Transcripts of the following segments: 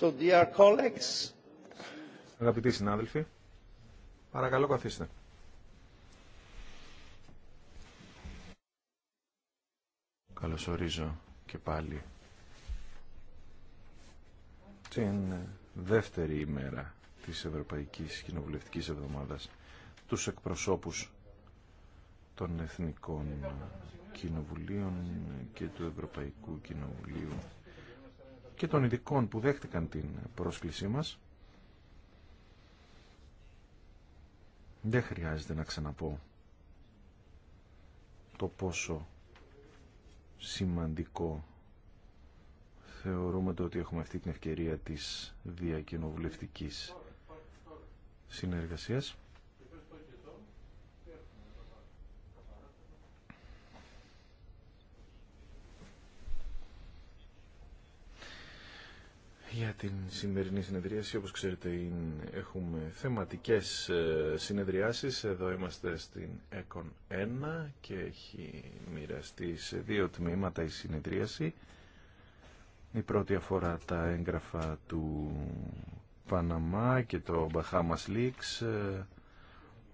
So, dear colleagues... Αγαπητοί συνάδελφοι, παρακαλώ καθίστε. Καλωσορίζω και πάλι την δεύτερη ημέρα της Ευρωπαϊκής Κοινοβουλευτικής Εβδομάδας τους εκπροσώπους των Εθνικών Κοινοβουλίων και του Ευρωπαϊκού Κοινοβουλίου και των ειδικών που δέχτηκαν την πρόσκλησή μας. Δεν χρειάζεται να ξαναπώ το πόσο σημαντικό θεωρούμε το ότι έχουμε αυτή την ευκαιρία της διακοινοβουλευτικής συνεργασίας. για την σημερινή συνεδρίαση. Όπως ξέρετε έχουμε θεματικές ε, συνεδριάσεις. Εδώ είμαστε στην ΕΚΟΝ 1 και έχει μοιραστεί σε δύο τμήματα η συνεδρίαση. Η πρώτη αφορά τα έγγραφα του Παναμά και το Bahamas Leaks ε,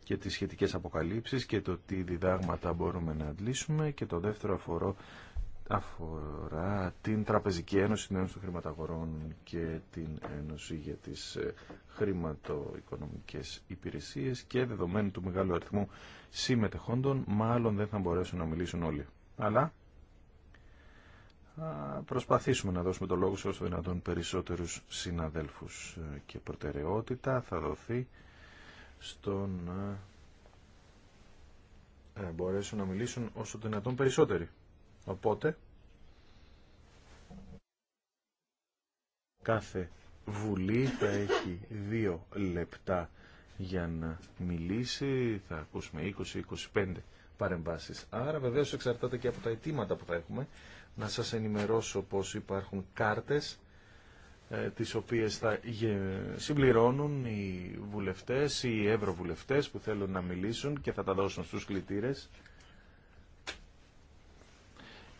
και τις σχετικές αποκαλύψεις και το τι διδάγματα μπορούμε να αντλήσουμε και το δεύτερο αφορό αφορά την Τραπεζική Ένωση, την Ένωση των Χρηματαγορών και την Ένωση για τις ε, Χρηματοοικονομικές Υπηρεσίες και δεδομένου του μεγάλου αριθμού συμμετεχόντων μάλλον δεν θα μπορέσουν να μιλήσουν όλοι. Αλλά προσπαθήσουμε να δώσουμε το λόγο σε όσο δυνατόν περισσότερους συναδέλφους ε, και προτεραιότητα θα δοθεί στο να ε, μπορέσουν να μιλήσουν όσο δυνατόν περισσότεροι. Οπότε, κάθε βουλή θα έχει δύο λεπτά για να μιλήσει. Θα ακούσουμε 20-25 παρεμβάσεις. Άρα βεβαίως εξαρτάται και από τα αιτήματα που θα έχουμε. Να σας ενημερώσω πως υπάρχουν κάρτες ε, τις οποίες θα συμπληρώνουν οι βουλευτές ή οι ευρωβουλευτές που θέλουν να μιλήσουν και θα τα δώσουν στους κλητήρες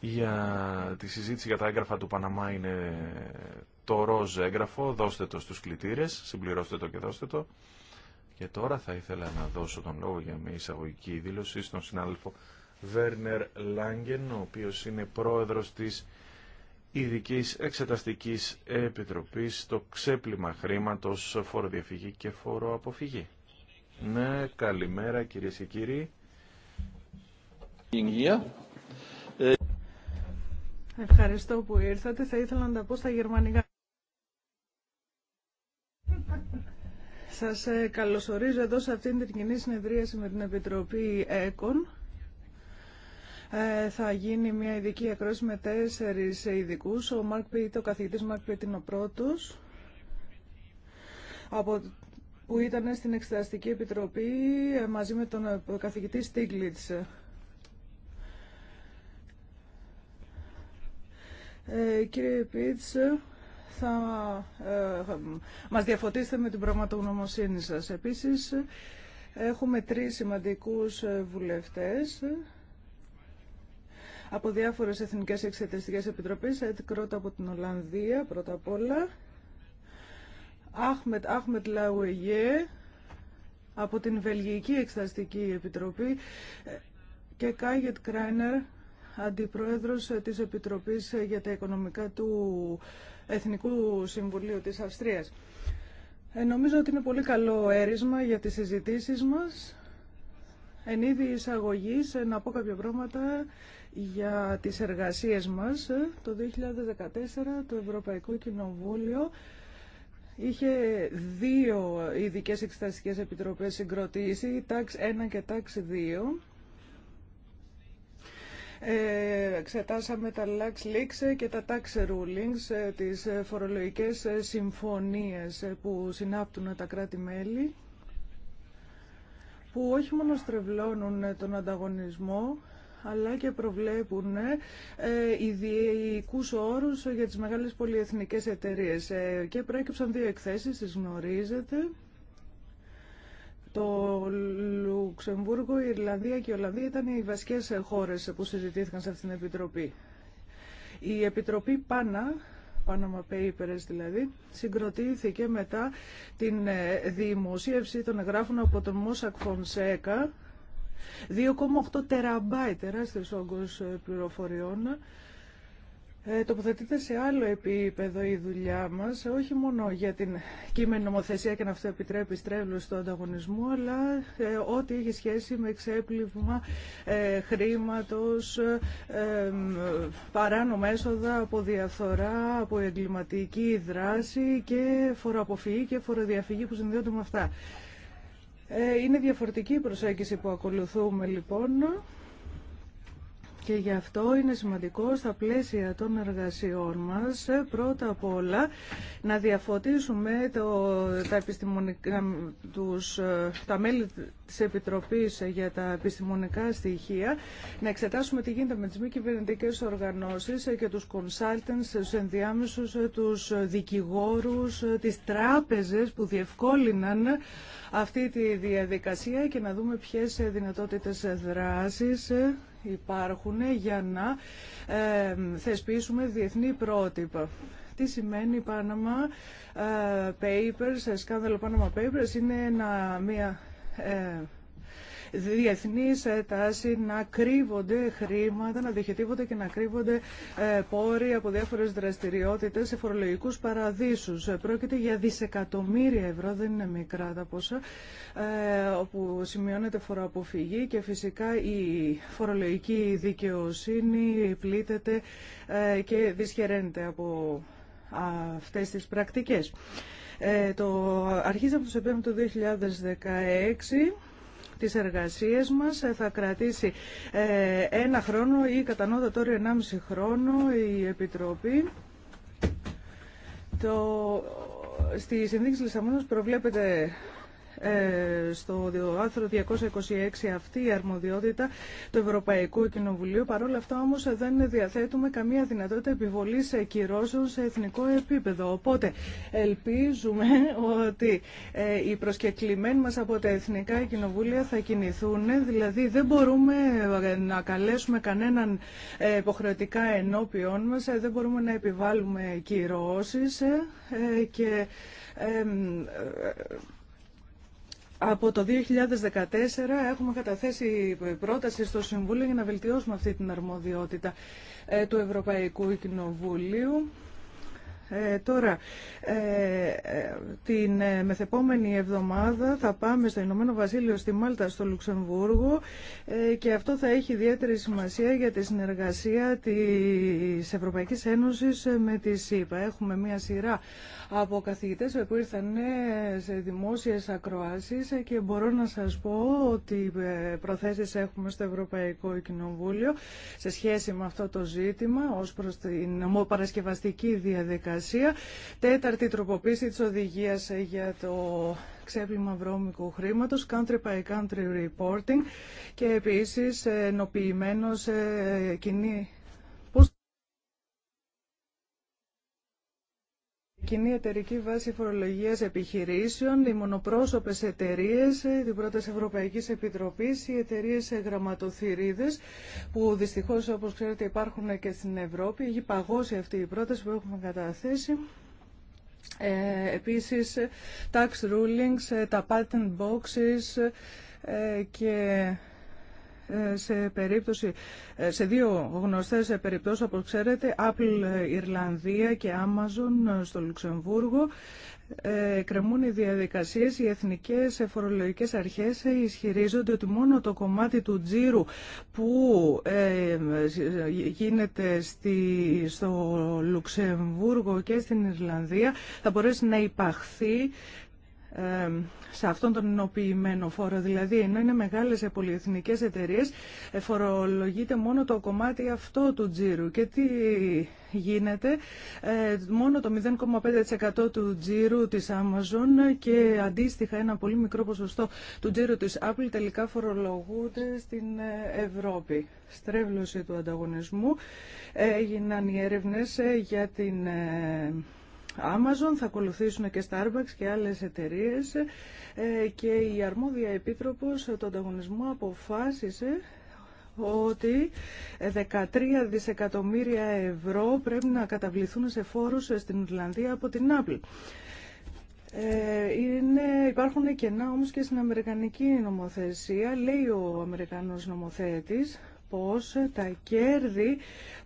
για τη συζήτηση για τα έγγραφα του Παναμά είναι το ροζ έγγραφο, δώστε το στους κλητήρες, συμπληρώστε το και δώστε το. Και τώρα θα ήθελα να δώσω τον λόγο για μια εισαγωγική δήλωση στον συνάδελφο Βέρνερ Λάγκεν, ο οποίος είναι πρόεδρος της ειδική Εξεταστικής Επιτροπής στο ξέπλυμα χρήματος φοροδιαφυγή και φοροαποφυγή. Ναι, καλημέρα κυρίες και κύριοι. Ευχαριστώ που ήρθατε. Θα ήθελα να τα πω στα γερμανικά. Σας ε, καλωσορίζω εδώ σε αυτήν την κοινή συνεδρίαση με την Επιτροπή ΕΚΟΝ. Ε, θα γίνει μια ειδική ακρόση με τέσσερις ειδικού. Ο Μαρκ Πίτ, ο καθηγητής Μαρκ Πίτ είναι ο πρώτος, από, που ήταν στην Εξεταστική Επιτροπή ε, μαζί με τον καθηγητή Στίγκλιτς. Ε, κύριε Πίτς, ε, θα μας διαφωτίσετε με την πραγματογνωμοσύνη σας. Επίσης, έχουμε τρεις σημαντικούς ε, βουλευτές από διάφορες εθνικές εξεταστικές επιτροπές, Κρότα από την Ολλανδία, πρώτα απ' όλα, Αχμετ, Αχμετ Λαουεγέ, από την Βελγική Εξεταστική Επιτροπή και Κάγετ Κράινερ αντιπρόεδρος της Επιτροπής για τα Οικονομικά του Εθνικού Συμβουλίου της Αυστρίας. Ε, νομίζω ότι είναι πολύ καλό έρισμα για τις συζητήσεις μας. Εν είδη εισαγωγής, ε, να πω κάποια πράγματα για τις εργασίες μας. Ε, το 2014 το Ευρωπαϊκό Κοινοβούλιο είχε δύο ειδικέ εξεταστικές επιτροπές συγκροτήσει, τάξη 1 και τάξη 2 ε, εξετάσαμε τα Lux Leaks και τα Tax Rulings, ε, τις ε, φορολογικές συμφωνίες που συνάπτουν τα κράτη-μέλη, που όχι μόνο στρεβλώνουν τον ανταγωνισμό, αλλά και προβλέπουν ε, ιδιαικούς όρους για τις μεγάλες πολυεθνικές εταιρείες. και προέκυψαν δύο εκθέσεις, τις γνωρίζετε. Το Λουξεμβούργο, η Ιρλανδία και η Ολλανδία ήταν οι βασικές χώρες που συζητήθηκαν σε αυτήν την Επιτροπή. Η Επιτροπή Πάνα, Panama Papers δηλαδή, συγκροτήθηκε μετά την ε, δημοσίευση των εγγράφων από τον Μόσακ Φονσέκα, 2,8 τεραμπάιτ, τεράστιος όγκος ε, πληροφοριών, ε, τοποθετείται σε άλλο επίπεδο η δουλειά μας, όχι μόνο για την κείμενη νομοθεσία και να αυτό επιτρέπει στρέβλωση του ανταγωνισμό, αλλά ε, ό,τι έχει σχέση με ξέπλυμα ε, χρήματος, ε, παράνομα έσοδα από διαφθορά, από εγκληματική δράση και φοροαποφυγή και φοροδιαφυγή που συνδέονται με αυτά. είναι διαφορετική η προσέγγιση που ακολουθούμε λοιπόν και γι' αυτό είναι σημαντικό στα πλαίσια των εργασιών μας πρώτα απ' όλα να διαφωτίσουμε το, τα, επιστημονικά, τους, ε, τα μέλη της Επιτροπής για τα επιστημονικά στοιχεία, να εξετάσουμε τι γίνεται με τις μη κυβερνητικέ οργανώσεις και τους consultants, τους ενδιάμεσους, τους δικηγόρους, τις τράπεζες που διευκόλυναν αυτή τη διαδικασία και να δούμε ποιες δυνατότητες δράσης υπάρχουν για να θεσπίσουμε διεθνή πρότυπα. Τι σημαίνει Panama ε, Papers, σκάνδαλο ε, Panama Papers είναι ένα, μια ε, Διεθνή ε, τάση να κρύβονται χρήματα, να διοχετεύονται και να κρύβονται ε, πόροι από διάφορε δραστηριότητε σε φορολογικούς παραδίσους. Ε, πρόκειται για δισεκατομμύρια ευρώ, δεν είναι μικρά τα ποσά, όπου σημειώνεται φοροαποφυγή και φυσικά η φορολογική δικαιοσύνη πλήττεται και δυσχεραίνεται από αυτές τις πρακτικές. το, αρχίζει από το Σεπτέμβριο του 2016 τις εργασίες μας. Ε, θα κρατήσει ε, ένα χρόνο ή κατανότα τώρα 1,5 χρόνο η Επιτροπή. Το... Στη Συνδίκη Λισαμόνας προβλέπεται ε, στο άρθρο 226 αυτή η αρμοδιότητα του Ευρωπαϊκού Κοινοβουλίου. Παρ' όλα αυτά όμως δεν διαθέτουμε καμία δυνατότητα επιβολής κυρώσεων σε εθνικό επίπεδο. Οπότε ελπίζουμε ότι ε, οι προσκεκλημένοι μας από τα εθνικά κοινοβούλια θα κινηθούν. Δηλαδή δεν μπορούμε ε, να καλέσουμε κανέναν υποχρεωτικά ενώπιόν μας, δεν μπορούμε να επιβάλλουμε κυρώσεις και από το 2014 έχουμε καταθέσει πρόταση στο Συμβούλιο για να βελτιώσουμε αυτή την αρμοδιότητα ε, του Ευρωπαϊκού Κοινοβουλίου. Ε, τώρα, ε, ε την ε, μεθεπόμενη εβδομάδα θα πάμε στο Ηνωμένο Βασίλειο, στη Μάλτα, στο Λουξεμβούργο και αυτό θα έχει ιδιαίτερη σημασία για τη συνεργασία της Ευρωπαϊκής Ένωσης με τη ΣΥΠΑ. Έχουμε μία σειρά από καθηγητές που ήρθαν σε δημόσιες ακροάσεις και μπορώ να σας πω ότι προθέσεις έχουμε στο Ευρωπαϊκό Κοινοβούλιο σε σχέση με αυτό το ζήτημα ως προς την νομοπαρασκευαστική διαδικασία Τέταρτη τροποποίηση της οδηγίας για το ξέπλυμα βρώμικου χρήματος, country by country reporting και επίσης ε, ενοποιημένος ε, κοινή κοινή εταιρική βάση φορολογία επιχειρήσεων, οι μονοπρόσωπε εταιρείε, την πρόταση Ευρωπαϊκή Επιτροπή, οι εταιρείε γραμματοθυρίδες, που δυστυχώς όπως ξέρετε υπάρχουν και στην Ευρώπη. Έχει παγώσει αυτή η πρόταση που έχουμε καταθέσει. Ε, επίσης, tax rulings, ε, τα patent boxes ε, και σε, περίπτωση, σε δύο γνωστές περιπτώσεις, όπως ξέρετε, Apple Ιρλανδία και Amazon στο Λουξεμβούργο, ε, κρεμούν οι διαδικασίες, οι εθνικές φορολογικές αρχές ισχυρίζονται ότι μόνο το κομμάτι του τζίρου που ε, γίνεται στη, στο Λουξεμβούργο και στην Ιρλανδία θα μπορέσει να υπαχθεί σε αυτόν τον ενοποιημένο φόρο. Δηλαδή, ενώ είναι μεγάλες πολυεθνικές εταιρείες, ε, φορολογείται μόνο το κομμάτι αυτό του τζίρου. Και τι γίνεται, ε, μόνο το 0,5% του τζίρου της Amazon και αντίστοιχα ένα πολύ μικρό ποσοστό του τζίρου της Apple τελικά φορολογούνται στην ε, Ευρώπη. Στρέβλωση του ανταγωνισμού έγιναν οι έρευνες για την Amazon, θα ακολουθήσουν και Starbucks και άλλες εταιρείες ε, και η αρμόδια επίτροπος ε, του ανταγωνισμού αποφάσισε ότι 13 ε, δισεκατομμύρια ευρώ πρέπει να καταβληθούν σε φόρους στην Ιρλανδία από την Apple. Είναι, υπάρχουν κενά όμως και στην Αμερικανική νομοθεσία, λέει ο Αμερικανός νομοθέτης, πως τα κέρδη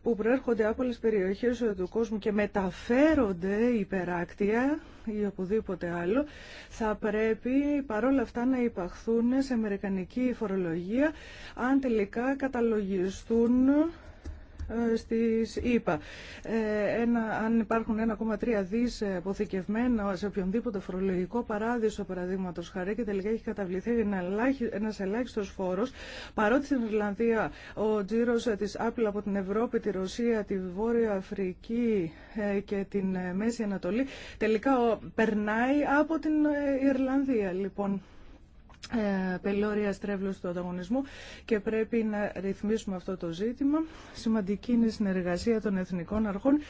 που προέρχονται από όλες περιοχές του κόσμου και μεταφέρονται υπεράκτια ή οπουδήποτε άλλο, θα πρέπει παρόλα αυτά να υπαχθούν σε αμερικανική φορολογία αν τελικά καταλογιστούν ε, στις ΗΠΑ. Ε, ένα, αν υπάρχουν 1,3 δις αποθηκευμένα σε οποιονδήποτε φορολογικό παράδεισο παραδείγματο χαρέ και τελικά έχει καταβληθεί ένας ελάχιστος φόρος παρότι στην Ιρλανδία ο τζίρος της Apple από την Ευρώπη, τη Ρωσία, τη Βόρεια Αφρική ε, και την Μέση Ανατολή τελικά περνάει από την Ιρλανδία λοιπόν ε, πελώρια στρέβλωση του ανταγωνισμού και πρέπει να ρυθμίσουμε αυτό το ζήτημα. Σημαντική είναι η συνεργασία των εθνικών αρχών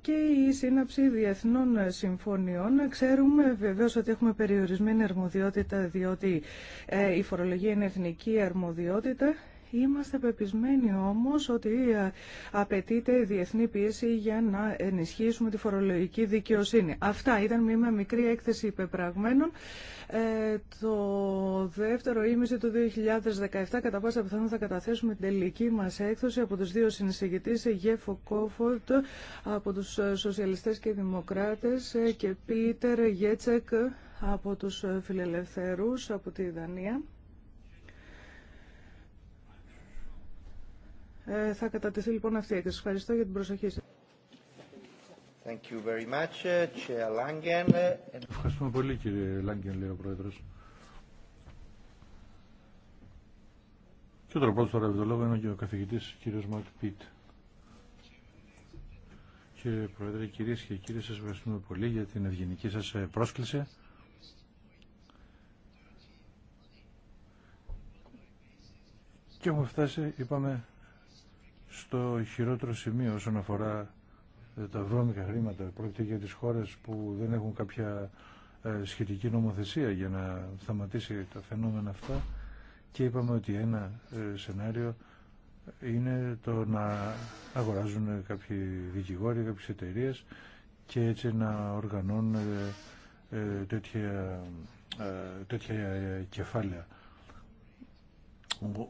και η σύναψη διεθνών συμφωνιών. Ξέρουμε βεβαίω ότι έχουμε περιορισμένη αρμοδιότητα διότι ε, η φορολογία είναι εθνική αρμοδιότητα Είμαστε πεπισμένοι όμως ότι ε, απαιτείται διεθνή πίεση για να ενισχύσουμε τη φορολογική δικαιοσύνη. Αυτά ήταν μια μικρή έκθεση υπεπραγμένων. Ε, το δεύτερο ήμιση του 2017 κατά πάσα πιθανότητα θα καταθέσουμε την τελική μας έκθεση από τους δύο συνεισηγητές Γέφο Κόφορτ από τους ε, Σοσιαλιστές και Δημοκράτες και Πίτερ Γέτσεκ από τους Φιλελευθέρους από τη Δανία. Ε, θα κατατεθεί λοιπόν αυτή η σας ευχαριστώ για την προσοχή σας. Thank you very much, ε, Langen. Ευχαριστούμε πολύ κύριε Λάγκεν, λέει ο Πρόεδρος. Και ο πρώτος τώρα είναι ο καθηγητής κύριος Μαρκ Πίτ. Κύριε Πρόεδρε, κυρίες και κύριοι, σας ευχαριστούμε πολύ για την ευγενική σας ε, πρόσκληση. Και έχουμε φτάσει, είπαμε, στο χειρότερο σημείο όσον αφορά ε, τα βρώμικα χρήματα. Πρόκειται για τις χώρες που δεν έχουν κάποια ε, σχετική νομοθεσία για να σταματήσει τα φαινόμενα αυτά και είπαμε ότι ένα ε, σενάριο είναι το να αγοράζουν κάποιοι δικηγόροι, κάποιες εταιρείε και έτσι να οργανώνουν τέτοια, τέτοια κεφάλαια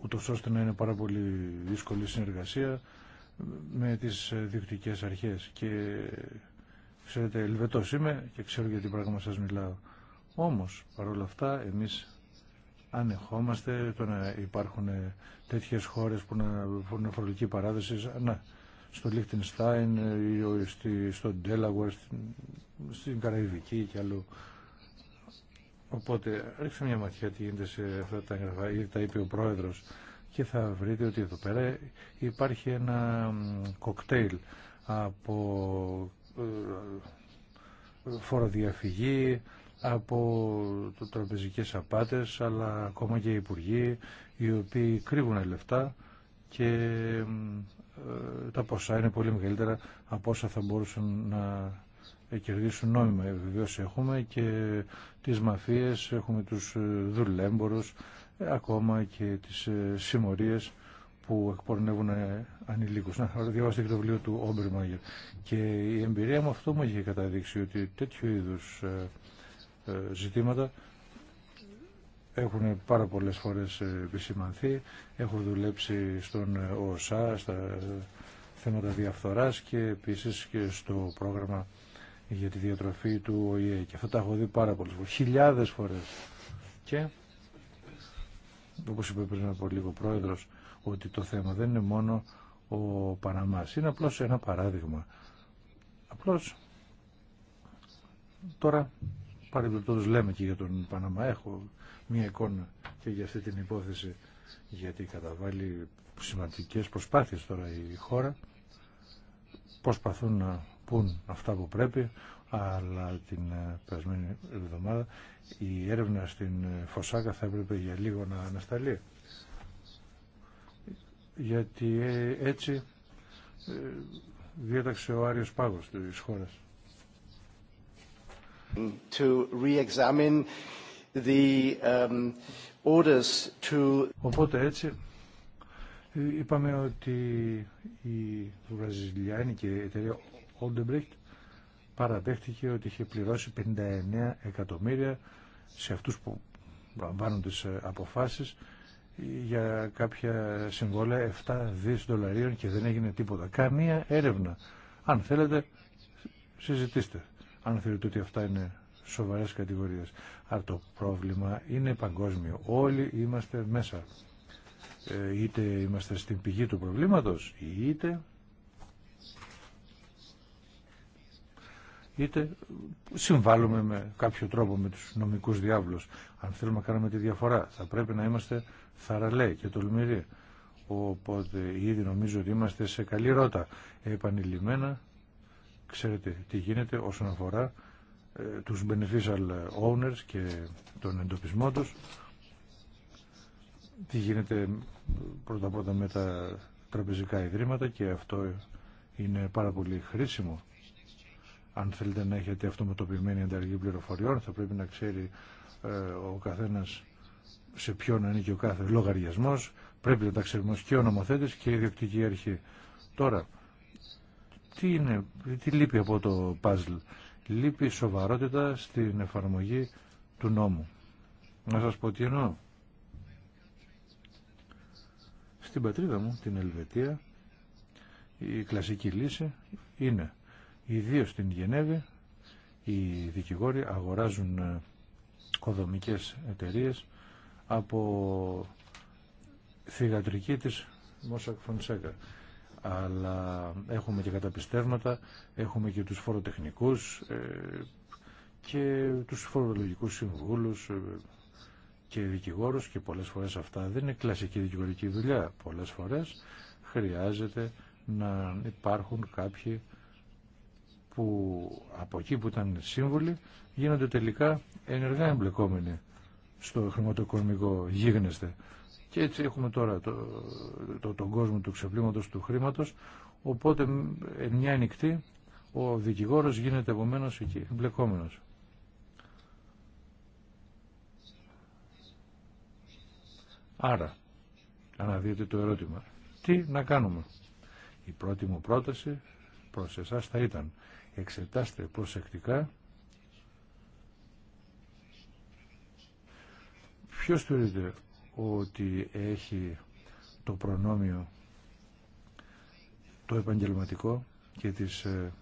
ούτως ώστε να είναι πάρα πολύ δύσκολη συνεργασία με τις διοικητικές αρχές και ξέρετε ελβετός είμαι και ξέρω για τι πράγμα σας μιλάω όμως παρόλα αυτά εμείς ανεχόμαστε το να υπάρχουν τέτοιες χώρες που να έχουν φορολογική παράδοση να, στο ή στο στον στην, στην Καραϊβική και αλλού Οπότε ρίξτε μια ματιά τι γίνεται σε αυτά τα έγγραφα, ήδη τα είπε ο πρόεδρος και θα βρείτε ότι εδώ πέρα υπάρχει ένα κοκτέιλ από ε, φοροδιαφυγή, από το τραπεζικές απάτες, αλλά ακόμα και υπουργοί οι οποίοι κρύβουν λεφτά και ε, τα ποσά είναι πολύ μεγαλύτερα από όσα θα μπορούσαν να κερδίσουν νόμιμα. Βεβαίω έχουμε και τις μαφίες, έχουμε τους ε, δουλέμπορους, ε, ακόμα και τις ε, συμμορίες που εκπορνεύουν ανηλίκους. Να, διαβάστε και το βιβλίο του Όμπερμαγερ. Και η εμπειρία μου αυτό μου είχε καταδείξει ότι τέτοιου είδους ζητήματα έχουν πάρα πολλές φορές επισημανθεί. Έχω δουλέψει στον ΟΣΑ, στα θέματα διαφθοράς και επίσης και στο πρόγραμμα για τη διατροφή του ΟΗΕ και αυτό τα έχω δει πάρα πολλές φορές, χιλιάδες φορές και όπως είπε πριν από λίγο ο πρόεδρος ότι το θέμα δεν είναι μόνο ο Παναμάς, είναι απλώς ένα παράδειγμα απλώς τώρα παρεμπιπτόντω λέμε και για τον Παναμά έχω μια εικόνα και για αυτή την υπόθεση γιατί καταβάλει σημαντικές προσπάθειες τώρα η χώρα προσπαθούν να πούν αυτά που πρέπει, αλλά την ε, περασμένη εβδομάδα η έρευνα στην ε, Φωσάκα θα έπρεπε για λίγο να ανασταλεί. Γιατί ε, έτσι διέταξε ο Άριος Πάγος της χώρας. Um, Οπότε έτσι είπαμε ότι η βραζιλιάνικη εταιρεία Όλτεμπριχτ παραδέχτηκε ότι είχε πληρώσει 59 εκατομμύρια σε αυτούς που λαμβάνουν τις ε, αποφάσεις για κάποια συμβόλαια 7 δις δολαρίων και δεν έγινε τίποτα. Καμία έρευνα. Αν θέλετε, συζητήστε. Αν θέλετε ότι αυτά είναι σοβαρές κατηγορίες. Αλλά το πρόβλημα είναι παγκόσμιο. Όλοι είμαστε μέσα. Ε, είτε είμαστε στην πηγή του προβλήματος, είτε είτε συμβάλλουμε με κάποιο τρόπο με τους νομικούς διάβλους. Αν θέλουμε να κάνουμε τη διαφορά, θα πρέπει να είμαστε θαραλέοι και τολμηροί. Οπότε ήδη νομίζω ότι είμαστε σε καλή ρότα. Επανειλημμένα, ξέρετε τι γίνεται όσον αφορά ε, τους beneficial owners και τον εντοπισμό τους. Τι γίνεται πρώτα-πρώτα με τα τραπεζικά ιδρύματα και αυτό είναι πάρα πολύ χρήσιμο αν θέλετε να έχετε αυτοματοποιημένη ανταλλαγή πληροφοριών, θα πρέπει να ξέρει ε, ο καθένας σε ποιον ανήκει ο κάθε λογαριασμός, πρέπει να τα ξέρουμε και ο νομοθέτης και η ιδιοκτική αρχή. Τώρα, τι, είναι, τι λείπει από το puzzle. Λείπει σοβαρότητα στην εφαρμογή του νόμου. Να σας πω τι εννοώ. Στην πατρίδα μου, την Ελβετία, η κλασική λύση είναι Ιδίως στην Γενέβη οι δικηγόροι αγοράζουν οικοδομικές ε, εταιρείες από θηγατρική της Μόσακ Φονσέκα. Αλλά έχουμε και καταπιστεύματα, έχουμε και τους φοροτεχνικούς ε, και τους φορολογικούς συμβούλους ε, και δικηγόρους και πολλές φορές αυτά δεν είναι κλασική δικηγορική δουλειά. Πολλές φορές χρειάζεται να υπάρχουν κάποιοι που από εκεί που ήταν σύμβουλοι γίνονται τελικά ενεργά εμπλεκόμενοι στο χρηματοοικονομικό γίγνεσθε. Και έτσι έχουμε τώρα το, το, τον κόσμο του ξεπλήματος του χρήματος, οπότε μια νυχτή ο δικηγόρος γίνεται επομένω εκεί, εμπλεκόμενος. Άρα, αναδύεται το ερώτημα, τι να κάνουμε. Η πρώτη μου πρόταση προς εσάς θα ήταν εξετάστε προσεκτικά ποιος θεωρείται ότι έχει το προνόμιο το επαγγελματικό και της ε,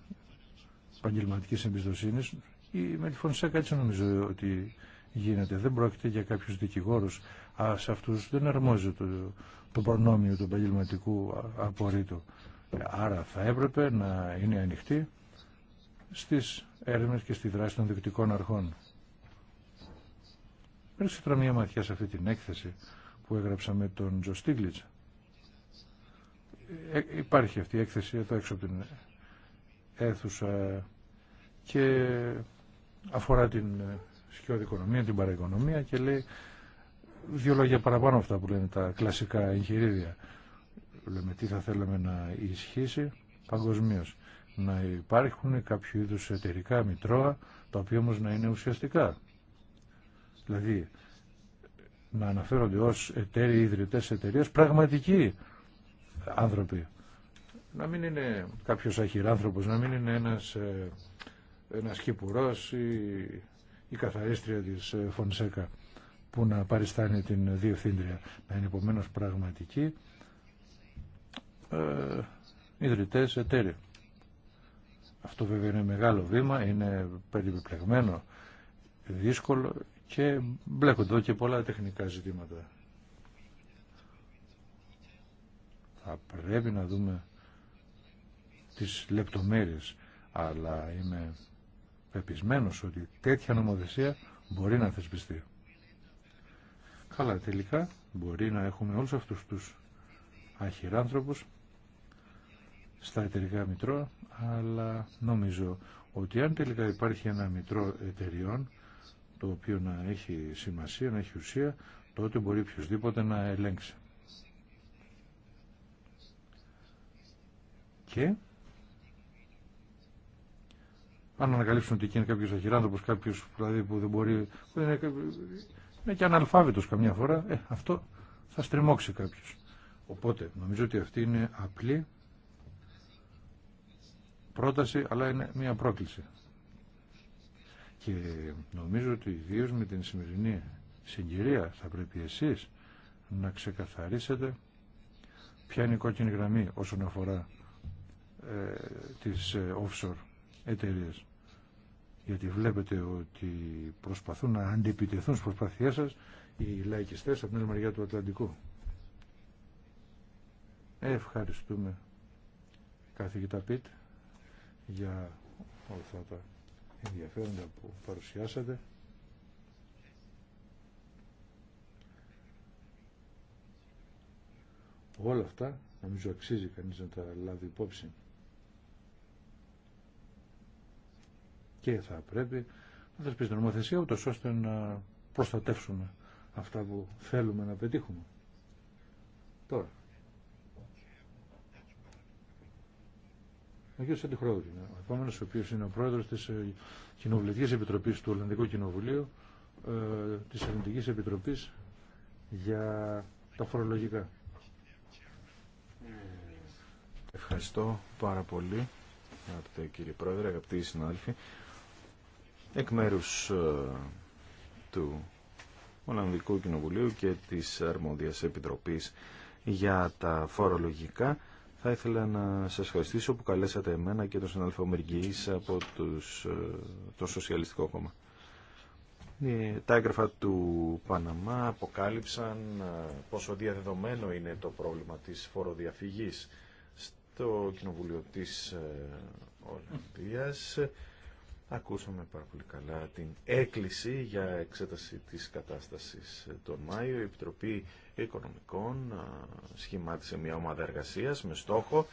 επαγγελματική εμπιστοσύνη. Η με τη έτσι νομίζω ότι γίνεται. Δεν πρόκειται για δικηγόρους, δικηγόρου. Σε αυτούς δεν αρμόζει το, το προνόμιο του επαγγελματικού απορρίτου. Άρα θα έπρεπε να είναι ανοιχτή στις έρευνες και στη δράση των διοικητικών αρχών. Ρίξτε τώρα μια ματιά σε αυτή την έκθεση που έγραψα με τον Τζο ε, υπάρχει αυτή η έκθεση εδώ έξω από την αίθουσα και αφορά την σκιώδη οικονομία, την παραοικονομία και λέει δύο λόγια παραπάνω αυτά που λένε τα κλασικά εγχειρίδια. Λέμε τι θα θέλαμε να ισχύσει παγκοσμίω να υπάρχουν κάποιο είδους εταιρικά μητρώα, τα οποία όμως να είναι ουσιαστικά. Δηλαδή, να αναφέρονται ως εταίροι ιδρυτές εταιρείας πραγματικοί άνθρωποι. Να μην είναι κάποιος αχυράνθρωπος, να μην είναι ένας, ε, ένας κυπουρός ή η καθαρίστρια της ε, Φονσέκα που να παριστάνει την διευθύντρια. Να είναι επομένως πραγματικοί ε, ιδρυτές αυτό βέβαια είναι μεγάλο βήμα, είναι περιπλεγμένο, δύσκολο και μπλέκονται εδώ και πολλά τεχνικά ζητήματα. Θα πρέπει να δούμε τις λεπτομέρειες, αλλά είμαι πεπισμένος ότι τέτοια νομοθεσία μπορεί να θεσπιστεί. Καλά, τελικά μπορεί να έχουμε όλους αυτούς τους αχυράνθρωπους στα εταιρικά μητρό, αλλά νομίζω ότι αν τελικά υπάρχει ένα μητρό εταιριών, το οποίο να έχει σημασία, να έχει ουσία, τότε μπορεί οποιοδήποτε να ελέγξει. Και αν ανακαλύψουν ότι εκεί είναι κάποιο κάποιος κάποιο δηλαδή, που δεν μπορεί, που είναι, είναι και αναλφάβητο καμιά φορά, ε, αυτό θα στριμώξει κάποιος. Οπότε νομίζω ότι αυτή είναι απλή πρόταση, αλλά είναι μια πρόκληση. Και νομίζω ότι ιδίω με την σημερινή συγκυρία θα πρέπει εσείς να ξεκαθαρίσετε ποια είναι η κόκκινη γραμμή όσον αφορά ε, τις ε, offshore εταιρείες. Γιατί βλέπετε ότι προσπαθούν να αντιπιτεθούν στις προσπάθειές σας οι λαϊκιστές από την μεριά του Ατλαντικού. Ευχαριστούμε καθηγητά Πίτ για όλα αυτά τα ενδιαφέροντα που παρουσιάσατε. Όλα αυτά νομίζω αξίζει κανείς να τα λάβει υπόψη. Και θα πρέπει να θεσπίσει την νομοθεσία ούτως ώστε να προστατεύσουμε αυτά που θέλουμε να πετύχουμε. Τώρα, Ο κ. Σαντιχρόδου ο επόμενο, ο οποίο είναι ο πρόεδρο τη ε, Κοινοβουλευτική Επιτροπή του Ολλανδικού Κοινοβουλίου, ε, τη Ελληνική Επιτροπή για τα φορολογικά. Ευχαριστώ πάρα πολύ, αγαπητέ κύριε Πρόεδρε, αγαπητοί συνάδελφοι. Εκ μέρου ε, του Ολλανδικού Κοινοβουλίου και της Αρμόδιας Επιτροπής για τα φορολογικά θα ήθελα να σας ευχαριστήσω που καλέσατε εμένα και τον συνάδελφο από τους, ε, το Σοσιαλιστικό Κόμμα. Ε, τα έγγραφα του Παναμά αποκάλυψαν ε, πόσο διαδεδομένο είναι το πρόβλημα της φοροδιαφυγής στο Κοινοβουλίο της Ολλανδίας Ακούσαμε πάρα πολύ καλά την έκκληση για εξέταση της κατάστασης τον Μάιο. Η Επιτροπή Οικονομικών ε, σχημάτισε μια ομάδα εργασίας με στόχο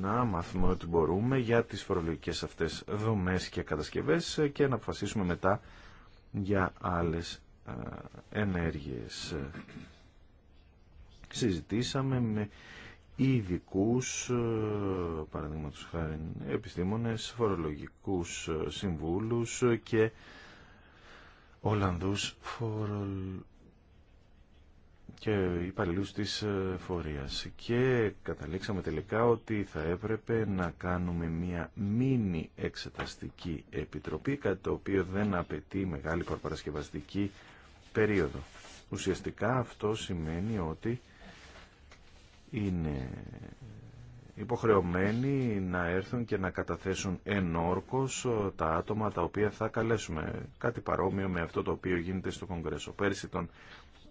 να μάθουμε ότι μπορούμε για τις φορολογικές αυτές δομές και κατασκευές ε, και να αποφασίσουμε μετά για άλλες ε, ενέργειες. Συζητήσαμε με ειδικού, ε, παραδείγματο χάρη επιστήμονες, φορολογικούς ε, συμβούλους ε, και Ολλανδούς φορο... και υπαλλήλους της φορείας. Και καταλήξαμε τελικά ότι θα έπρεπε να κάνουμε μία μήνυ εξεταστική επιτροπή, κάτι το οποίο δεν απαιτεί μεγάλη παρασκευαστική περίοδο. Ουσιαστικά αυτό σημαίνει ότι είναι υποχρεωμένοι να έρθουν και να καταθέσουν όρκος ε, τα άτομα τα οποία θα καλέσουμε. Κάτι παρόμοιο με αυτό το οποίο γίνεται στο Κογκρέσο. Πέρσι τον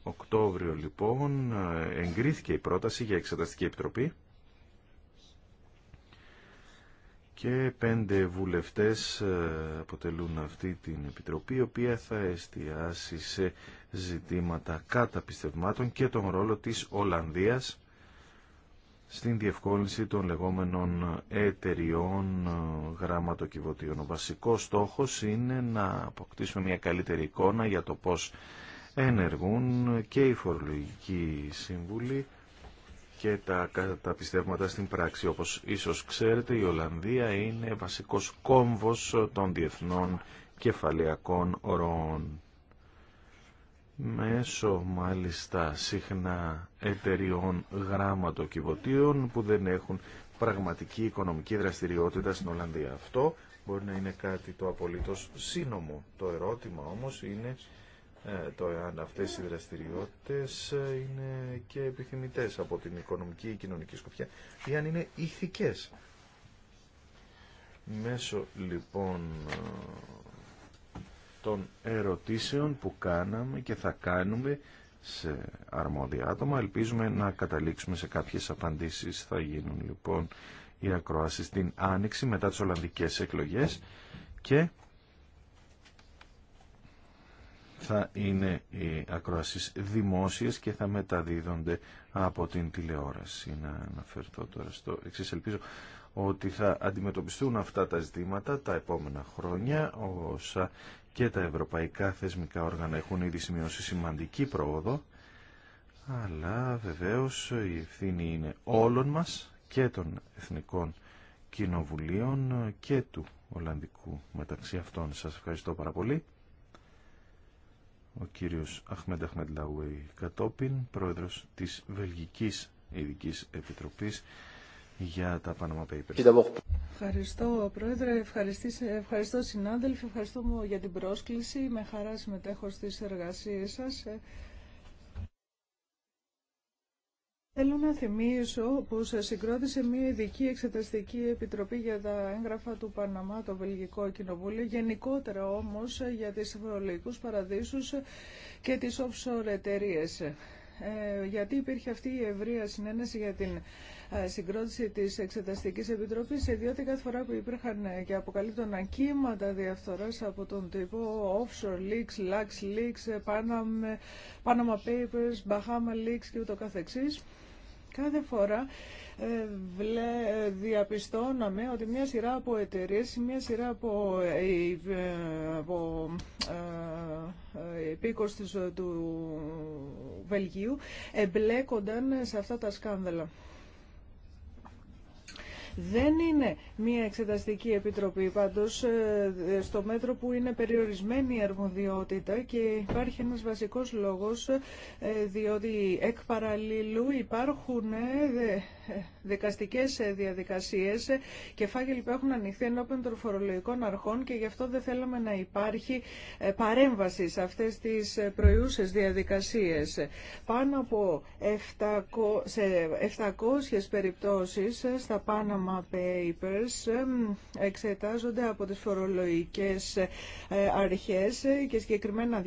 Οκτώβριο λοιπόν ε, εγκρίθηκε η πρόταση για εξεταστική επιτροπή και πέντε βουλευτές ε, αποτελούν αυτή την επιτροπή η οποία θα εστιάσει σε ζητήματα καταπιστευμάτων και τον ρόλο της Ολλανδίας στην διευκόλυνση των λεγόμενων εταιριών ε, γραμματοκιβωτίων. Ο βασικός στόχος είναι να αποκτήσουμε μια καλύτερη εικόνα για το πώς ενεργούν και οι φορολογικοί σύμβουλοι και τα, τα πιστεύματα στην πράξη. Όπως ίσως ξέρετε η Ολλανδία είναι βασικός κόμβος των διεθνών κεφαλαιακών ροών μέσω μάλιστα συχνά εταιριών γράμματοκιβωτίων που δεν έχουν πραγματική οικονομική δραστηριότητα στην Ολλανδία. Αυτό μπορεί να είναι κάτι το απολύτως σύνομο. Το ερώτημα όμως είναι ε, το εάν αυτές οι δραστηριότητες ε, είναι και επιθυμητές από την οικονομική ή κοινωνική σκοπιά ή αν είναι ηθικές. Μέσω λοιπόν ε, των ερωτήσεων που κάναμε και θα κάνουμε σε αρμόδια άτομα. Ελπίζουμε να καταλήξουμε σε κάποιες απαντήσεις. Θα γίνουν λοιπόν οι ακροάσεις την Άνοιξη μετά τις Ολλανδικές εκλογές και θα είναι οι ακροάσεις δημόσιες και θα μεταδίδονται από την τηλεόραση. Να αναφερθώ τώρα στο εξής. Ελπίζω ότι θα αντιμετωπιστούν αυτά τα ζητήματα τα επόμενα χρόνια όσα και τα ευρωπαϊκά θεσμικά όργανα έχουν ήδη σημειώσει σημαντική πρόοδο, αλλά βεβαίως η ευθύνη είναι όλων μας και των εθνικών κοινοβουλίων και του Ολλανδικού μεταξύ αυτών. Σας ευχαριστώ πάρα πολύ. Ο κύριος Αχμέντα κατόπιν, πρόεδρος της Βελγικής Ειδικής Επιτροπής για τα Panama Papers. Ευχαριστώ, Πρόεδρε. Ευχαριστώ, συνάδελφοι. Ευχαριστώ μου για την πρόσκληση. Με χαρά συμμετέχω στις εργασίες σας. Ε, θέλω να θυμίσω πω συγκρότησε μια ειδική εξεταστική επιτροπή για τα έγγραφα του Παναμά, το Βελγικό Κοινοβούλιο, γενικότερα όμως για τις ευρωλογικού παραδείσους και τις offshore εταιρείες. Ε, γιατί υπήρχε αυτή η ευρεία συνένεση για την ε, συγκρότηση της Εξεταστικής Επιτροπής, διότι κάθε φορά που υπήρχαν ε, και αποκαλύπτωνα κύματα διαφθοράς από τον τύπο offshore leaks, lax leaks, Panama, Papers, Bahama leaks και ούτω καθεξής, Κάθε φορά ε, ε, διαπιστώναμε ότι μια σειρά από εταιρείες, μια σειρά από, ε, από του Βελγίου εμπλέκονταν σε αυτά τα σκάνδαλα. Δεν είναι μια εξεταστική επιτροπή πάντως ε, στο μέτρο που είναι περιορισμένη η αρμοδιότητα και υπάρχει ένας βασικός λόγος ε, διότι εκ παραλληλού υπάρχουν ε, δικαστικές ε, διαδικασίες ε, και φάκελοι που έχουν ανοιχθεί ενώπιον των φορολογικών αρχών και γι' αυτό δεν θέλαμε να υπάρχει ε, παρέμβαση σε αυτές τις προϊούσες διαδικασίες. Πάνω από 700, σε περιπτώσεις στα Panama Papers εξετάζονται από τις φορολογικές αρχές και συγκεκριμένα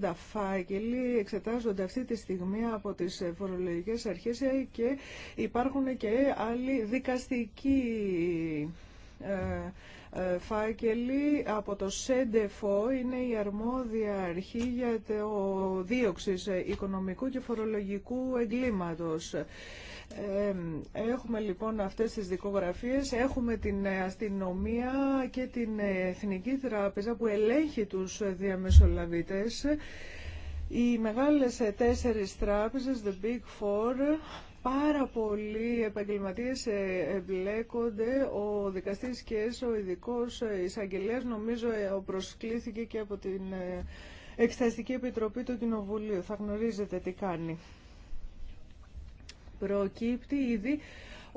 230 φάκελοι εξετάζονται αυτή τη στιγμή από τις φορολογικές αρχές και υπάρχουν και άλλοι δικαστικοί ε, ε, φάκελοι από το ΣΕΝΤΕΦΟ είναι η αρμόδια αρχή για το δίωξη οικονομικού και φορολογικού εγκλήματος. Ε, έχουμε λοιπόν αυτές τις δικογραφίες, έχουμε την αστυνομία και την Εθνική Τράπεζα που ελέγχει τους διαμεσολαβητές. Οι μεγάλες τέσσερις τράπεζες, the Big Four, πάρα πολλοί επαγγελματίες ε, εμπλέκονται. Ο δικαστής και ο ειδικό ε, εισαγγελέα, νομίζω ε, προσκλήθηκε και από την Εξεταστική Επιτροπή του Κοινοβουλίου. Θα γνωρίζετε τι κάνει. Προκύπτει ήδη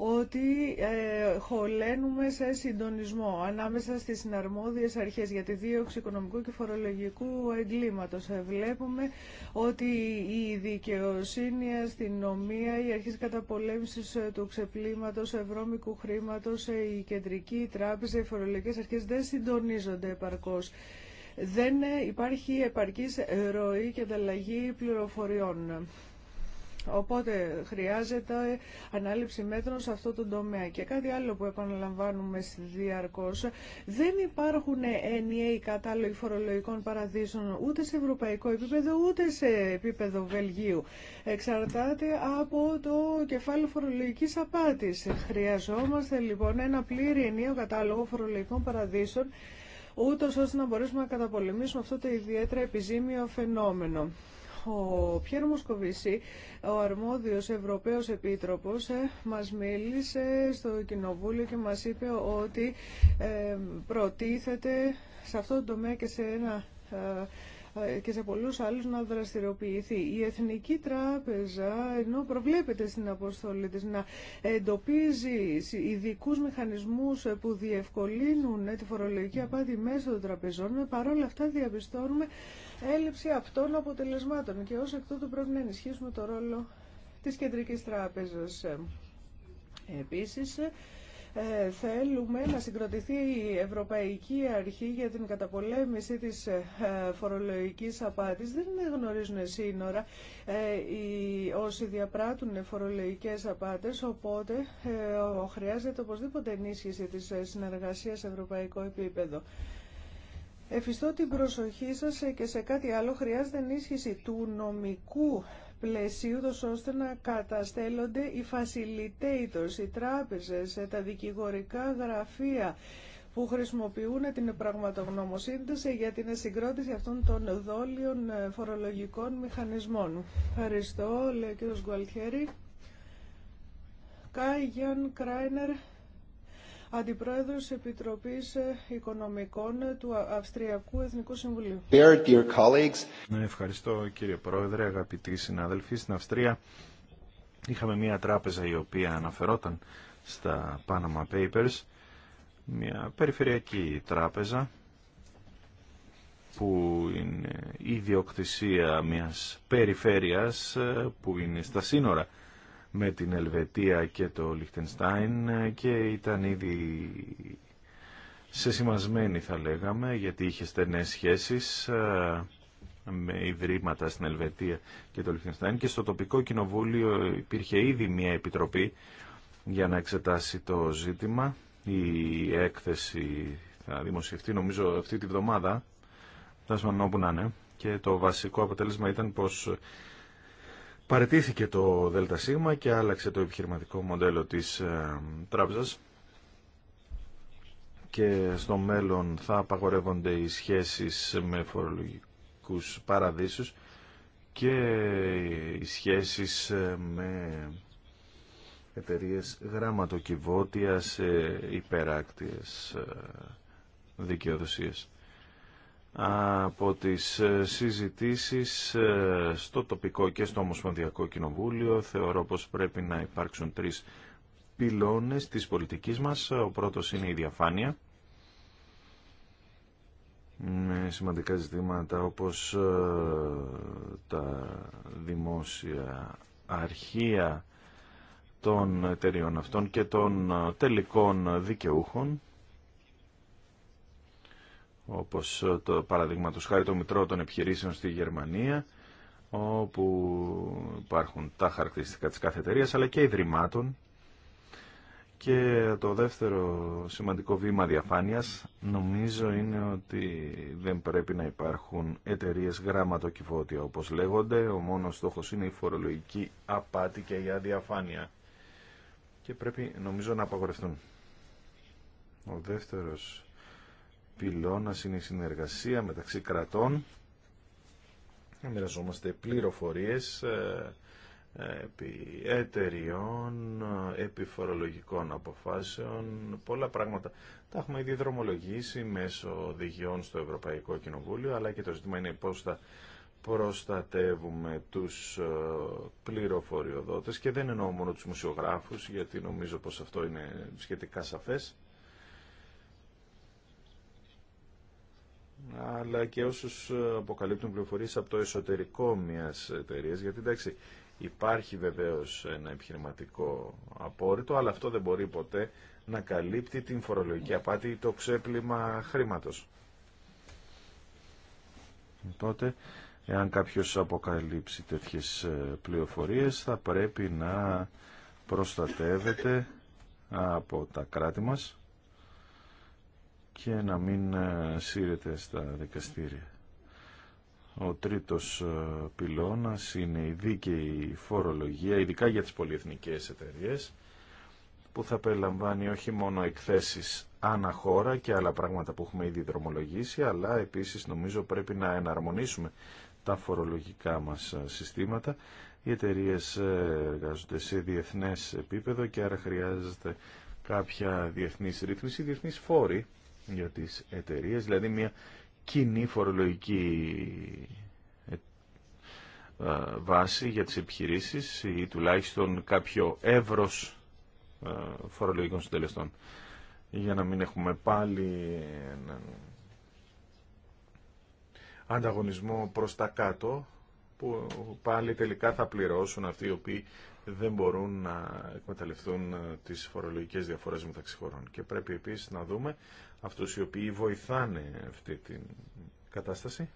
ότι ε, χωλένουμε σε συντονισμό ανάμεσα στις συναρμόδιες αρχές για τη δίωξη οικονομικού και φορολογικού εγκλήματος. Ε, βλέπουμε ότι η δικαιοσύνη, η αστυνομία, η αρχή καταπολέμησης ε, του ξεπλήματος, ευρώμικου χρήματος, ε, η κεντρική τράπεζα, οι φορολογικές αρχές δεν συντονίζονται επαρκώς. Δεν υπάρχει επαρκής ροή και ανταλλαγή πληροφοριών. Οπότε χρειάζεται ανάληψη μέτρων σε αυτό το τομέα. Και κάτι άλλο που επαναλαμβάνουμε διαρκώ, δεν υπάρχουν ενιαίοι κατάλογοι φορολογικών παραδείσων ούτε σε ευρωπαϊκό επίπεδο ούτε σε επίπεδο Βελγίου. Εξαρτάται από το κεφάλαιο φορολογική απάτη. Χρειαζόμαστε λοιπόν ένα πλήρη ενιαίο κατάλογο φορολογικών παραδείσων ούτως ώστε να μπορέσουμε να καταπολεμήσουμε αυτό το ιδιαίτερα επιζήμιο φαινόμενο. Ο Πιέρο Μοσκοβίση, ο αρμόδιος Ευρωπαίος Επίτροπος, ε, μας μίλησε στο Κοινοβούλιο και μας είπε ότι ε, προτίθεται σε αυτό το τομέα και σε ένα ε, και σε πολλούς άλλους να δραστηριοποιηθεί. Η Εθνική Τράπεζα, ενώ προβλέπεται στην αποστολή της να εντοπίζει ειδικού μηχανισμούς που διευκολύνουν τη φορολογική απάτη μέσω των τραπεζών, παρόλα αυτά διαπιστώνουμε έλλειψη αυτών αποτελεσμάτων και ως εκ τούτου πρέπει να ενισχύσουμε το ρόλο της Κεντρικής Τράπεζας. Επίσης, ε, θέλουμε να συγκροτηθεί η Ευρωπαϊκή Αρχή για την καταπολέμηση της ε, φορολογικής απάτης. Δεν γνωρίζουν σύνορα ε, οι, όσοι διαπράττουν φορολογικές απάτες, οπότε χρειάζεται οπωσδήποτε ενίσχυση της συνεργασίας σε ευρωπαϊκό επίπεδο. Εφιστώ την προσοχή σας και σε κάτι άλλο χρειάζεται ενίσχυση του νομικού πλαισίου ώστε να καταστέλλονται οι facilitators, οι τράπεζες, ε, τα δικηγορικά γραφεία που χρησιμοποιούν την πραγματογνωμοσύνη για την συγκρότηση αυτών των δόλιων ε, φορολογικών μηχανισμών. Ευχαριστώ, λέει ο κ. Γκουαλτιέρη. Κάι Αντιπρόεδρος Επιτροπής ε, Οικονομικών του Αυστριακού Εθνικού Συμβουλίου. Ναι, ευχαριστώ κύριε Πρόεδρε, αγαπητοί συνάδελφοι. Στην Αυστρία είχαμε μια τράπεζα η οποία αναφερόταν στα Panama Papers, μια περιφερειακή τράπεζα που είναι ιδιοκτησία μιας περιφέρειας ε, που είναι στα σύνορα με την Ελβετία και το Λιχτενστάιν και ήταν ήδη σεσημασμένη θα λέγαμε γιατί είχε στενές σχέσεις ε, με ιδρύματα στην Ελβετία και το Λιχτενστάιν και στο τοπικό κοινοβούλιο υπήρχε ήδη μια επιτροπή για να εξετάσει το ζήτημα. Η έκθεση θα δημοσιευτεί νομίζω αυτή τη βδομάδα, τα όπου να και το βασικό αποτέλεσμα ήταν πως Παρετήθηκε το ΔΣ και άλλαξε το επιχειρηματικό μοντέλο της ε, τράπεζας και στο μέλλον θα απαγορεύονται οι σχέσεις με φορολογικούς παραδείσους και οι σχέσεις ε, με εταιρείες γραμματοκιβώτιας υπεράκτιες ε, δικαιοδοσίες από τις ε, συζητήσεις ε, στο τοπικό και στο Ομοσπονδιακό Κοινοβούλιο. Θεωρώ πως πρέπει να υπάρξουν τρεις πυλώνες της πολιτικής μας. Ο πρώτος είναι η διαφάνεια με σημαντικά ζητήματα όπως ε, τα δημόσια αρχεία των εταιριών αυτών και των τελικών δικαιούχων όπως το παραδείγμα του χάρη το Μητρό των Επιχειρήσεων στη Γερμανία, όπου υπάρχουν τα χαρακτηριστικά της κάθε εταιρεία, αλλά και ιδρυμάτων. Και το δεύτερο σημαντικό βήμα διαφάνειας νομίζω είναι ότι δεν πρέπει να υπάρχουν εταιρείες γραμματοκιβώτια όπως λέγονται. Ο μόνος στόχος είναι η φορολογική απάτη και η αδιαφάνεια. Και πρέπει νομίζω να απαγορευτούν. Ο δεύτερος πυλώνας είναι η συνεργασία μεταξύ κρατών. Μοιραζόμαστε πληροφορίες ε, ε, επί εταιριών, ε, επί φορολογικών αποφάσεων, πολλά πράγματα. Τα έχουμε ήδη δρομολογήσει μέσω οδηγιών στο Ευρωπαϊκό Κοινοβούλιο, αλλά και το ζήτημα είναι πώς θα προστατεύουμε τους πληροφοριοδότες και δεν εννοώ μόνο τους μουσιογράφους, γιατί νομίζω πως αυτό είναι σχετικά σαφές. αλλά και όσους ε, αποκαλύπτουν πληροφορίες από το εσωτερικό μιας εταιρεία. γιατί εντάξει υπάρχει βεβαίως ένα επιχειρηματικό απόρριτο, αλλά αυτό δεν μπορεί ποτέ να καλύπτει την φορολογική απάτη ή το ξέπλυμα χρήματος. Τότε, εάν κάποιος αποκαλύψει τέτοιες ε, πληροφορίες, θα πρέπει να προστατεύεται από τα κράτη μας και να μην ε, σύρεται στα δικαστήρια. Ο τρίτος ε, πυλώνας είναι η δίκαιη φορολογία, ειδικά για τις πολυεθνικές εταιρείες, που θα περιλαμβάνει όχι μόνο εκθέσεις αναχώρα και άλλα πράγματα που έχουμε ήδη δρομολογήσει, αλλά επίσης νομίζω πρέπει να εναρμονίσουμε τα φορολογικά μας ε, συστήματα. Οι εταιρείε εργάζονται σε διεθνές επίπεδο και άρα χρειάζεται κάποια διεθνής ρύθμιση, διεθνής φόρη, για τις εταιρείες, δηλαδή μια κοινή φορολογική ε, βάση για τις επιχειρήσεις ή τουλάχιστον κάποιο εύρος φορολογικών συντελεστών για να μην έχουμε πάλι έναν ανταγωνισμό προς τα κάτω που πάλι τελικά θα πληρώσουν αυτοί οι οποίοι δεν μπορούν να εκμεταλλευτούν ε, τις φορολογικές διαφορές μεταξύ χωρών. Και πρέπει επίσης να δούμε αυτούς οι οποίοι βοηθάνε αυτή την κατάσταση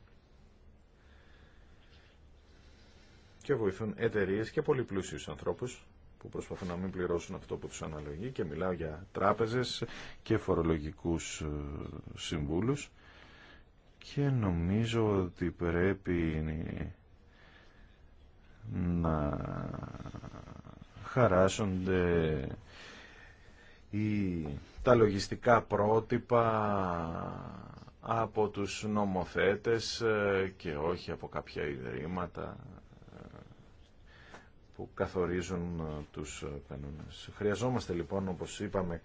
και βοηθούν εταιρείε και πολύ πλούσιους ανθρώπους που προσπαθούν να μην πληρώσουν αυτό που τους αναλογεί και μιλάω για τράπεζες και φορολογικούς ε, συμβούλους και νομίζω ότι πρέπει να χαράσονται τα λογιστικά πρότυπα από τους νομοθέτες ε, και όχι από κάποια ιδρύματα ε, που καθορίζουν ε, τους κανόνες. Χρειαζόμαστε λοιπόν, όπως είπαμε,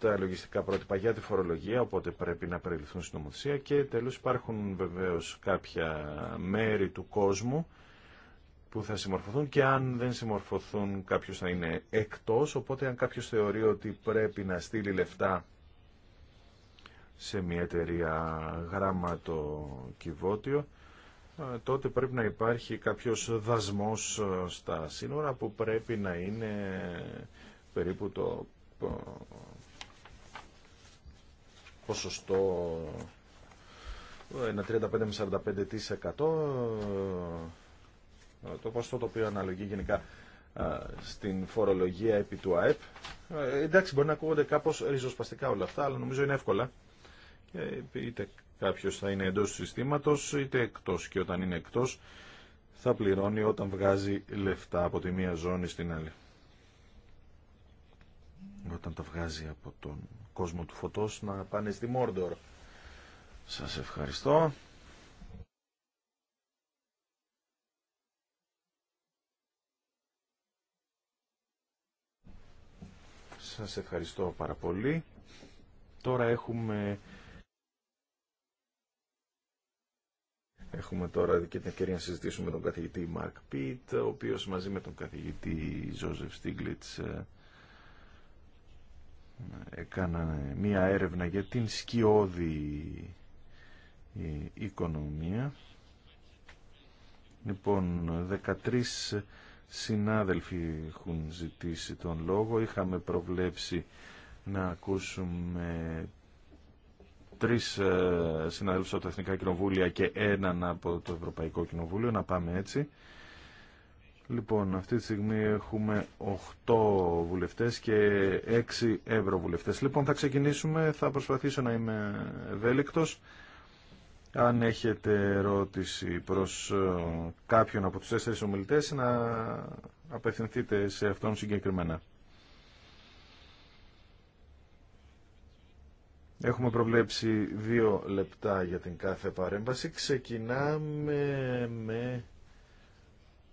τα λογιστικά πρότυπα για τη φορολογία, οπότε πρέπει να περιληφθούν στην νομοθεσία και τέλος υπάρχουν βεβαίως κάποια μέρη του κόσμου που θα συμμορφωθούν και αν δεν συμμορφωθούν κάποιος θα είναι εκτός, οπότε αν κάποιος θεωρεί ότι πρέπει να στείλει λεφτά σε μια εταιρεία γράμματο κυβότιο, ε, τότε πρέπει να υπάρχει κάποιος δασμός ε, στα σύνορα που πρέπει να είναι περίπου το ε, ποσοστό ένα 35 με 45% ε, το ποσοστό το οποίο αναλογεί γενικά ε, στην φορολογία επί του ΑΕΠ. Ε, εντάξει, μπορεί να ακούγονται κάπω ριζοσπαστικά όλα αυτά, αλλά νομίζω είναι εύκολα. είτε κάποιο θα είναι εντός του συστήματος, είτε εκτός. Και όταν είναι εκτός, θα πληρώνει όταν βγάζει λεφτά από τη μία ζώνη στην άλλη. Όταν τα βγάζει από τον κόσμο του φωτός να πάνε στη Μόρντορ. Σας ευχαριστώ. Σας ευχαριστώ πάρα πολύ. Τώρα έχουμε... Έχουμε τώρα και την ευκαιρία να συζητήσουμε τον καθηγητή Μαρκ Πίτ, ο οποίος μαζί με τον καθηγητή Ζόζεφ Στίγκλιτς ε, έκανα μία έρευνα για την σκιώδη οικονομία. Λοιπόν, 13 συνάδελφοι έχουν ζητήσει τον λόγο. Είχαμε προβλέψει να ακούσουμε τρεις ε, συναδέλφους από τα Εθνικά Κοινοβούλια και έναν από το Ευρωπαϊκό Κοινοβούλιο. Να πάμε έτσι. Λοιπόν, αυτή τη στιγμή έχουμε 8 βουλευτές και 6 ευρωβουλευτές. Λοιπόν, θα ξεκινήσουμε. Θα προσπαθήσω να είμαι ευέλικτος. Αν έχετε ερώτηση προς ε, κάποιον από τους τέσσερις ομιλητές, να απευθυνθείτε σε αυτόν συγκεκριμένα. Έχουμε προβλέψει δύο λεπτά για την κάθε παρέμβαση. Ξεκινάμε με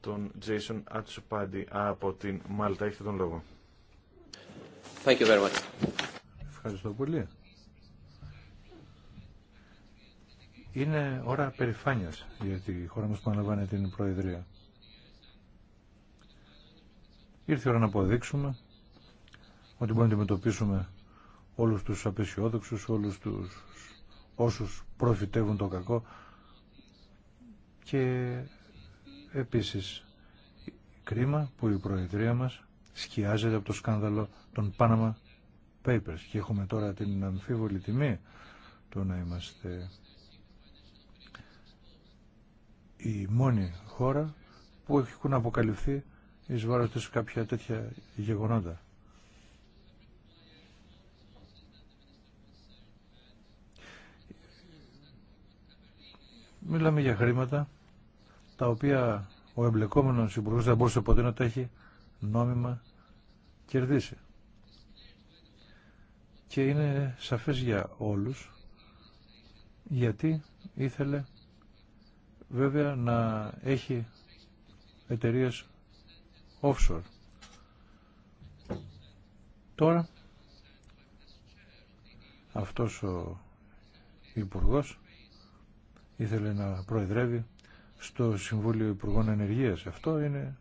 τον Τζέισον Ατσουπάντη από την Μάλτα. Έχετε τον λόγο. Thank you very much. Ευχαριστώ πολύ. Είναι ώρα περηφάνειας γιατί η χώρα μας που αναλαμβάνει την Προεδρία. Ήρθε η ώρα να αποδείξουμε ότι μπορούμε να αντιμετωπίσουμε όλους τους απεσιόδοξους, όλους τους όσους προφητεύουν το κακό και επίσης κρίμα που η Προεδρία μας σκιάζεται από το σκάνδαλο των Panama Papers και έχουμε τώρα την αμφίβολη τιμή του να είμαστε η μόνη χώρα που έχουν αποκαλυφθεί εις βάρος της κάποια τέτοια γεγονότα. Μιλάμε για χρήματα τα οποία ο εμπλεκόμενος υπουργός δεν μπορούσε ποτέ να τα έχει νόμιμα κερδίσει. Και είναι σαφές για όλους γιατί ήθελε βέβαια να έχει εταιρείε offshore. Τώρα αυτός ο υπουργό ήθελε να προεδρεύει στο Συμβούλιο Υπουργών Ενεργείας. Αυτό είναι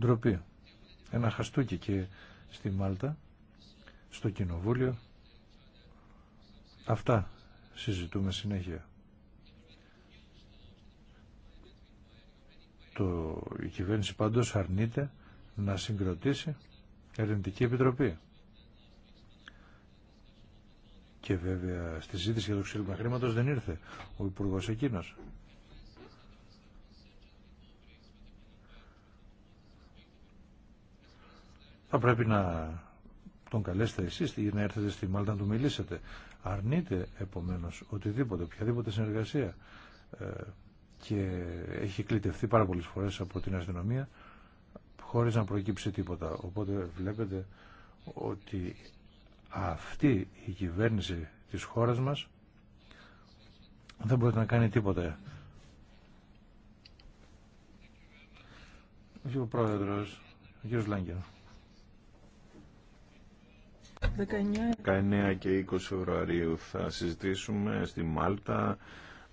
ντροπή. Ένα χαστούκι και στη Μάλτα, στο Κοινοβούλιο. Αυτά συζητούμε συνέχεια. Το, η κυβέρνηση πάντως αρνείται να συγκροτήσει ερευνητική επιτροπή. Και βέβαια στη συζήτηση για το ξύλιμα χρήματος δεν ήρθε ο υπουργό εκείνο. Θα πρέπει να τον καλέσετε εσείς ή να έρθετε στη Μάλτα να του μιλήσετε. Αρνείται επομένως οτιδήποτε, οποιαδήποτε συνεργασία ε, και έχει κλειτευτεί πάρα πολλές φορές από την αστυνομία χωρίς να προκύψει τίποτα. Οπότε βλέπετε ότι αυτή η κυβέρνηση της χώρας μας δεν μπορεί να κάνει τίποτα. Ο πρόεδρος, ο κύριος Λάγκερ. 19... και 20 Φεβρουαρίου θα συζητήσουμε στη Μάλτα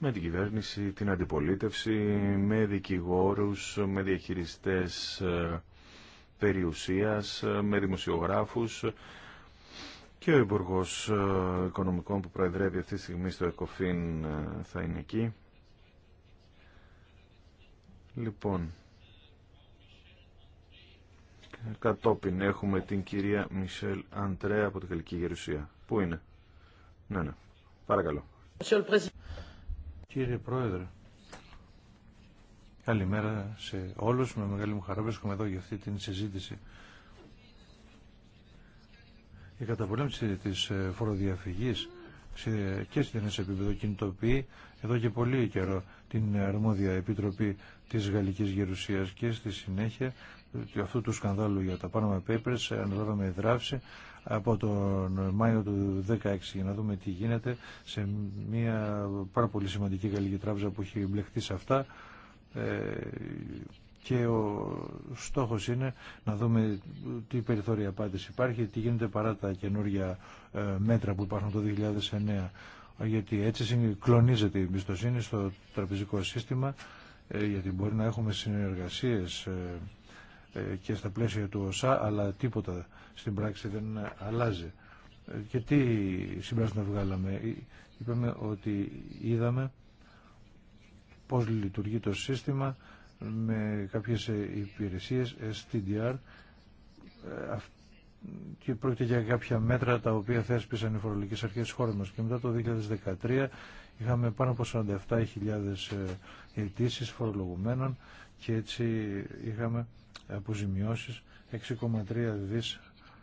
με την κυβέρνηση, την αντιπολίτευση, με δικηγόρους, με διαχειριστές ε, περιουσίας, ε, με δημοσιογράφους και ο υπουργό ε, Οικονομικών που προεδρεύει αυτή τη στιγμή στο ΕΚΟΦΗΝ θα είναι εκεί. Λοιπόν, κατόπιν έχουμε την κυρία Μισελ Αντρέα από την Γαλλική Γερουσία. Πού είναι? Ναι, ναι. Παρακαλώ. Κύριε Πρόεδρε, καλημέρα σε όλους. Με μεγάλη μου χαρά βρίσκομαι εδώ για αυτή την συζήτηση. Η καταπολέμηση της ε, φοροδιαφυγής και στην επίπεδο κινητοποιεί εδώ και πολύ καιρό την αρμόδια επιτροπή της Γαλλικής Γερουσίας και στη συνέχεια αυτού του σκανδάλου για τα Panama Papers αναλάβαμε δράση από τον Μάιο του 2016 για να δούμε τι γίνεται σε μια πάρα πολύ σημαντική γαλλική τράπεζα που έχει μπλεχτεί σε αυτά ε, και ο στόχος είναι να δούμε τι περιθώρια απάντηση υπάρχει, τι γίνεται παρά τα καινούργια ε, μέτρα που υπάρχουν το 2009 γιατί έτσι συγκλονίζεται η εμπιστοσύνη στο τραπεζικό σύστημα ε, γιατί μπορεί να έχουμε συνεργασίες ε, και στα πλαίσια του ΩΣΑ αλλά τίποτα στην πράξη δεν αλλάζει. Και τι να βγάλαμε. Είπαμε ότι είδαμε πώς λειτουργεί το σύστημα με κάποιες υπηρεσίες STDR ε, και πρόκειται για κάποια μέτρα τα οποία θέσπισαν οι φορολογικές αρχές της χώρας μας και μετά το 2013 είχαμε πάνω από 47.000 ε, αιτήσει φορολογουμένων και έτσι είχαμε αποζημιώσεις 6,3 δις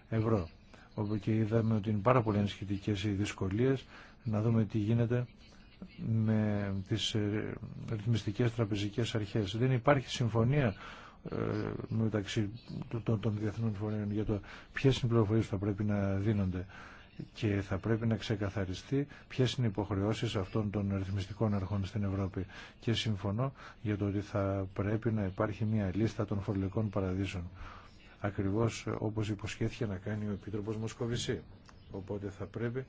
ευρώ όπου και είδαμε ότι είναι πάρα πολύ ενισχυτικές οι δυσκολίες να δούμε τι γίνεται με τις ε, ρυθμιστικές τραπεζικές αρχές. Δεν υπάρχει συμφωνία ε, μεταξύ των, των διεθνών φορέων για το ποιες είναι οι πληροφορίες θα πρέπει να δίνονται και θα πρέπει να ξεκαθαριστεί ποιες είναι οι υποχρεώσεις αυτών των ρυθμιστικών αρχών στην Ευρώπη. Και συμφωνώ για το ότι θα πρέπει να υπάρχει μια λίστα των φορολογικών παραδείσων. Ακριβώς όπως υποσχέθηκε να κάνει ο Επίτροπος Μοσκοβισή. Οπότε θα πρέπει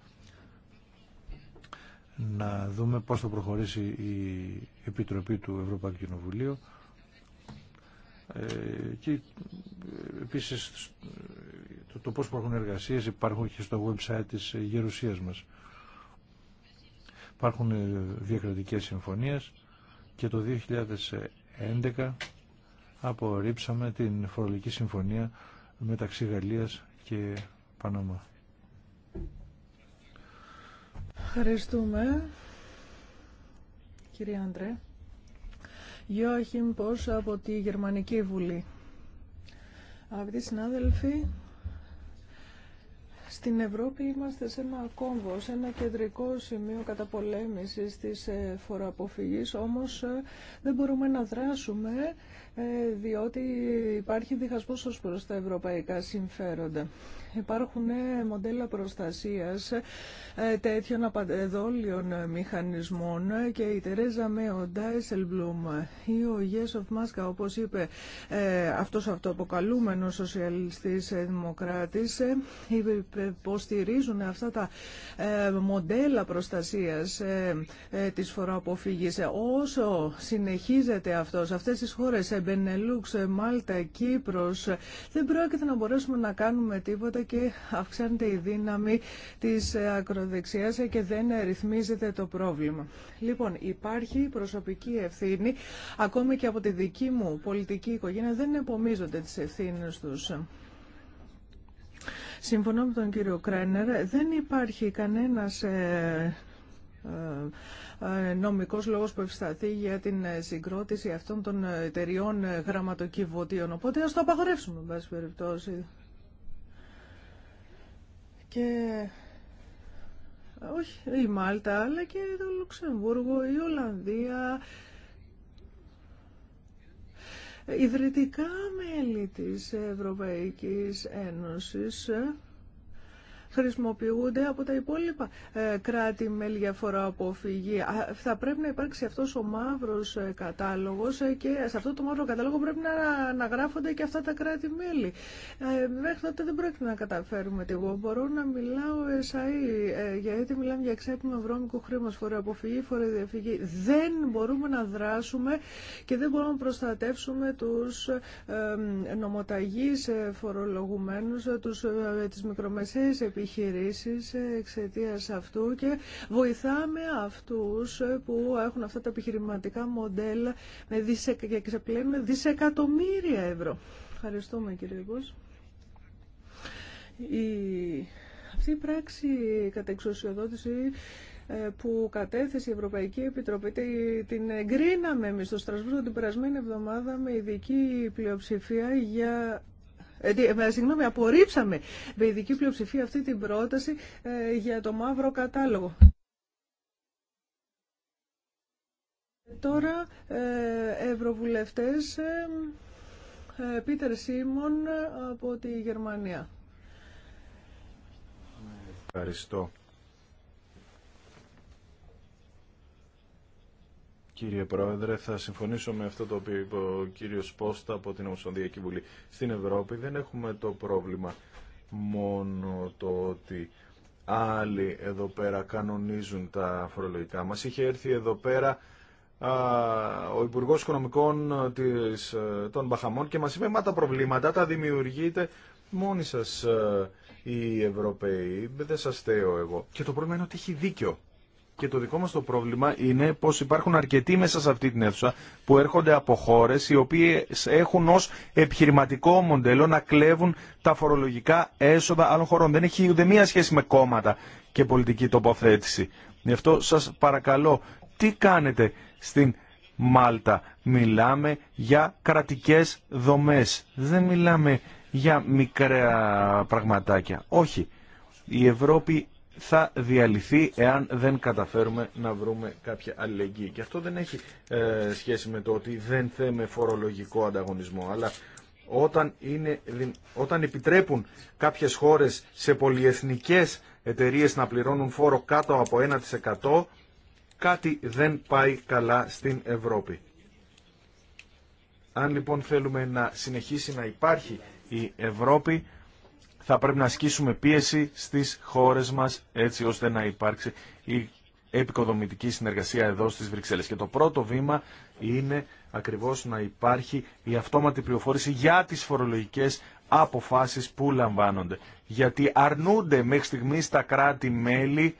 να δούμε πώς θα προχωρήσει η Επιτροπή του Ευρωπαϊκού Κοινοβουλίου ε, και ε, επίσης το, το πώς υπάρχουν εργασίες υπάρχουν και στο website της γερουσίας μας. Υπάρχουν ε, διακρατικές συμφωνίες και το 2011 απορρίψαμε την φορολογική συμφωνία μεταξύ Γαλλίας και Παναμά. Ευχαριστούμε, κύριε Άντρε. Γιώχιμ Πώς από τη Γερμανική Βουλή. Αγαπητοί συνάδελφοι, στην Ευρώπη είμαστε σε ένα κόμβο, σε ένα κεντρικό σημείο καταπολέμησης της ε, φοροαποφυγής, όμως ε, δεν μπορούμε να δράσουμε ε, διότι υπάρχει διχασμός ως προς τα ευρωπαϊκά συμφέροντα. Υπάρχουν ε, μοντέλα προστασίας ε, τέτοιων απαντεδόλιων μηχανισμών και η Τερέζα με ο Ντάισελμπλουμ ή ο Γέσοφ Μάσκα, όπως είπε αυτός αυτοαποκαλούμενος σοσιαλιστής δημοκράτης, υποστηρίζουν αυτά τα μοντέλα προστασίας της φοροαποφύγης. Όσο συνεχίζεται αυτό αυτές τις χώρες Μπενελούξ, Μάλτα, Κύπρος. Δεν πρόκειται να μπορέσουμε να κάνουμε τίποτα και αυξάνεται η δύναμη της ακροδεξιάς και δεν ρυθμίζεται το πρόβλημα. Λοιπόν, υπάρχει προσωπική ευθύνη, ακόμη και από τη δική μου πολιτική οικογένεια δεν επομίζονται τις ευθύνες τους. Συμφωνώ με τον κύριο Κρένερ, δεν υπάρχει κανένας ε, ε, ε, νομικός λόγος που ευσταθεί για την ε, συγκρότηση αυτών των εταιριών γραμματοκιβωτίων. Οπότε ας το απαγορεύσουμε, εν πάση περιπτώσει. Και όχι η Μάλτα, αλλά και το Λουξεμβούργο, η Ολλανδία, ιδρυτικά μέλη της Ευρωπαϊκής Ένωσης χρησιμοποιούνται από τα υπόλοιπα ε, κράτη-μέλη για φοροαποφυγή. Θα πρέπει να υπάρξει αυτός ο μαύρος ε, κατάλογος ε, και σε αυτό το μαύρο κατάλογο πρέπει να αναγράφονται και αυτά τα κράτη-μέλη. Μέχρι τότε δεν πρέπει να καταφέρουμε Εγώ Μπορώ να μιλάω εσαΐ, γιατί μιλάμε για ξέπνο βρώμικου χρήματος, φοροαποφυγή, φοροδιαφυγή. Δεν μπορούμε να δράσουμε και δεν μπορούμε να προστατεύσουμε τους νομοταγείς φορολογουμένους, τους, τις μικρομεσαίες επιχειρήσεις εξαιτίας αυτού και βοηθάμε αυτούς που έχουν αυτά τα επιχειρηματικά μοντέλα με και ξεπλένουν δισεκατομμύρια ευρώ. Ευχαριστούμε κύριε Υπός. Αυτή η πράξη κατά εξουσιοδότηση ε, που κατέθεσε η Ευρωπαϊκή Επιτροπή, την εγκρίναμε εμείς στο Στρασβούργο την περασμένη εβδομάδα με ειδική πλειοψηφία για ε, συγγνώμη, απορρίψαμε με ειδική πλειοψηφία αυτή την πρόταση ε, για το μαύρο κατάλογο. Ε, τώρα, ευρωβουλευτές, Πίτερ Σίμων από τη Γερμανία. Ευχαριστώ Κύριε Πρόεδρε, θα συμφωνήσω με αυτό το οποίο είπε ο κύριος Πόστα από την Ομοσπονδιακή Βουλή. Στην Ευρώπη δεν έχουμε το πρόβλημα μόνο το ότι άλλοι εδώ πέρα κανονίζουν τα φορολογικά μας. Είχε έρθει εδώ πέρα α, ο Υπουργό Οικονομικών της, ε, των Μπαχαμών και μας είπε «Μα τα προβλήματα τα δημιουργείτε μόνοι σας α, ε, οι Ευρωπαίοι, δεν σας θέω εγώ». Και το πρόβλημα είναι ότι έχει δίκιο. Και το δικό μας το πρόβλημα είναι πως υπάρχουν αρκετοί μέσα σε αυτή την αίθουσα που έρχονται από χώρες οι οποίες έχουν ως επιχειρηματικό μοντέλο να κλέβουν τα φορολογικά έσοδα άλλων χωρών. Δεν έχει ούτε μία σχέση με κόμματα και πολιτική τοποθέτηση. Γι' αυτό σας παρακαλώ, τι κάνετε στην Μάλτα. Μιλάμε για κρατικές δομές. Δεν μιλάμε για μικρά πραγματάκια. Όχι. Η Ευρώπη θα διαλυθεί εάν δεν καταφέρουμε να βρούμε κάποια αλληλεγγύη. Και αυτό δεν έχει ε, σχέση με το ότι δεν θέμε φορολογικό ανταγωνισμό, αλλά όταν, είναι, όταν επιτρέπουν κάποιες χώρες σε πολυεθνικές εταιρείες να πληρώνουν φόρο κάτω από 1% κάτι δεν πάει καλά στην Ευρώπη. Αν λοιπόν θέλουμε να συνεχίσει να υπάρχει η Ευρώπη θα πρέπει να ασκήσουμε πίεση στις χώρες μας έτσι ώστε να υπάρξει η επικοδομητική συνεργασία εδώ στις Βρυξέλλες. Και το πρώτο βήμα είναι ακριβώς να υπάρχει η αυτόματη πληροφόρηση για τις φορολογικές αποφάσεις που λαμβάνονται. Γιατί αρνούνται μέχρι στιγμή τα κράτη-μέλη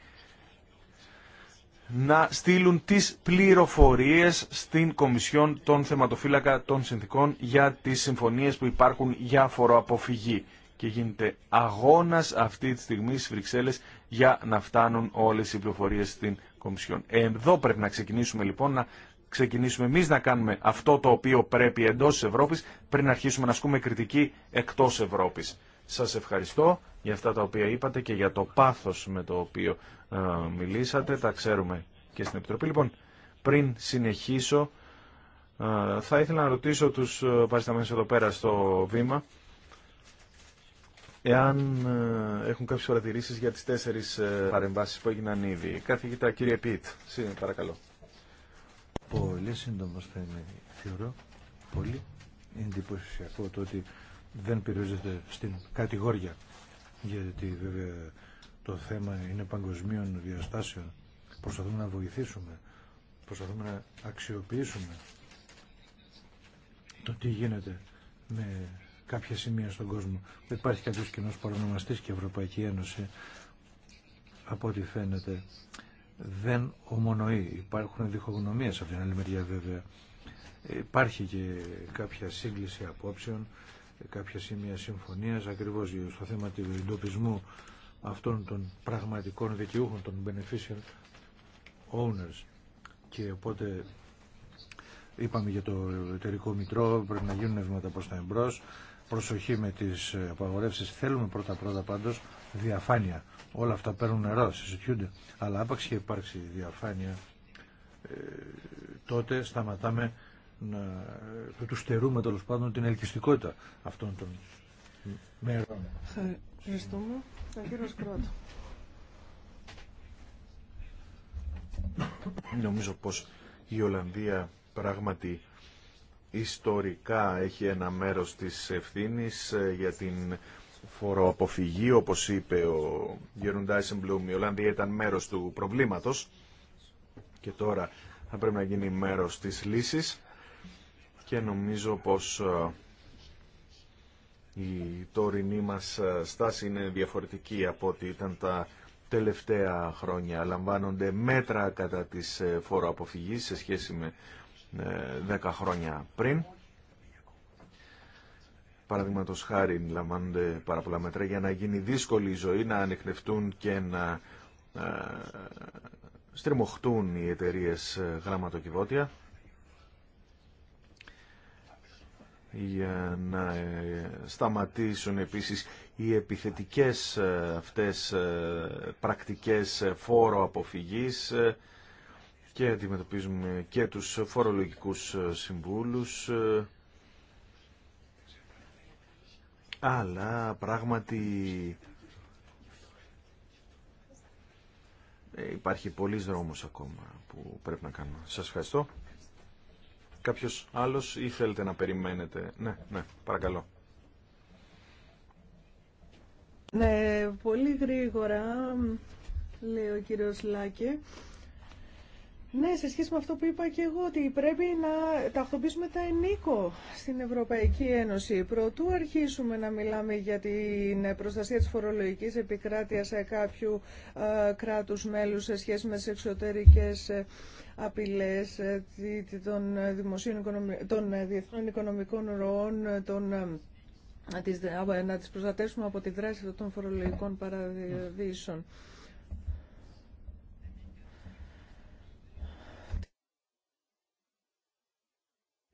να στείλουν τις πληροφορίες στην Κομισιόν των Θεματοφύλακα των Συνθήκων για τις συμφωνίες που υπάρχουν για φοροαποφυγή και γίνεται αγώνας αυτή τη στιγμή στις Βρυξέλλες για να φτάνουν όλες οι πληροφορίες στην Κομισιόν. Ε, εδώ πρέπει να ξεκινήσουμε λοιπόν να ξεκινήσουμε εμείς να κάνουμε αυτό το οποίο πρέπει εντός της Ευρώπης πριν αρχίσουμε να ασκούμε κριτική εκτός Ευρώπης. Σας ευχαριστώ για αυτά τα οποία είπατε και για το πάθος με το οποίο ε, μιλήσατε. Τα ξέρουμε και στην Επιτροπή. Λοιπόν, πριν συνεχίσω, ε, θα ήθελα να ρωτήσω τους παρισταμένους εδώ πέρα στο βήμα εάν ε, έχουν κάποιε παρατηρήσει για τις τέσσερις ε, παρεμβάσει που έγιναν ήδη. Καθηγητά, κύριε Πίτ, παρακαλώ. Πολύ σύντομα θα είναι, θεωρώ, πολύ εντυπωσιακό το ότι δεν περιορίζεται στην κατηγόρια, γιατί βέβαια το θέμα είναι παγκοσμίων διαστάσεων. Προσπαθούμε να βοηθήσουμε, προσπαθούμε να αξιοποιήσουμε το τι γίνεται με κάποια σημεία στον κόσμο. Δεν υπάρχει κάποιο κοινό παρονομαστή και η Ευρωπαϊκή Ένωση από ό,τι φαίνεται δεν ομονοεί. Υπάρχουν διχογνωμίε από την άλλη μεριά βέβαια. Υπάρχει και κάποια σύγκληση απόψεων, κάποια σημεία συμφωνία ακριβώ στο θέμα του εντοπισμού αυτών των πραγματικών δικαιούχων, των beneficial owners. Και οπότε είπαμε για το εταιρικό μητρό, πρέπει να γίνουν βήματα προς τα προσοχή με τις ε, απαγορεύσεις. Θέλουμε πρώτα-πρώτα πάντως διαφάνεια. Όλα αυτά παίρνουν νερό, συζητιούνται. Αλλά άπαξ και υπάρξει διαφάνεια, ε, τότε σταματάμε να ε, του στερούμε τέλο πάντων την ελκυστικότητα αυτών των μέρων. Ευχαριστούμε. Ο Νομίζω πως η Ολλανδία πράγματι ιστορικά έχει ένα μέρος της ευθύνης ε, για την φοροαποφυγή, όπως είπε ο Γερουν Ντάισεμπλουμ, η Ολλανδία ήταν μέρος του προβλήματος και τώρα θα πρέπει να γίνει μέρος της λύσης και νομίζω πως ε, η τωρινή μας ε, στάση είναι διαφορετική από ό,τι ήταν τα τελευταία χρόνια. Λαμβάνονται μέτρα κατά της φοροαποφυγής σε σχέση με 10 ε, χρόνια πριν. Παραδείγματο χάρη λαμβάνονται πάρα πολλά μέτρα για να γίνει δύσκολη η ζωή, να ανεκνευτούν και να ε, στριμωχτούν οι εταιρείε ε, γραμματοκιβώτια για να σταματήσουν επίσης οι επιθετικές αυτές πρακτικές φόρο αποφυγής και αντιμετωπίζουμε και τους φορολογικούς ε, συμβούλους ε, αλλά πράγματι ε, υπάρχει πολλής δρόμος ακόμα που πρέπει να κάνουμε. Σας ευχαριστώ. Κάποιος άλλος ή θέλετε να περιμένετε. Ναι, ναι, παρακαλώ. Ναι, πολύ γρήγορα, λέει ο κύριος Λάκη. Ναι, σε σχέση με αυτό που είπα και εγώ, ότι πρέπει να ταυτοποιήσουμε τα ενίκο στην Ευρωπαϊκή Ένωση. Προτού αρχίσουμε να μιλάμε για την προστασία της φορολογικής επικράτειας κάποιου ε, κράτους μέλους σε σχέση με τις εξωτερικές ε, απειλές ε, των, των ε, διεθνών οικονομικών ροών, να τις προστατεύσουμε από τη δράση των φορολογικών παραδείσων.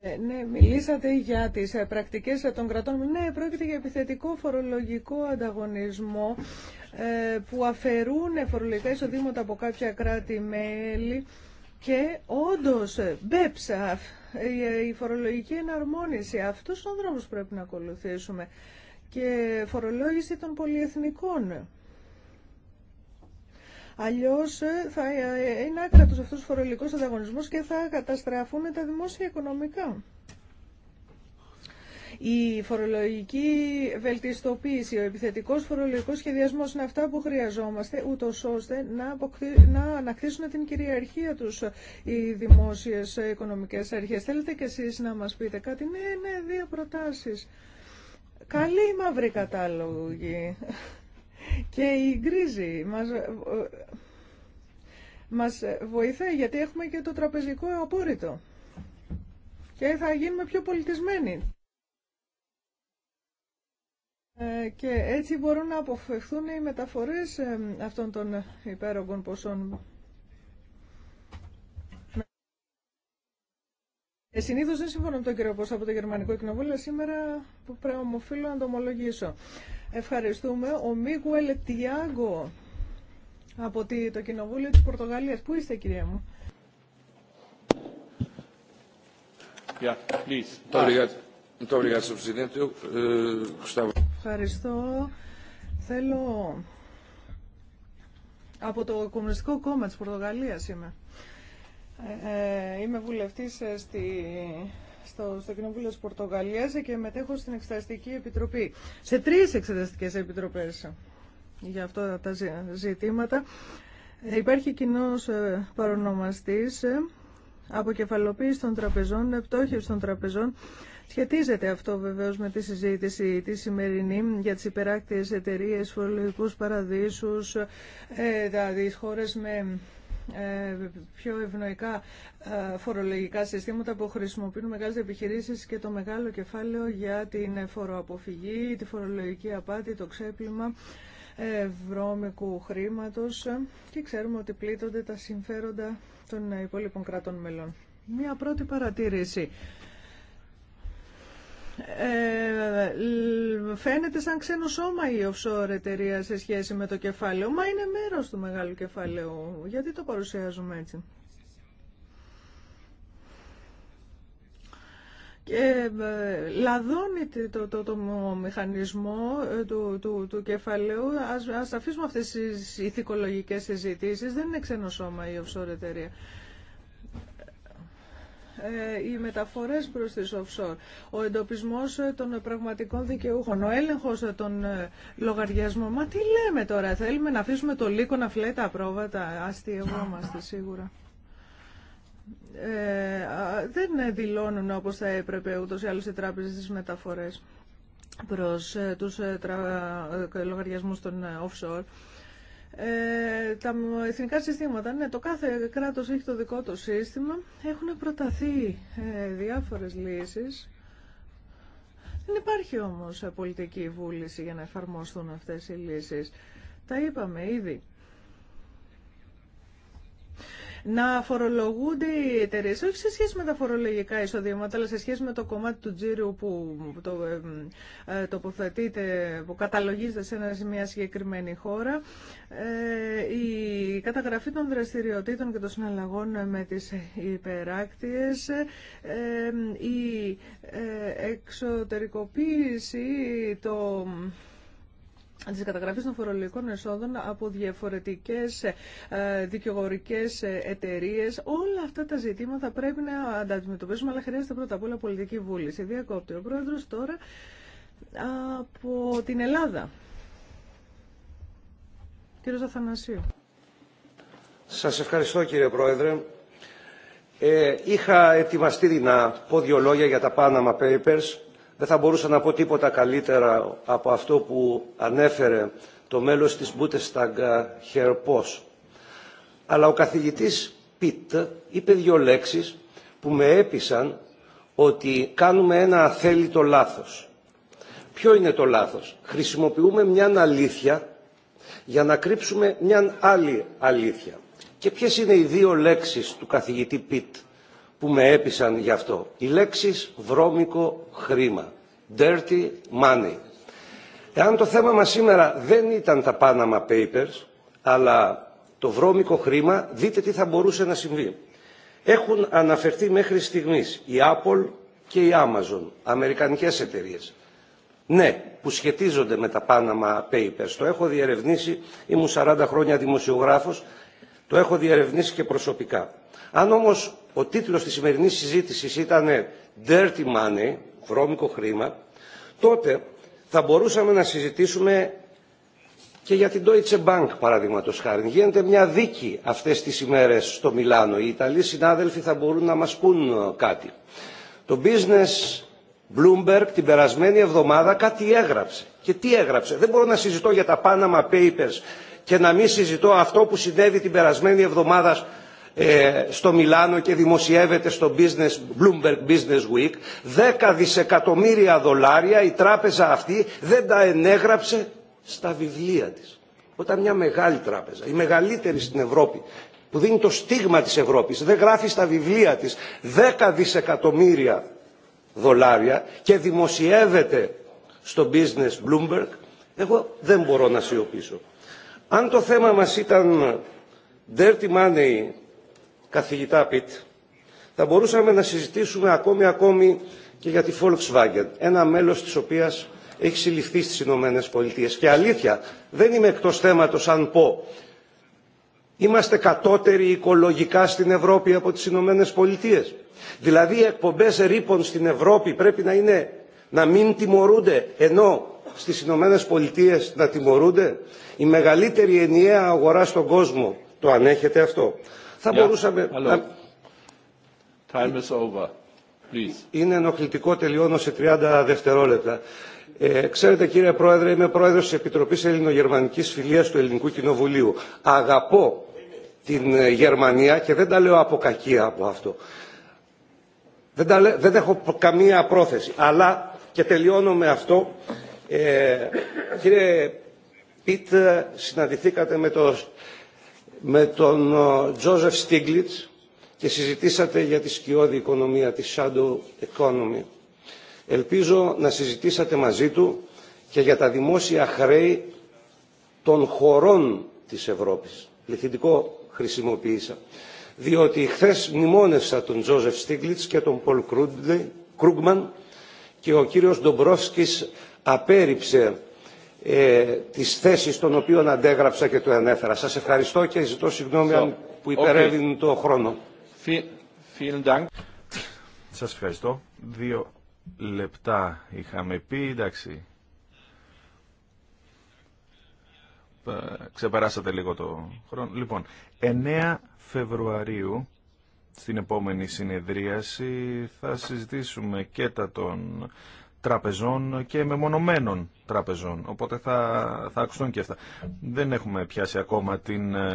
Ε, ναι, μιλήσατε για τις ε, πρακτικές των κρατών. Ναι, πρόκειται για επιθετικό φορολογικό ανταγωνισμό ε, που αφαιρούν φορολογικά εισοδήματα από κάποια κράτη-μέλη και όντως μπέψα η φορολογική εναρμόνιση. Αυτός ο δρόμος πρέπει να ακολουθήσουμε και φορολόγηση των πολυεθνικών. Αλλιώ ε, θα ε, είναι άκρατο αυτό ο φορολογικό ανταγωνισμός και θα καταστραφούν τα δημόσια οικονομικά. Η φορολογική βελτιστοποίηση, ο επιθετικός φορολογικός σχεδιασμό είναι αυτά που χρειαζόμαστε, ούτω ώστε να, αποκτή, να ανακτήσουν την κυριαρχία του οι δημόσιε οικονομικέ αρχέ. Θέλετε κι εσεί να μα πείτε κάτι. Ναι, ναι, δύο προτάσει. Καλή μαύρη κατάλογη. Και η γκρίζη μας, ε, μας βοηθάει γιατί έχουμε και το τραπεζικό απόρριτο και θα γίνουμε πιο πολιτισμένοι. Ε, και έτσι μπορούν να αποφευχθούν οι μεταφορές ε, αυτών των υπέρογων ποσών. Συνήθω δεν συμφωνώ με τον κύριο Πόσα από το Γερμανικό Κοινοβούλιο, σήμερα που πρέπει να το ομολογήσω. Ευχαριστούμε. Ο Μίγουελ Τιάγκο από το Κοινοβούλιο της Πορτογαλίας. Πού είστε κυρία μου? Eh, Ευχαριστώ. Θέλω... Από το Κομμουνιστικό Κόμμα της Πορτογαλίας είμαι. Ε, ε, είμαι βουλευτής ε, στη στο, στο Κοινοβούλιο της Πορτογαλίας και μετέχω στην Εξεταστική Επιτροπή. Σε τρεις εξεταστικές επιτροπές για αυτά τα ζητήματα. Ε, υπάρχει κοινό ε, παρονομαστής ε, αποκεφαλοποίηση των τραπεζών, επτώχευση των τραπεζών. Σχετίζεται αυτό βεβαίως με τη συζήτηση τη σημερινή για τις υπεράκτιες εταιρείε, φορολογικούς παραδείσους, ε, δηλαδή χώρες με ε, πιο ευνοϊκά ε, φορολογικά συστήματα που χρησιμοποιούν μεγάλες επιχειρήσεις και το μεγάλο κεφάλαιο για την φοροαποφυγή, τη φορολογική απάτη, το ξέπλυμα ε, βρώμικου χρήματος και ξέρουμε ότι πλήττονται τα συμφέροντα των υπόλοιπων κρατών μελών. Μία πρώτη παρατήρηση. Ε, φαίνεται σαν ξένο σώμα η offshore εταιρεία σε σχέση με το κεφάλαιο, μα είναι μέρος του μεγάλου κεφαλαίου. Γιατί το παρουσιάζουμε έτσι. Και ε, λαδώνει το, το, το, μηχανισμό ε, του, του, κεφαλαίου. Ας, αφήσουμε αυτές τις ηθικολογικές συζητήσεις. Δεν είναι ξένο σώμα η offshore εταιρεία. Ε, οι μεταφορές προς τις offshore, ο εντοπισμός ε, των πραγματικών δικαιούχων, ο έλεγχος ε, των λογαριασμών. Μα τι λέμε τώρα, θέλουμε να αφήσουμε το λύκο να φλέει τα πρόβατα, αστειευόμαστε σίγουρα. Ε, δεν δηλώνουν όπως θα έπρεπε ούτως ή άλλως οι τράπεζες στις μεταφορές προς τους λογαριασμούς των offshore. Ε, τα εθνικά συστήματα, ναι, το κάθε κράτος έχει το δικό του σύστημα. Έχουν προταθεί ε, διάφορες λύσεις. Δεν υπάρχει όμως πολιτική βούληση για να εφαρμοστούν αυτές οι λύσεις. Τα είπαμε ήδη να φορολογούνται οι εταιρείε, όχι σε σχέση με τα φορολογικά εισοδήματα, αλλά σε σχέση με το κομμάτι του τζίρου που το, ε, τοποθετείται, που καταλογίζεται σε μια συγκεκριμένη χώρα. Ε, η καταγραφή των δραστηριοτήτων και των συναλλαγών με τις υπεράκτιες, ε, η ε, εξωτερικοποίηση, το τη καταγραφή των φορολογικών εσόδων από διαφορετικές ε, δικαιογορικές ε, εταιρείε. Όλα αυτά τα ζητήματα πρέπει να τα αντιμετωπίσουμε, αλλά χρειάζεται πρώτα απ' όλα πολιτική βούληση. Διακόπτει ο Πρόεδρος τώρα από την Ελλάδα. Κύριος Αθανασίου. Σας ευχαριστώ κύριε Πρόεδρε. Ε, είχα ετοιμαστεί να πω δύο λόγια για τα Panama Papers δεν θα μπορούσα να πω τίποτα καλύτερα από αυτό που ανέφερε το μέλος της Bundestag Herr Αλλά ο καθηγητής Πιτ είπε δύο λέξεις που με έπεισαν ότι κάνουμε ένα αθέλητο λάθος. Ποιο είναι το λάθος. Χρησιμοποιούμε μια αλήθεια για να κρύψουμε μια άλλη αλήθεια. Και ποιες είναι οι δύο λέξεις του καθηγητή Πιτ που με έπεισαν γι' αυτό. Οι λέξεις βρώμικο χρήμα. Dirty money. Εάν το θέμα μας σήμερα δεν ήταν τα Panama Papers, αλλά το βρώμικο χρήμα, δείτε τι θα μπορούσε να συμβεί. Έχουν αναφερθεί μέχρι στιγμής η Apple και η Amazon, αμερικανικές εταιρείες. Ναι, που σχετίζονται με τα Panama Papers. Το έχω διερευνήσει, ήμουν 40 χρόνια δημοσιογράφος το έχω διερευνήσει και προσωπικά. Αν όμως ο τίτλος της σημερινής συζήτησης ήταν «Dirty Money», βρώμικο χρήμα, τότε θα μπορούσαμε να συζητήσουμε και για την Deutsche Bank, παραδείγματο χάρη. Γίνεται μια δίκη αυτέ τι ημέρε στο Μιλάνο. Οι Ιταλοί συνάδελφοι θα μπορούν να μα πούν ε, κάτι. Το business Bloomberg την περασμένη εβδομάδα κάτι έγραψε. Και τι έγραψε. Δεν μπορώ να συζητώ για τα Panama Papers και να μην συζητώ αυτό που συνέβη την περασμένη εβδομάδα ε, στο Μιλάνο και δημοσιεύεται στο business, Bloomberg Business Week 10 δισεκατομμύρια δολάρια η τράπεζα αυτή δεν τα ενέγραψε στα βιβλία της. Όταν μια μεγάλη τράπεζα, η μεγαλύτερη στην Ευρώπη που δίνει το στίγμα της Ευρώπης, δεν γράφει στα βιβλία της 10 δισεκατομμύρια δολάρια και δημοσιεύεται στο business Bloomberg, εγώ δεν μπορώ να σιωπήσω. Αν το θέμα μας ήταν dirty money, καθηγητά Πιτ, θα μπορούσαμε να συζητήσουμε ακόμη ακόμη και για τη Volkswagen, ένα μέλος της οποίας έχει συλληφθεί στις Ηνωμένε Πολιτείες. Και αλήθεια, δεν είμαι εκτός θέματος αν πω Είμαστε κατώτεροι οικολογικά στην Ευρώπη από τις Ηνωμένε Πολιτείες Δηλαδή οι εκπομπές ρήπων στην Ευρώπη πρέπει να είναι να μην τιμωρούνται ενώ στις Ηνωμένε Πολιτείες να τιμωρούνται. Η μεγαλύτερη ενιαία αγορά στον κόσμο το ανέχεται αυτό. Θα μπορούσαμε... Time is over. Please. Είναι ενοχλητικό, τελειώνω σε 30 δευτερόλεπτα. Ε, ξέρετε κύριε Πρόεδρε, είμαι πρόεδρος της Επιτροπής Ελληνογερμανικής Φιλίας του Ελληνικού Κοινοβουλίου. Αγαπώ την ε, Γερμανία και δεν τα λέω από κακία από αυτό. Δεν, δεν έχω καμία πρόθεση. Αλλά, και τελειώνω με αυτό, ε, κύριε Πίτ, συναντηθήκατε με, με τον Τζόζεφ Στίγκλιτς και συζητήσατε για τη σκιώδη οικονομία, τη shadow economy. Ελπίζω να συζητήσατε μαζί του και για τα δημόσια χρέη των χωρών της Ευρώπης. Πληθυντικό χρησιμοποίησα. Διότι χθε μνημόνευσα τον Τζόζεφ Στίγκλιτς και τον Πολ Κρούγκμαν και ο κύριος Ντομπρόφσκης απέρριψε ε, τις θέσεις των οποίων αντέγραψα και το ανέφερα. Σας ευχαριστώ και ζητώ συγγνώμη so, που υπερεύει okay. το χρόνο. Dank. Σας ευχαριστώ. Δύο λεπτά είχαμε πει, εντάξει. Ε, ξεπεράσατε λίγο το χρόνο. Λοιπόν, 9 Φεβρουαρίου στην επόμενη συνεδρίαση θα συζητήσουμε και τα των τραπεζών και μεμονωμένων τραπεζών. Οπότε θα, θα ακουστούν και αυτά. Δεν έχουμε πιάσει ακόμα την ε,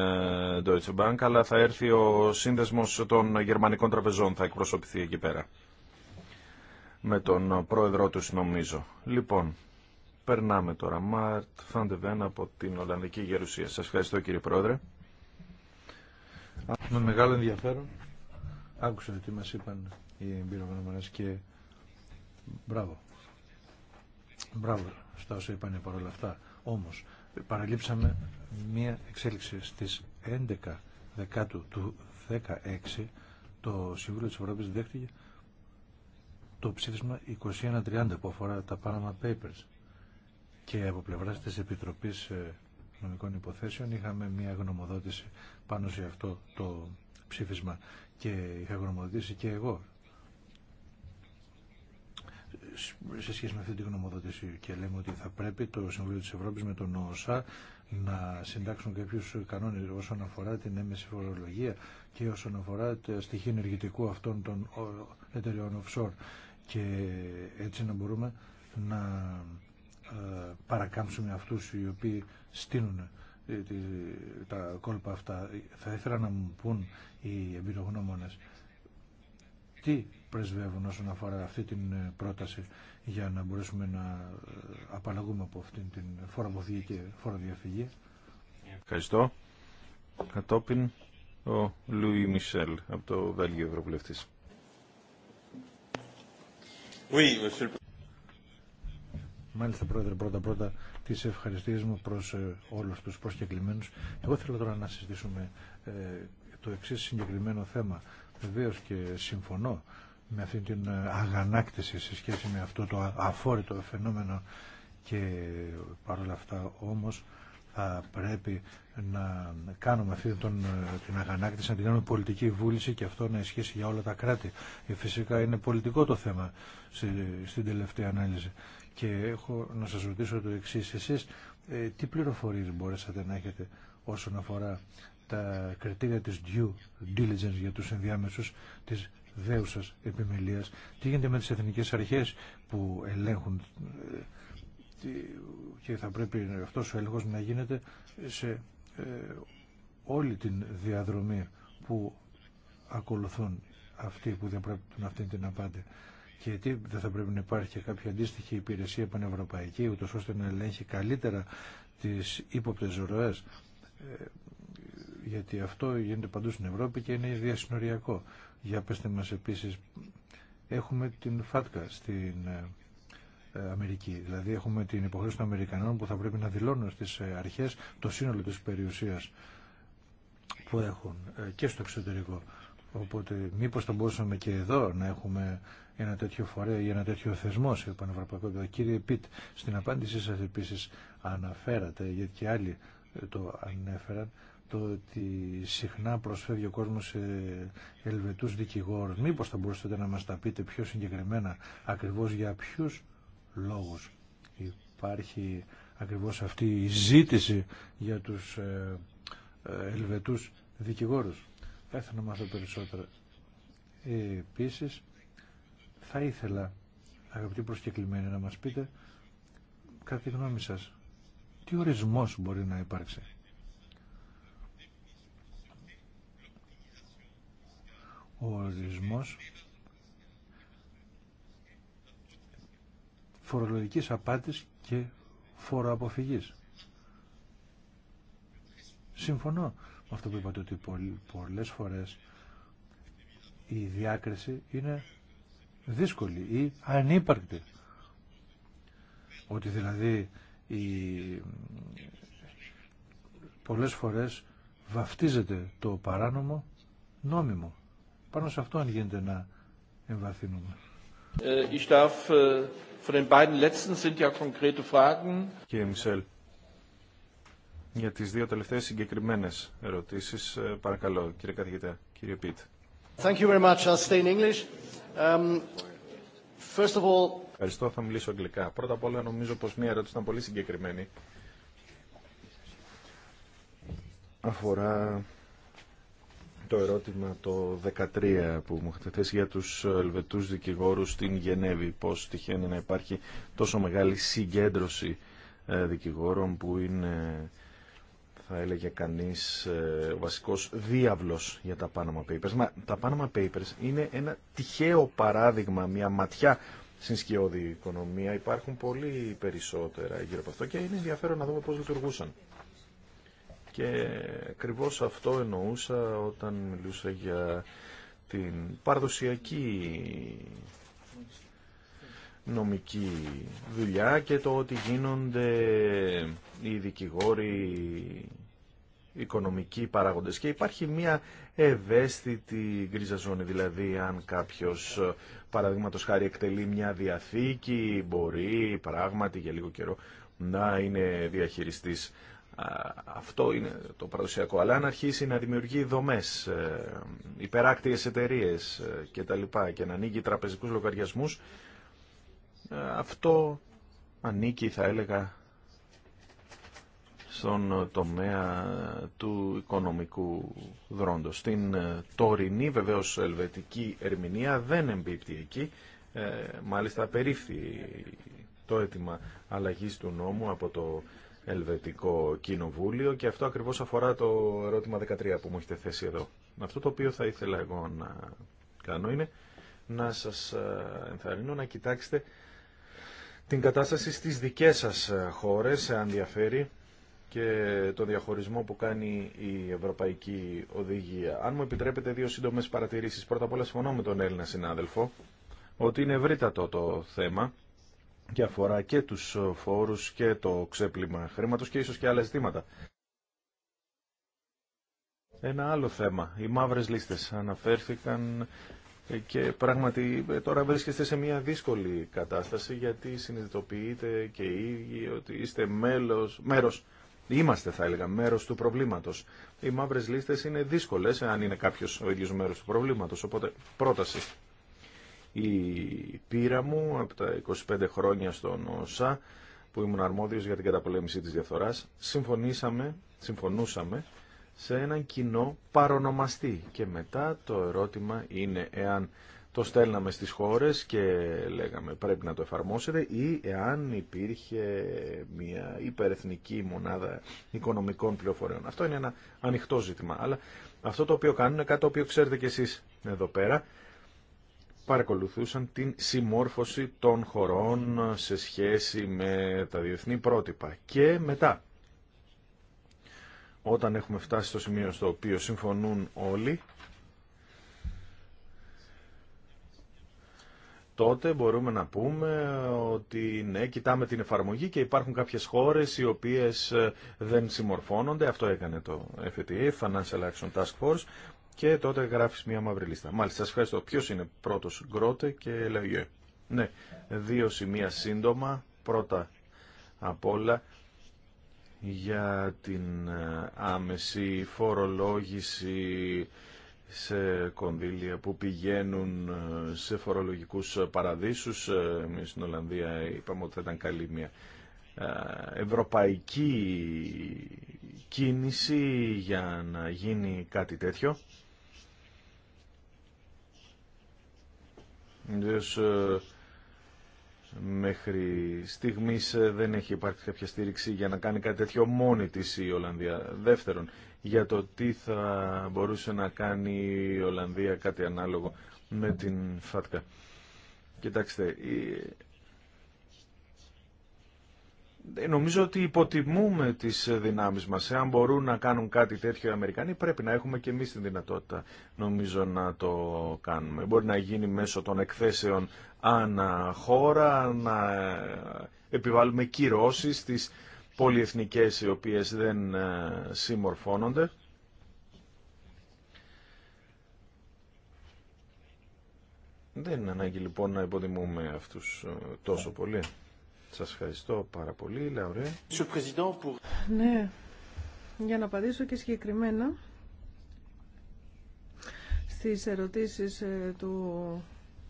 Deutsche Bank, αλλά θα έρθει ο σύνδεσμος των γερμανικών τραπεζών, θα εκπροσωπηθεί εκεί πέρα. Με τον πρόεδρό τους νομίζω. Λοιπόν, περνάμε τώρα. Μαρτ Φαντεβέν από την Ολλανδική Γερουσία. Σας ευχαριστώ κύριε πρόεδρε. Με μεγάλο ενδιαφέρον άκουσα τι μας είπαν οι εμπειρογνώμονες και μπράβο. Μπράβο στα όσα είπανε παρόλα αυτά. Όμω, παραλείψαμε μία εξέλιξη Στι 11 Δεκάτου του 2016 το Συμβούλιο της Ευρώπη δέχτηκε το ψήφισμα 21-30 που αφορά τα Panama Papers και από πλευρά τη Επιτροπής ε, Νομικών Υποθέσεων είχαμε μια γνωμοδότηση πάνω σε αυτό το ψήφισμα και είχα γνωμοδοτήσει και εγώ σε σχέση με αυτή την γνωμοδότηση και λέμε ότι θα πρέπει το Συμβουλίο της Ευρώπης με τον ΩΣΑ να συντάξουν κάποιους κανόνες όσον αφορά την έμεση φορολογία και όσον αφορά τα στοιχεία ενεργητικού αυτών των εταιριών offshore και έτσι να μπορούμε να ε, παρακάμψουμε αυτούς οι οποίοι στείνουν ε, τα κόλπα αυτά. Θα ήθελα να μου πούν οι εμπειρογνώμονες τι πρεσβεύουν όσον αφορά αυτή την ε, πρόταση για να μπορέσουμε να ε, απαλλαγούμε από αυτήν την φοροαποφυγή και φοροδιαφυγή. Ευχαριστώ. Κατόπιν ο Λουί Μισελ από το Βέλγιο Ευρωβουλευτής. Oui, Μάλιστα, Πρόεδρε, πρώτα-πρώτα τις ευχαριστίες μου προς ε, όλους τους προσκεκλημένους. Εγώ θέλω τώρα να συζητήσουμε το εξή συγκεκριμένο θέμα. Βεβαίω και συμφωνώ με αυτή την ε, αγανάκτηση σε σχέση με αυτό το αφόρητο φαινόμενο και παρόλα αυτά όμως θα πρέπει να κάνουμε αυτή τον, ε, την αγανάκτηση, να την κάνουμε πολιτική βούληση και αυτό να ισχύσει για όλα τα κράτη. Ε, φυσικά είναι πολιτικό το θέμα στην τελευταία ανάλυση. Και έχω να σας ρωτήσω το εξής. Εσείς τι πληροφορίες μπορέσατε να έχετε όσον αφορά τα κριτήρια της due diligence για τους ενδιάμεσους της δέουσα επιμελίας. Τι γίνεται με τις εθνικές αρχές που ελέγχουν ε, και θα πρέπει αυτός ο έλεγχος να γίνεται σε ε, όλη την διαδρομή που ακολουθούν αυτοί που διαπράττουν αυτή την απάντη. Και τι δεν θα πρέπει να υπάρχει κάποια αντίστοιχη υπηρεσία πανευρωπαϊκή, ούτως ώστε να ελέγχει καλύτερα τις ύποπτες ροές, ε, γιατί αυτό γίνεται παντού στην Ευρώπη και είναι διασυνοριακό. Για πέστε μας επίσης, έχουμε την ΦΑΤΚΑ στην ε, ε, Αμερική. Δηλαδή έχουμε την υποχρέωση των Αμερικανών που θα πρέπει να δηλώνουν στις ε, αρχές το σύνολο της περιουσίας που έχουν και στο εξωτερικό. Οπότε μήπως θα μπορούσαμε και εδώ να έχουμε ένα τέτοιο φορέα ή ένα τέτοιο θεσμό σε πανευρωπαϊκό επίπεδο. Κύριε Πιτ, στην απάντησή σας επίσης αναφέρατε, γιατί και άλλοι το ανέφεραν, το ότι συχνά προσφεύγει ο κόσμος σε ελβετούς δικηγόρους. Μήπως θα μπορούσατε να μας τα πείτε πιο συγκεκριμένα ακριβώς για ποιους λόγους υπάρχει ακριβώς αυτή η ζήτηση για τους ε, ε, ελβετούς δικηγόρους. Θα ήθελα να μάθω περισσότερα. Ε, επίσης, θα ήθελα, αγαπητοί προσκεκλημένοι, να μας πείτε, κατά τη γνώμη σας, τι ορισμός μπορεί να υπάρξει ο ορισμός φορολογικής απάτης και φοροαποφυγής. Συμφωνώ με αυτό που είπατε ότι πολλές φορές η διάκριση είναι δύσκολη ή ανύπαρκτη. Ότι δηλαδή η... πολλές φορές βαφτίζεται το παράνομο νόμιμο. Πάνω σε αυτό αν γίνεται να εμβαθύνουμε. Äh, äh, κύριε Μισελ, για τις δύο τελευταίες συγκεκριμένες ερωτήσεις, ε, παρακαλώ, κύριε καθηγητά, κύριε Πίτ. Um, Ευχαριστώ, θα μιλήσω αγγλικά. Πρώτα απ' όλα νομίζω πως μία ερώτηση ήταν πολύ συγκεκριμένη. Αφορά το ερώτημα το 13 που μου είχατε θέσει για τους Ελβετούς δικηγόρους στην Γενέβη. Πώς τυχαίνει να υπάρχει τόσο μεγάλη συγκέντρωση ε, δικηγόρων που είναι, θα έλεγε κανείς, ε, ο βασικός διάβλος για τα Panama Papers. Μα τα Panama Papers είναι ένα τυχαίο παράδειγμα, μια ματιά στην σκιώδη οικονομία. Υπάρχουν πολύ περισσότερα γύρω από αυτό και είναι ενδιαφέρον να δούμε πώς λειτουργούσαν. Και ακριβώ αυτό εννοούσα όταν μιλούσα για την παραδοσιακή νομική δουλειά και το ότι γίνονται οι δικηγόροι οικονομικοί παράγοντες και υπάρχει μια ευαίσθητη γκρίζα ζώνη δηλαδή αν κάποιος παραδείγματο χάρη εκτελεί μια διαθήκη μπορεί πράγματι για λίγο καιρό να είναι διαχειριστής αυτό είναι το παραδοσιακό. Αλλά αν αρχίσει να δημιουργεί δομές, ε, υπεράκτιες εταιρείε ε, κτλ. και να ανοίγει τραπεζικούς λογαριασμούς, ε, αυτό ανήκει θα έλεγα στον τομέα του οικονομικού δρόντος. Στην τωρινή βεβαίως ελβετική ερμηνεία δεν εμπίπτει εκεί. μάλιστα περίφθη το αίτημα αλλαγής του νόμου από το Ελβετικό Κοινοβούλιο και αυτό ακριβώς αφορά το ερώτημα 13 που μου έχετε θέσει εδώ. Αυτό το οποίο θα ήθελα εγώ να κάνω είναι να σας ε, ενθαρρύνω να κοιτάξετε την κατάσταση στις δικές σας ε, χώρες, αν διαφέρει, και το διαχωρισμό που κάνει η Ευρωπαϊκή Οδηγία. Αν μου επιτρέπετε δύο σύντομες παρατηρήσεις. Πρώτα απ' όλα συμφωνώ με τον Έλληνα συνάδελφο ότι είναι ευρύτατο το θέμα και αφορά και τους φόρους και το ξέπλυμα χρήματος και ίσως και άλλα ζητήματα. Ένα άλλο θέμα, οι μαύρες λίστες αναφέρθηκαν και πράγματι τώρα βρίσκεστε σε μια δύσκολη κατάσταση γιατί συνειδητοποιείτε και οι ίδιοι ότι είστε μέλος, μέρος, είμαστε θα έλεγα μέρος του προβλήματος. Οι μαύρες λίστες είναι δύσκολες αν είναι κάποιος ο ίδιος μέρος του προβλήματος, οπότε πρόταση η πείρα μου από τα 25 χρόνια στον ΩΣΑ που ήμουν αρμόδιος για την καταπολέμηση της διαφθοράς, συμφωνήσαμε, συμφωνούσαμε σε έναν κοινό παρονομαστή. Και μετά το ερώτημα είναι εάν το στέλναμε στις χώρες και λέγαμε πρέπει να το εφαρμόσετε ή εάν υπήρχε μια υπερεθνική μονάδα οικονομικών πληροφοριών. Αυτό είναι ένα ανοιχτό ζήτημα. Αλλά αυτό το οποίο κάνουν είναι κάτι το οποίο ξέρετε κι εσείς εδώ πέρα παρακολουθούσαν την συμμόρφωση των χωρών σε σχέση με τα διεθνή πρότυπα. Και μετά, όταν έχουμε φτάσει στο σημείο στο οποίο συμφωνούν όλοι, τότε μπορούμε να πούμε ότι ναι, κοιτάμε την εφαρμογή και υπάρχουν κάποιες χώρες οι οποίες ε, δεν συμμορφώνονται. Αυτό έκανε το FTA, Financial Action Task Force, και τότε γράφεις μια μαύρη λίστα. Μάλιστα, σας ευχαριστώ. Ποιο είναι πρώτος, Γκρότε και Λεωγιέ. Ναι, δύο σημεία σύντομα. Πρώτα απ' όλα για την ε, άμεση φορολόγηση σε κονδύλια που πηγαίνουν ε, σε φορολογικούς παραδείσους. Ε, εμείς στην Ολλανδία είπαμε ότι θα ήταν καλή μια ευρωπαϊκή κίνηση για να γίνει κάτι τέτοιο ε, μέχρι στιγμής ε, δεν έχει υπάρξει κάποια στήριξη για να κάνει κάτι τέτοιο μόνη της η Ολλανδία. Δεύτερον, για το τι θα μπορούσε να κάνει η Ολλανδία κάτι ανάλογο με την ΦΑΤΚΑ. Κοιτάξτε, η ε, νομίζω ότι υποτιμούμε τις ε, δυνάμεις μας. Εάν μπορούν να κάνουν κάτι τέτοιο οι Αμερικανοί, πρέπει να έχουμε και εμείς την δυνατότητα, νομίζω, να το κάνουμε. Μπορεί να γίνει μέσω των εκθέσεων ανά χώρα, να ε, επιβάλλουμε κυρώσει στι πολυεθνικές οι οποίες δεν συμμορφώνονται. Δεν είναι ανάγκη λοιπόν να υποτιμούμε αυτούς τόσο πολύ. Σας ευχαριστώ πάρα πολύ. Λαουρέ. Ναι, για να απαντήσω και συγκεκριμένα στις ερωτήσεις ε, του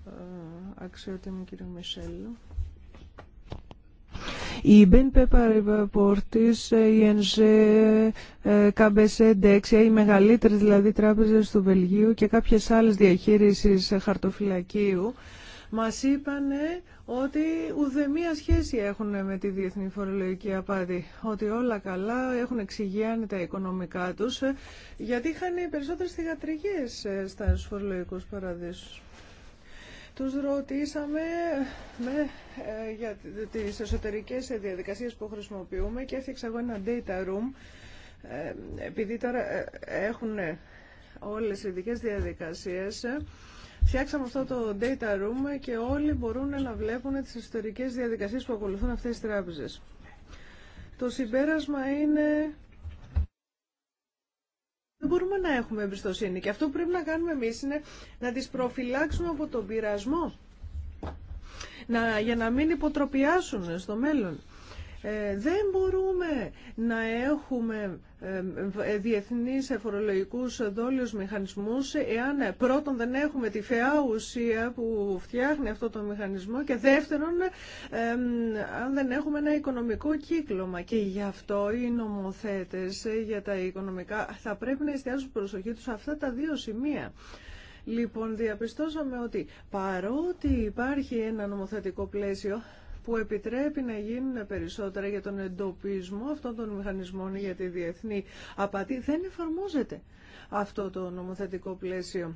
ε, αξιότιμου κ. Μισελ. Η Ben Paribas Reportis, η NG, KBC, Dexia, οι μεγαλύτερες δηλαδή τράπεζες του Βελγίου και κάποιες άλλες διαχείρισεις χαρτοφυλακίου μας είπαν ότι ουδέμια σχέση έχουν με τη διεθνή φορολογική απάτη. Ότι όλα καλά έχουν εξηγιάνει τα οικονομικά τους, γιατί είχαν περισσότερες θηγατρικές ε, στα φορολογικούς παραδείσους. Τους ρωτήσαμε με, ε, για τις εσωτερικές διαδικασίες που χρησιμοποιούμε και έφτιαξα εγώ ένα data room, ε, επειδή τώρα έχουν όλες οι ειδικές διαδικασίες Φτιάξαμε αυτό το data room και όλοι μπορούν να βλέπουν τις ιστορικές διαδικασίες που ακολουθούν αυτές τις τράπεζες. Το συμπέρασμα είναι δεν μπορούμε να έχουμε εμπιστοσύνη και αυτό που πρέπει να κάνουμε εμείς είναι να τις προφυλάξουμε από τον πειρασμό να, για να μην υποτροπιάσουν στο μέλλον. Ε, δεν μπορούμε να έχουμε ε, ε, διεθνείς εφορολογικούς δόλιους μηχανισμούς εάν πρώτον δεν έχουμε τη φαιά ουσία που φτιάχνει αυτό το μηχανισμό και δεύτερον αν δεν έχουμε ένα οικονομικό κύκλωμα και γι' αυτό οι νομοθέτες για τα οικονομικά θα πρέπει να εστιάσουν προσοχή τους αυτά τα δύο σημεία. Λοιπόν, διαπιστώσαμε ότι παρότι υπάρχει ένα νομοθετικό πλαίσιο που επιτρέπει να γίνουν περισσότερα για τον εντοπισμό αυτών των μηχανισμών για τη διεθνή απατή. Δεν εφαρμόζεται αυτό το νομοθετικό πλαίσιο.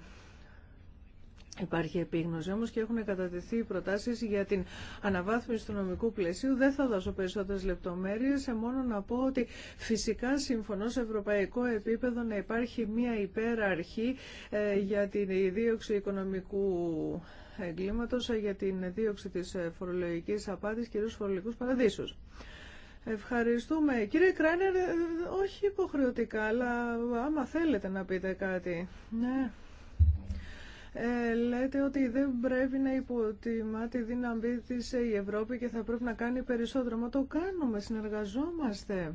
Υπάρχει επίγνωση όμως και έχουν κατατεθεί προτάσεις για την αναβάθμιση του νομικού πλαισίου. Δεν θα δώσω περισσότερες λεπτομέρειες, μόνο να πω ότι φυσικά συμφωνώ σε ευρωπαϊκό επίπεδο να υπάρχει μια υπεραρχή ε, για την ιδίωξη οικονομικού εγκλήματος για την δίωξη της φορολογικής απάτης κυρίως φορολογικούς παραδείσους. Ευχαριστούμε. Κύριε Κράνερ, ε, όχι υποχρεωτικά, αλλά άμα θέλετε να πείτε κάτι. Ναι. Ε, λέτε ότι δεν πρέπει να υποτιμά τη δύναμή της η Ευρώπη και θα πρέπει να κάνει περισσότερο. Μα το κάνουμε, συνεργαζόμαστε.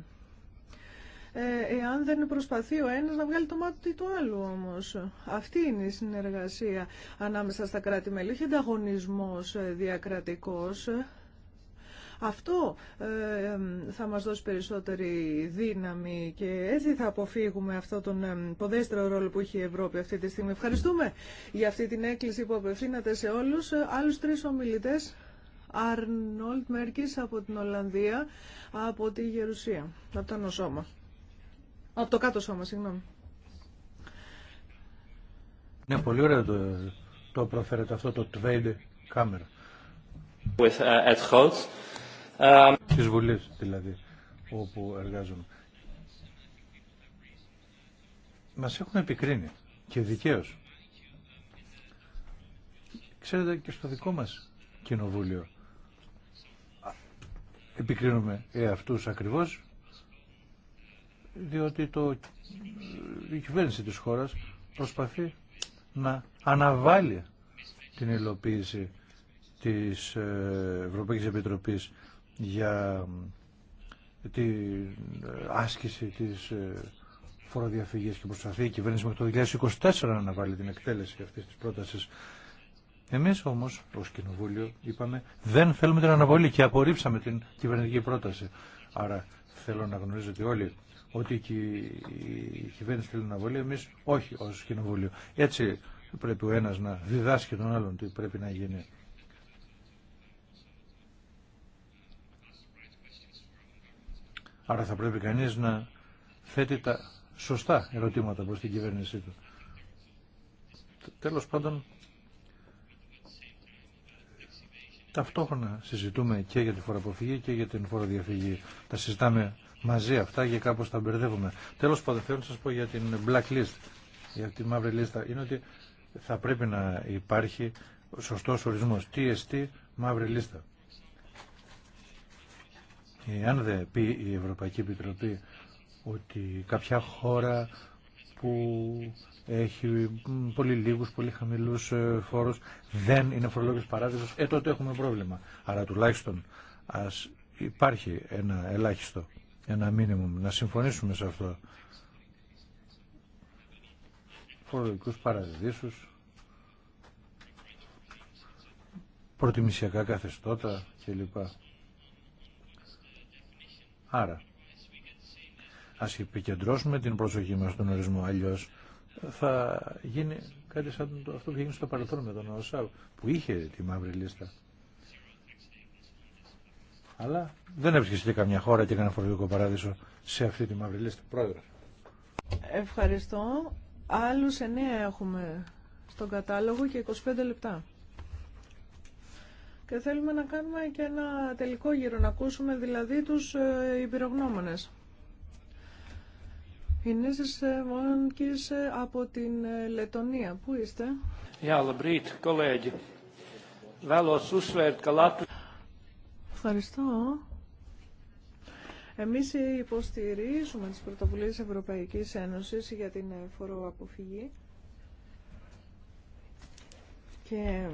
Ε, εάν δεν προσπαθεί ο ένας να βγάλει το μάτι του άλλου όμως. Αυτή είναι η συνεργασία ανάμεσα στα κράτη-μέλη, όχι ανταγωνισμός ε, διακρατικός. Αυτό ε, θα μας δώσει περισσότερη δύναμη και έτσι θα αποφύγουμε αυτό τον ποδέστρο ρόλο που έχει η Ευρώπη αυτή τη στιγμή. Ευχαριστούμε για αυτή την έκκληση που απευθύνατε σε όλους. Άλλους τρεις ομιλητές, Αρνόλτ Μέρκης από την Ολλανδία, από τη Γερουσία, από το νοσόμα. Από το κάτω σώμα, συγγνώμη. Ναι, πολύ ωραίο το, το προφέρετε αυτό το τβέιντε camera. With, uh, at um... Της Βουλής δηλαδή, όπου εργάζομαι. Μας έχουν επικρίνει και δικαίως. Ξέρετε και στο δικό μας κοινοβούλιο επικρίνουμε εαυτούς αυτούς ακριβώς διότι το, η κυβέρνηση της χώρας προσπαθεί να αναβάλει την υλοποίηση της ε, Ευρωπαϊκής Επιτροπής για ε, την ε, άσκηση της φοροδιαφυγής και προσπαθεί η κυβέρνηση μέχρι το 2024 να αναβάλει την εκτέλεση αυτής της πρότασης. Εμείς όμως ως Κοινοβούλιο είπαμε δεν θέλουμε την αναβολή και απορρίψαμε την κυβερνητική πρόταση. Άρα θέλω να γνωρίζω ότι όλοι ότι η κυβέρνηση θέλει να βολεί, εμεί όχι ω κοινοβούλιο. Έτσι πρέπει ο ένα να διδάσκει τον άλλον τι πρέπει να γίνει. Άρα θα πρέπει κανείς να θέτει τα σωστά ερωτήματα προς την κυβέρνησή του. Τέλος πάντων, ταυτόχρονα συζητούμε και για τη φοροαποφυγή και για την φοροδιαφυγή. Τα συζητάμε μαζί αυτά και κάπως τα μπερδεύουμε. Τέλος πάντων θέλω να σας πω για την list, για τη μαύρη λίστα, είναι ότι θα πρέπει να υπάρχει σωστός ορισμός. TST, μαύρη λίστα. Αν δεν πει η Ευρωπαϊκή Επιτροπή ότι κάποια χώρα που έχει πολύ λίγους, πολύ χαμηλούς ε, φόρους, δεν είναι φορολόγιος παράδεισος, ε, τότε έχουμε πρόβλημα. Άρα τουλάχιστον ας υπάρχει ένα ελάχιστο ένα μήνυμα, να συμφωνήσουμε σε αυτό. Φορολογικούς παραδείσους, προτιμησιακά καθεστώτα κλπ. Άρα, ας επικεντρώσουμε την προσοχή μας στον ορισμό, αλλιώς θα γίνει κάτι σαν το, αυτό που έγινε στο παρελθόν με τον ΟΣΑΒ, που είχε τη μαύρη λίστα. Αλλά δεν έβρισκε καμιά χώρα και κανένα φορολογικό παράδεισο σε αυτή τη μαύρη λίστα. Πρόεδρε. Ευχαριστώ. Άλλου 9 έχουμε στον κατάλογο και 25 λεπτά. Και θέλουμε να κάνουμε και ένα τελικό γύρο, να ακούσουμε δηλαδή τους ε, υπηρογνώμονες. Η Νέσης Μόνκης ε, από την ε, Λετωνία. Πού είστε? Γεια, Λαμπρίτ, κολέγγι. Βέλος, Ευχαριστώ. Εμείς υποστηρίζουμε τις πρωτοβουλίες Ευρωπαϊκής Ένωσης για την φοροαποφυγή και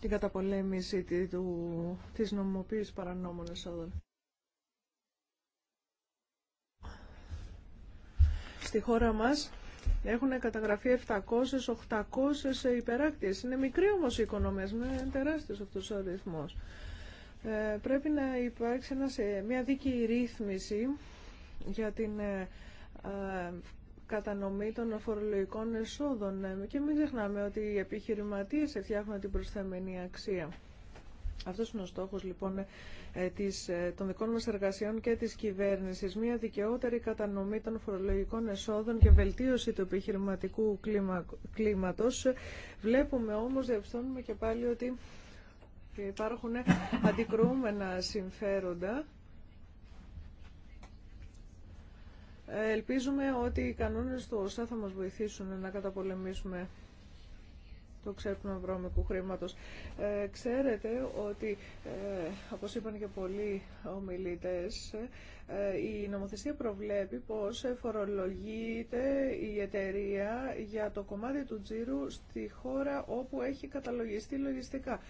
την καταπολέμηση του, της νομοποίησης παρανόμων εσόδων. Στη χώρα μας έχουν καταγραφεί 700-800 υπεράκτιες. Είναι μικρή όμως οι οικονομία, είναι τεράστιος αυτός ο αριθμός. Ε, πρέπει να υπάρξει μια δίκαιη ρύθμιση για την ε, ε, κατανομή των φορολογικών εσόδων και μην ξεχνάμε ότι οι επιχειρηματίες φτιάχνουν την προσθεμένη αξία. Αυτός είναι ο στόχος λοιπόν της, των δικών μας εργασιών και της κυβέρνησης. Μια δικαιότερη κατανομή των φορολογικών εσόδων και βελτίωση του επιχειρηματικού κλίμα, κλίματος. Βλέπουμε όμως, διαπιστώνουμε και πάλι ότι Υπάρχουν αντικρούμενα συμφέροντα. Ε, ελπίζουμε ότι οι κανόνες του ΩΣΑ θα μας βοηθήσουν να καταπολεμήσουμε το ξέπνο βρώμικου χρήματος. Ε, ξέρετε ότι, ε, όπως είπαν και πολλοί ομιλητές, ε, η νομοθεσία προβλέπει πως φορολογείται η εταιρεία για το κομμάτι του τζίρου στη χώρα όπου έχει καταλογιστεί λογιστικά.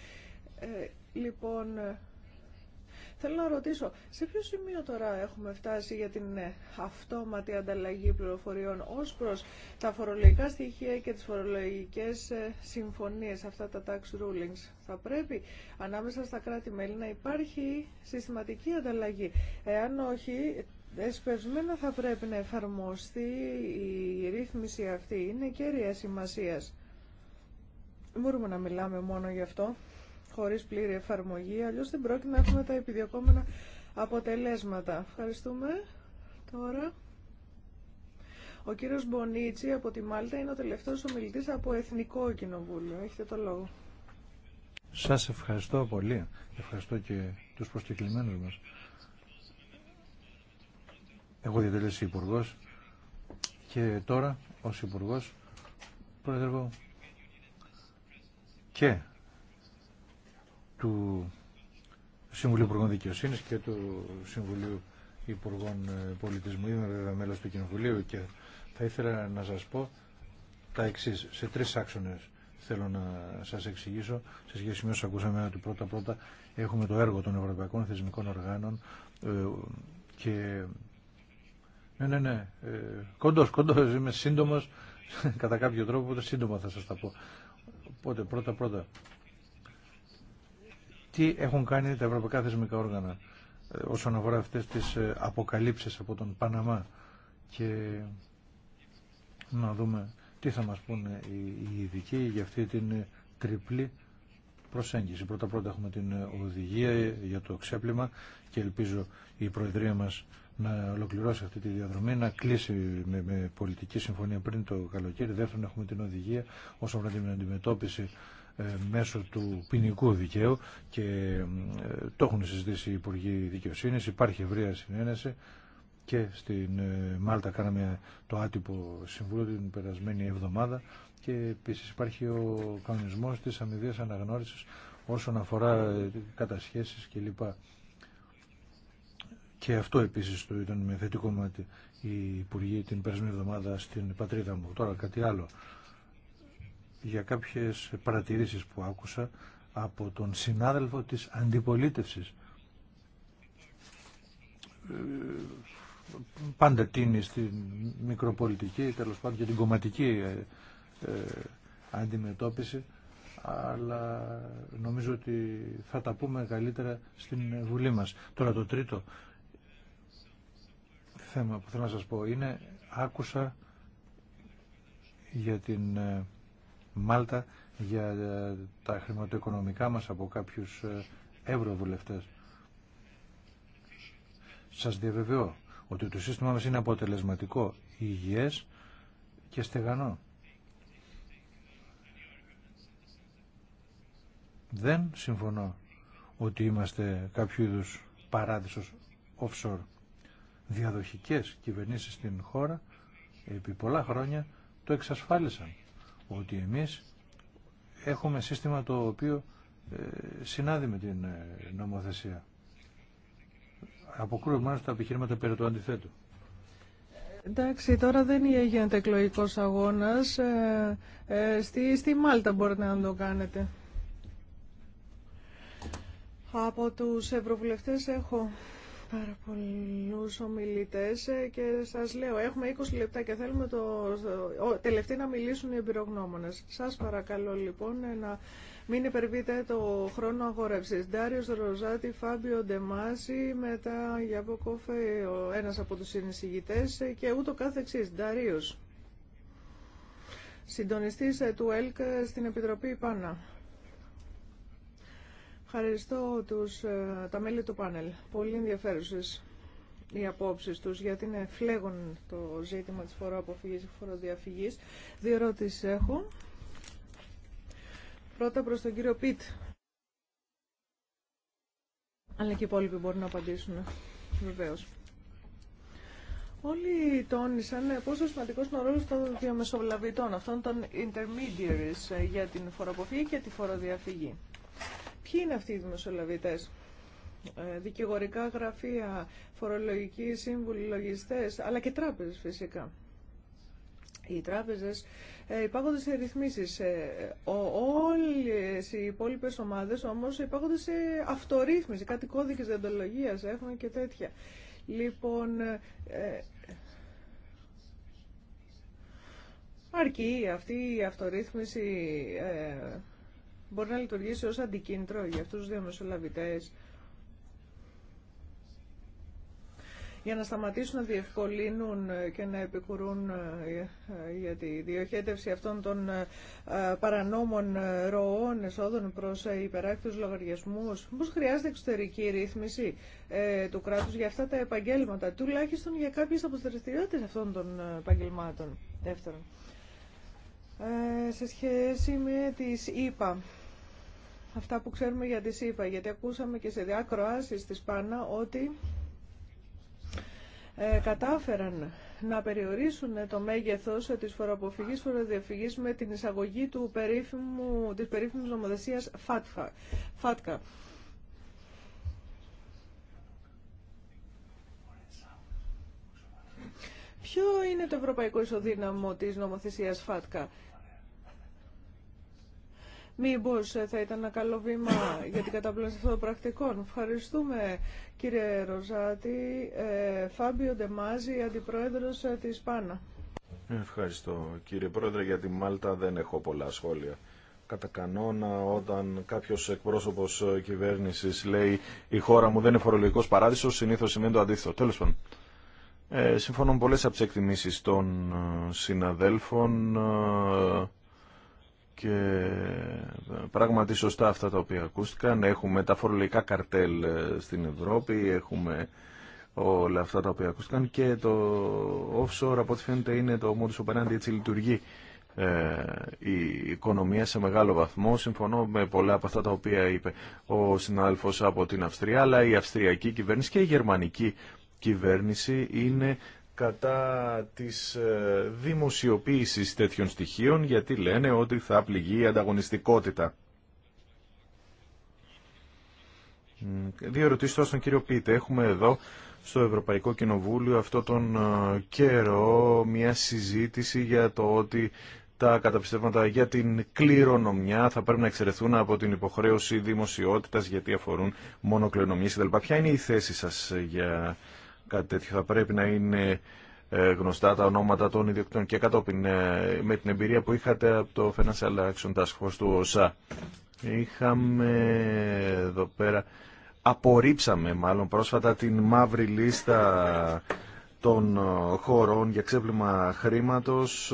Ε, λοιπόν, ε, θέλω να ρωτήσω, σε ποιο σημείο τώρα έχουμε φτάσει για την ε, αυτόματη ανταλλαγή πληροφοριών ως προς τα φορολογικά στοιχεία και τις φορολογικές ε, συμφωνίες, αυτά τα tax rulings. Θα πρέπει ανάμεσα στα κράτη-μέλη να υπάρχει συστηματική ανταλλαγή. Εάν όχι, Εσπευσμένα θα πρέπει να εφαρμοστεί η ρύθμιση αυτή. Είναι κέρια σημασίας. Μπορούμε να μιλάμε μόνο γι' αυτό χωρίς πλήρη εφαρμογή, αλλιώς δεν πρόκειται να έχουμε τα επιδιωκόμενα αποτελέσματα. Ευχαριστούμε. Τώρα... Ο κύριος Μπονίτσι από τη Μάλτα είναι ο τελευταίος ομιλητής από Εθνικό Κοινοβούλιο. Έχετε το λόγο. Σας ευχαριστώ πολύ. Ευχαριστώ και τους προσκεκλημένους μας. Έχω διατελέσει υπουργό και τώρα ως υπουργό προεδρεύω και του Συμβουλίου Υπουργών Δικαιοσύνη και του Συμβουλίου Υπουργών ε, Πολιτισμού. Είμαι βέβαια μέλος του Κοινοβουλίου και θα ήθελα να σας πω τα εξή Σε τρεις άξονες θέλω να σας εξηγήσω σε σχέση με όσα ακούσαμε ότι πρώτα πρώτα έχουμε το έργο των Ευρωπαϊκών Θεσμικών Οργάνων ε, και ναι ναι ναι ε, κοντός κοντός είμαι σύντομο, κατά κάποιο τρόπο σύντομα θα σα τα πω οπότε πρώτα πρώτα τι έχουν κάνει τα ευρωπαϊκά θεσμικά όργανα ε, όσον αφορά αυτές τις ε, αποκαλύψεις από τον Παναμά και να δούμε τι θα μας πούνε οι ειδικοί για αυτή την ε, τριπλή προσέγγιση. Πρώτα πρώτα έχουμε την οδηγία για το ξέπλυμα και ελπίζω η Προεδρία μας να ολοκληρώσει αυτή τη διαδρομή, να κλείσει με, πολιτική συμφωνία πριν το καλοκαίρι. Δεύτερον έχουμε την οδηγία όσον αφορά την αντιμετώπιση ε, μέσω του ποινικού δικαίου και ε, το έχουν συζητήσει οι Υπουργοί Δικαιοσύνης, υπάρχει ευρεία συνένεση και στην ε, Μάλτα κάναμε το άτυπο συμβούλιο την περασμένη εβδομάδα και επίσης υπάρχει ο κανονισμός της αμοιβίας αναγνώρισης όσον αφορά κατασχέσεις κλπ. Και αυτό επίσης το ήταν με θετικό μάτι οι Υπουργοί την περασμένη εβδομάδα στην πατρίδα μου. Τώρα κάτι άλλο για κάποιες παρατηρήσεις που άκουσα από τον συνάδελφο της αντιπολίτευσης. Ε, πάντα τίνει στην μικροπολιτική, τέλος πάντων και την κομματική ε, ε, αντιμετώπιση, αλλά νομίζω ότι θα τα πούμε καλύτερα στην Βουλή μας. Τώρα το τρίτο θέμα που θέλω να σας πω είναι άκουσα για την Μάλτα για ε, τα χρηματοοικονομικά μας από κάποιους ε, ευρωβουλευτές. Σας διαβεβαιώ ότι το σύστημά μας είναι αποτελεσματικό, υγιές και στεγανό. Δεν συμφωνώ ότι είμαστε κάποιο είδου παράδεισος offshore. Διαδοχικές κυβερνήσεις στην χώρα επί πολλά χρόνια το εξασφάλισαν ότι εμείς έχουμε σύστημα το οποίο ε, συνάδει με την ε, νομοθεσία. Αποκρούει μάλιστα τα επιχειρήματα περί του αντιθέτου. Εντάξει, τώρα δεν γίνεται εκλογικό αγώνα. Ε, στη, στη Μάλτα μπορείτε να το κάνετε. Από τους ευρωβουλευτές έχω τους ομιλητές ε, και σας λέω, έχουμε 20 λεπτά και θέλουμε το τελευταίο να μιλήσουν οι εμπειρογνώμονες. Σας παρακαλώ λοιπόν ε, να μην υπερβείτε το χρόνο αγόρευσης. Ντάριος Ροζάτη, Φάμπιο Ντεμάση, μετά Γιάννη Κόφε, ένας από τους συνεισηγητές ε, και ούτω κάθε εξής. Ντάριος, συντονιστής του ΕΛΚ στην Επιτροπή Πάνα. Ευχαριστώ τους, τα μέλη του πάνελ. Πολύ ενδιαφέρουσες οι απόψει τους, γιατί είναι φλέγον το ζήτημα της φοροαποφυγής και φοροδιαφυγής. Δύο ερώτησεις έχω. Πρώτα προς τον κύριο Πιτ. Αλλά και οι υπόλοιποι μπορούν να απαντήσουν, βεβαίω. Όλοι τόνισαν πόσο σημαντικό είναι ο ρόλο των διαμεσολαβητών, αυτών των intermediaries για την φοροαποφυγή και τη φοροδιαφυγή. Ποιοι είναι αυτοί οι διαμεσολαβητέ, ε, δικηγορικά γραφεία, φορολογικοί σύμβουλοι, λογιστές, αλλά και τράπεζες φυσικά. Οι τράπεζες ε, υπάρχονται σε ρυθμίσεις. Όλες οι υπόλοιπε ομάδες όμως υπάγονται σε αυτορύθμιση, κάτι κώδικες διοντολογίας έχουν και τέτοια. Λοιπόν, ε, αρκεί αυτή η αυτορύθμιση μπορεί να λειτουργήσει ως αντικίνητρο για αυτούς τους διαμεσολαβητές για να σταματήσουν να διευκολύνουν και να επικουρούν ε, για τη διοχέτευση αυτών των ε, παρανόμων ε, ροών εσόδων προς υπεράκτους λογαριασμούς. Πώς χρειάζεται εξωτερική ρύθμιση του κράτους για αυτά τα επαγγέλματα, τουλάχιστον για κάποιες από αυτών των επαγγελμάτων. Δεύτερον, σε σχέση με τις ΙΠΑ, αυτά που ξέρουμε για τις ΙΠΑ, γιατί ακούσαμε και σε διάκροασεις της ΠΑΝΑ ότι ε, κατάφεραν να περιορίσουν το μέγεθος της φοροαποφυγής φοροδιαφυγής με την εισαγωγή του περίφημου, της περίφημης νομοθεσίας FATCA. Ποιο είναι το ευρωπαϊκό ισοδύναμο της νομοθεσίας ΦΑΤΚΑ. Μήπως θα ήταν ένα καλό βήμα για την καταπλώση αυτών των πρακτικών. Ευχαριστούμε κύριε Ροζάτη. Ε, Φάμπιο Ντεμάζη, αντιπρόεδρος ε, της ΠΑΝΑ. Ευχαριστώ κύριε πρόεδρε για τη Μάλτα δεν έχω πολλά σχόλια. Κατά κανόνα όταν κάποιος εκπρόσωπος ε, κυβέρνησης λέει η χώρα μου δεν είναι φορολογικός παράδεισος συνήθως σημαίνει το αντίθετο. Τέλος πάντων. Ε, συμφωνώ με πολλές από τις εκτιμήσεις των συναδέλφων και ε, πράγματι σωστά αυτά τα οποία ακούστηκαν. Έχουμε τα φορολογικά καρτέλ ε, στην Ευρώπη, έχουμε όλα αυτά τα οποία ακούστηκαν και το offshore από ό,τι φαίνεται είναι το modus operandi, έτσι λειτουργεί ε, η οικονομία σε μεγάλο βαθμό. Συμφωνώ με πολλά από αυτά τα οποία είπε ο συνάδελφος από την Αυστρία, αλλά η αυστριακή κυβέρνηση και η γερμανική κυβέρνηση είναι κατά της ε, δημοσιοποίησης τέτοιων στοιχείων γιατί λένε ότι θα πληγεί η ανταγωνιστικότητα. Δύο ερωτήσεις τώρα στον κύριο Πίτε. Έχουμε εδώ στο Ευρωπαϊκό Κοινοβούλιο αυτό τον ε, καιρό μια συζήτηση για το ότι τα καταπιστεύματα για την κληρονομιά θα πρέπει να εξαιρεθούν από την υποχρέωση δημοσιότητας γιατί αφορούν μόνο κληρονομίες Ποια είναι η θέση σας για κάτι τέτοιο. Θα πρέπει να είναι ε, γνωστά τα ονόματα των ιδιοκτών και κατόπιν ε, με την εμπειρία που είχατε από το Financial Action Task του ΩΣΑ. Είχαμε εδώ πέρα, απορρίψαμε μάλλον πρόσφατα την μαύρη λίστα των ε, χωρών για ξέπλυμα χρήματος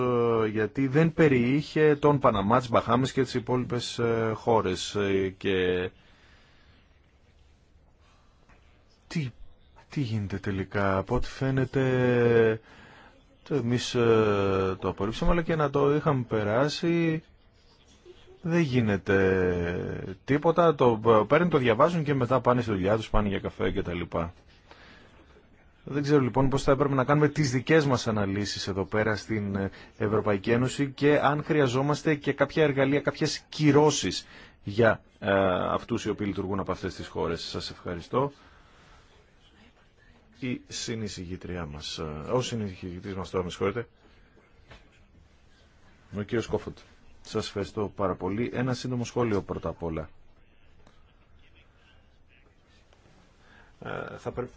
γιατί δεν περιείχε τον Παναμά, τις και τις υπόλοιπες χώρες και τι τι γίνεται τελικά. Από ό,τι φαίνεται εμείς ε, το απορρίψαμε, αλλά και να το είχαμε περάσει δεν γίνεται τίποτα. Το ε, παίρνουν, το διαβάζουν και μετά πάνε στη δουλειά τους, πάνε για καφέ κτλ. Δεν ξέρω λοιπόν πώς θα έπρεπε να κάνουμε τις δικές μας αναλύσεις εδώ πέρα στην Ευρωπαϊκή Ένωση και αν χρειαζόμαστε και κάποια εργαλεία, κάποιες κυρώσεις για ε, αυτούς οι οποίοι λειτουργούν από αυτές τις χώρες. Σας ευχαριστώ η συνεισηγητριά μας, ε, ο συνεισηγητή μας τώρα, με συγχωρείτε, ο κύριο Κόφοντ. Σας ευχαριστώ πάρα πολύ. Ένα σύντομο σχόλιο πρώτα απ' όλα. Ε, θα πρέπει...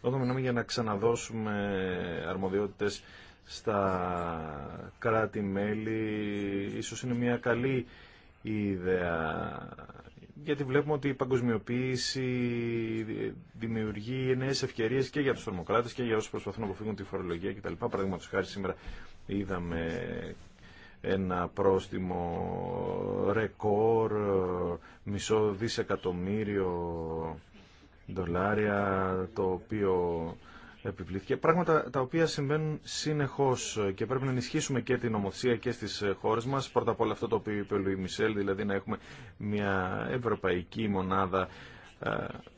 Όταν μιλάμε για να ξαναδώσουμε αρμοδιότητες στα κράτη-μέλη ίσως είναι μια καλή ιδέα γιατί βλέπουμε ότι η παγκοσμιοποίηση δημιουργεί νέε ευκαιρίε και για του θερμοκράτε και για όσους προσπαθούν να αποφύγουν τη φορολογία κτλ. Παραδείγματο χάρη σήμερα είδαμε ένα πρόστιμο ρεκόρ, μισό δισεκατομμύριο δολάρια, το οποίο επιβλήθηκε. Πράγματα τα οποία συμβαίνουν συνεχώ και πρέπει να ενισχύσουμε και την νομοθεσία και στι χώρε μα, Πρώτα απ' όλα αυτό το οποίο είπε ο Λουί Μισελ, δηλαδή να έχουμε μια ευρωπαϊκή μονάδα ε,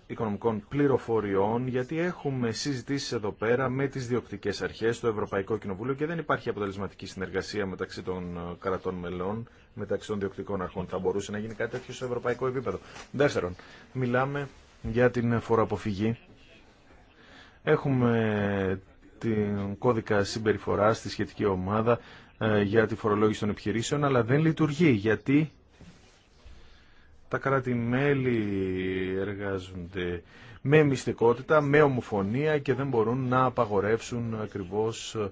οικονομικών πληροφοριών, γιατί έχουμε συζητήσει εδώ πέρα με τις διοκτικές αρχές, το Ευρωπαϊκό Κοινοβούλιο και δεν υπάρχει αποτελεσματική συνεργασία μεταξύ των ε, κρατών μελών, μεταξύ των διοκτικών αρχών. Θα μπορούσε να γίνει κάτι τέτοιο σε ευρωπαϊκό επίπεδο. Δεύτερον, μιλάμε για την φοροαποφυγή Έχουμε την κώδικα συμπεριφορά στη σχετική ομάδα ε, για τη φορολόγηση των επιχειρήσεων, αλλά δεν λειτουργεί γιατί τα κράτη-μέλη εργάζονται με μυστικότητα, με ομοφωνία και δεν μπορούν να απαγορεύσουν ακριβώς ε,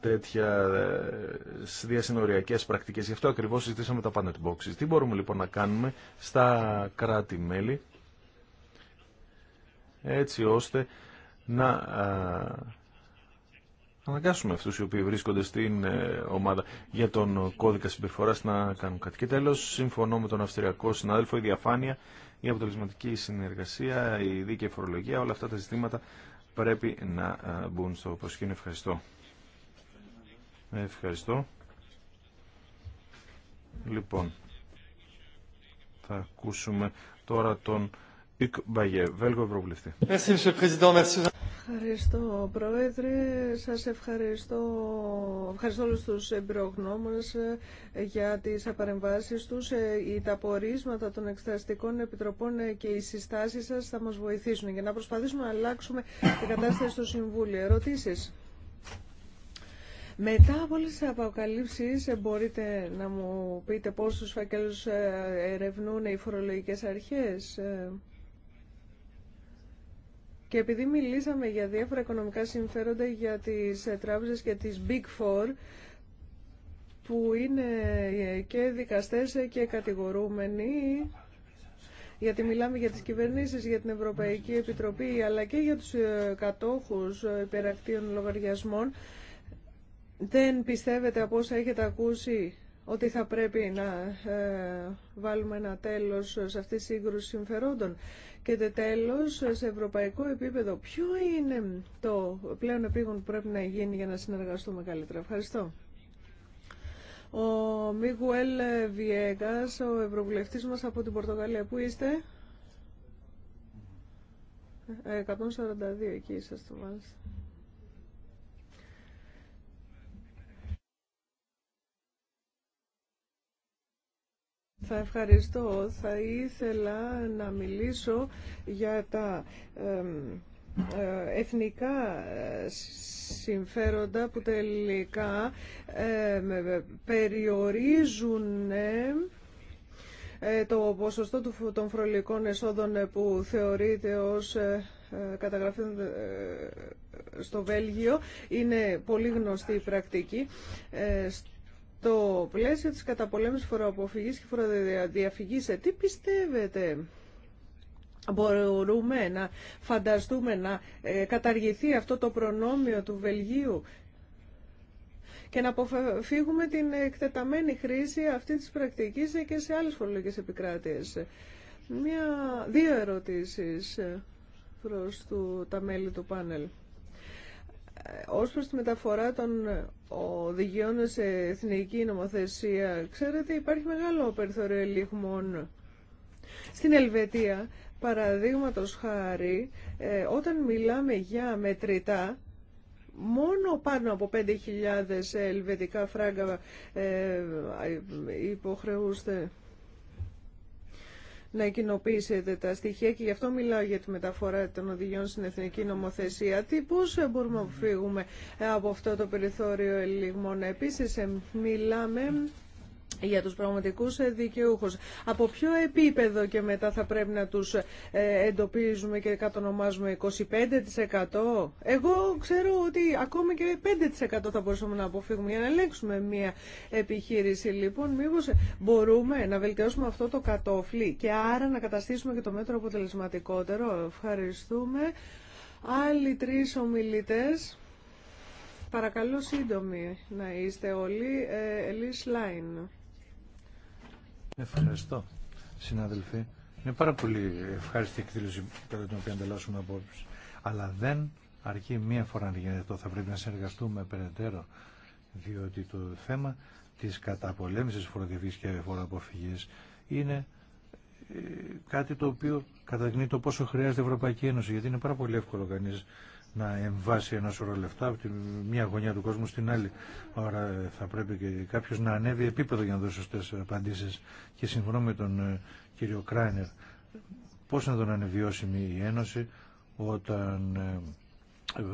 τέτοια ε, διασυνοριακές πρακτικές. Γι' αυτό ακριβώς συζητήσαμε τα panet boxes. Τι μπορούμε λοιπόν να κάνουμε στα κράτη-μέλη έτσι ώστε να ε, αναγκάσουμε αυτούς οι οποίοι βρίσκονται στην ε, ομάδα για τον κώδικα συμπεριφοράς να κάνουν κάτι. Και τέλος, συμφωνώ με τον αυστριακό συνάδελφο, η διαφάνεια, η αποτελεσματική συνεργασία, η δίκαιη φορολογία, όλα αυτά τα ζητήματα πρέπει να ε, μπουν στο προσκήνιο. Ευχαριστώ. Ευχαριστώ. Λοιπόν, θα ακούσουμε τώρα τον Ευχαριστώ Πρόεδρε, σας ευχαριστώ, ευχαριστώ όλους τους ε, για τις παρεμβάσεις τους. Ε, τα ταπορίσματα των εξεταστικών επιτροπών ε, και οι συστάσεις σας θα μας βοηθήσουν για να προσπαθήσουμε να αλλάξουμε την κατάσταση στο Συμβούλιο. Ερωτήσεις. Μετά από όλες τις αποκαλύψεις μπορείτε να μου πείτε πόσους φακέλους ερευνούν οι φορολογικές αρχές. Και επειδή μιλήσαμε για διάφορα οικονομικά συμφέροντα για τις ε, τράπεζες και τις Big Four, που είναι ε, και δικαστές ε, και κατηγορούμενοι, γιατί μιλάμε για τις κυβερνήσεις, για την Ευρωπαϊκή Επιτροπή, αλλά και για τους κατόχους υπερακτίων λογαριασμών, δεν πιστεύετε από όσα έχετε ακούσει ότι θα πρέπει να βάλουμε ένα τέλος σε αυτή τη σύγκρουση συμφερόντων. Και τέλος, σε ευρωπαϊκό επίπεδο, ποιο είναι το πλέον επίγον που πρέπει να γίνει για να συνεργαστούμε καλύτερα. Ευχαριστώ. Ο Μίγουελ Βιέγκας, ο ευρωβουλευτής μας από την Πορτογαλία. Πού είστε? 142 ε, εκεί είσαστε μάλιστα. Θα ευχαριστώ. Θα ήθελα να μιλήσω για τα ε, εθνικά ε, συμφέροντα που τελικά περιορίζουν ε, το ποσοστό των φρολικών εσόδων που θεωρείται ως καταγραφή στο Βέλγιο. Είναι πολύ γνωστή η πρακτική το πλαίσιο της καταπολέμησης φοροαποφυγής και φοροδιαφυγής, ε, τι πιστεύετε μπορούμε να φανταστούμε να ε, καταργηθεί αυτό το προνόμιο του Βελγίου και να αποφύγουμε την εκτεταμένη χρήση αυτή της πρακτικής και σε άλλες φορολογικές επικράτειες. Μια, δύο ερωτήσεις προς του, τα μέλη του πάνελ. Ε, ως προς τη μεταφορά των ε, οδηγιών σε εθνική νομοθεσία, ξέρετε υπάρχει μεγάλο περιθώριο ελιγμών. Στην Ελβετία, παραδείγματος χάρη, ε, όταν μιλάμε για μετρητά, μόνο πάνω από 5.000 ελβετικά φράγκα υποχρεούστε να κοινοποιήσετε τα στοιχεία και γι' αυτό μιλάω για τη μεταφορά των οδηγιών στην εθνική νομοθεσία. Τι πώ μπορούμε να φύγουμε από αυτό το περιθώριο ελιγμών. Επίσης μιλάμε για τους πραγματικούς ε, δικαιούχους. Από ποιο επίπεδο και μετά θα πρέπει να τους ε, εντοπίζουμε και κατονομάζουμε 25%. Εγώ ξέρω ότι ακόμα και 5% θα μπορούσαμε να αποφύγουμε για να ελέγξουμε μια επιχείρηση. Λοιπόν, μήπως μπορούμε να βελτιώσουμε αυτό το κατόφλι και άρα να καταστήσουμε και το μέτρο αποτελεσματικότερο. Ευχαριστούμε. Άλλοι τρεις ομιλητές. Παρακαλώ σύντομοι να είστε όλοι. Ε, Ευχαριστώ, συνάδελφοι. Είναι πάρα πολύ ευχάριστη εκδήλωση κατά την οποία ανταλλάσσουμε απόψεις. Αλλά δεν αρκεί μία φορά να γίνεται αυτό. Θα πρέπει να συνεργαστούμε περαιτέρω, διότι το θέμα της καταπολέμησης φοροδιαφύγης και φοροαποφυγής είναι ε, κάτι το οποίο καταγνεί το πόσο χρειάζεται η Ευρωπαϊκή Ένωση, γιατί είναι πάρα πολύ εύκολο κανείς να εμβάσει ένα σωρό λεφτά από τη μια γωνιά του κόσμου στην άλλη. Άρα θα πρέπει και κάποιο να ανέβει επίπεδο για να δώσει σωστέ απαντήσει. Και συμφωνώ με τον ε, κύριο Κράινερ. Πώ να τον ανεβιώσιμη η Ένωση όταν ε, ε,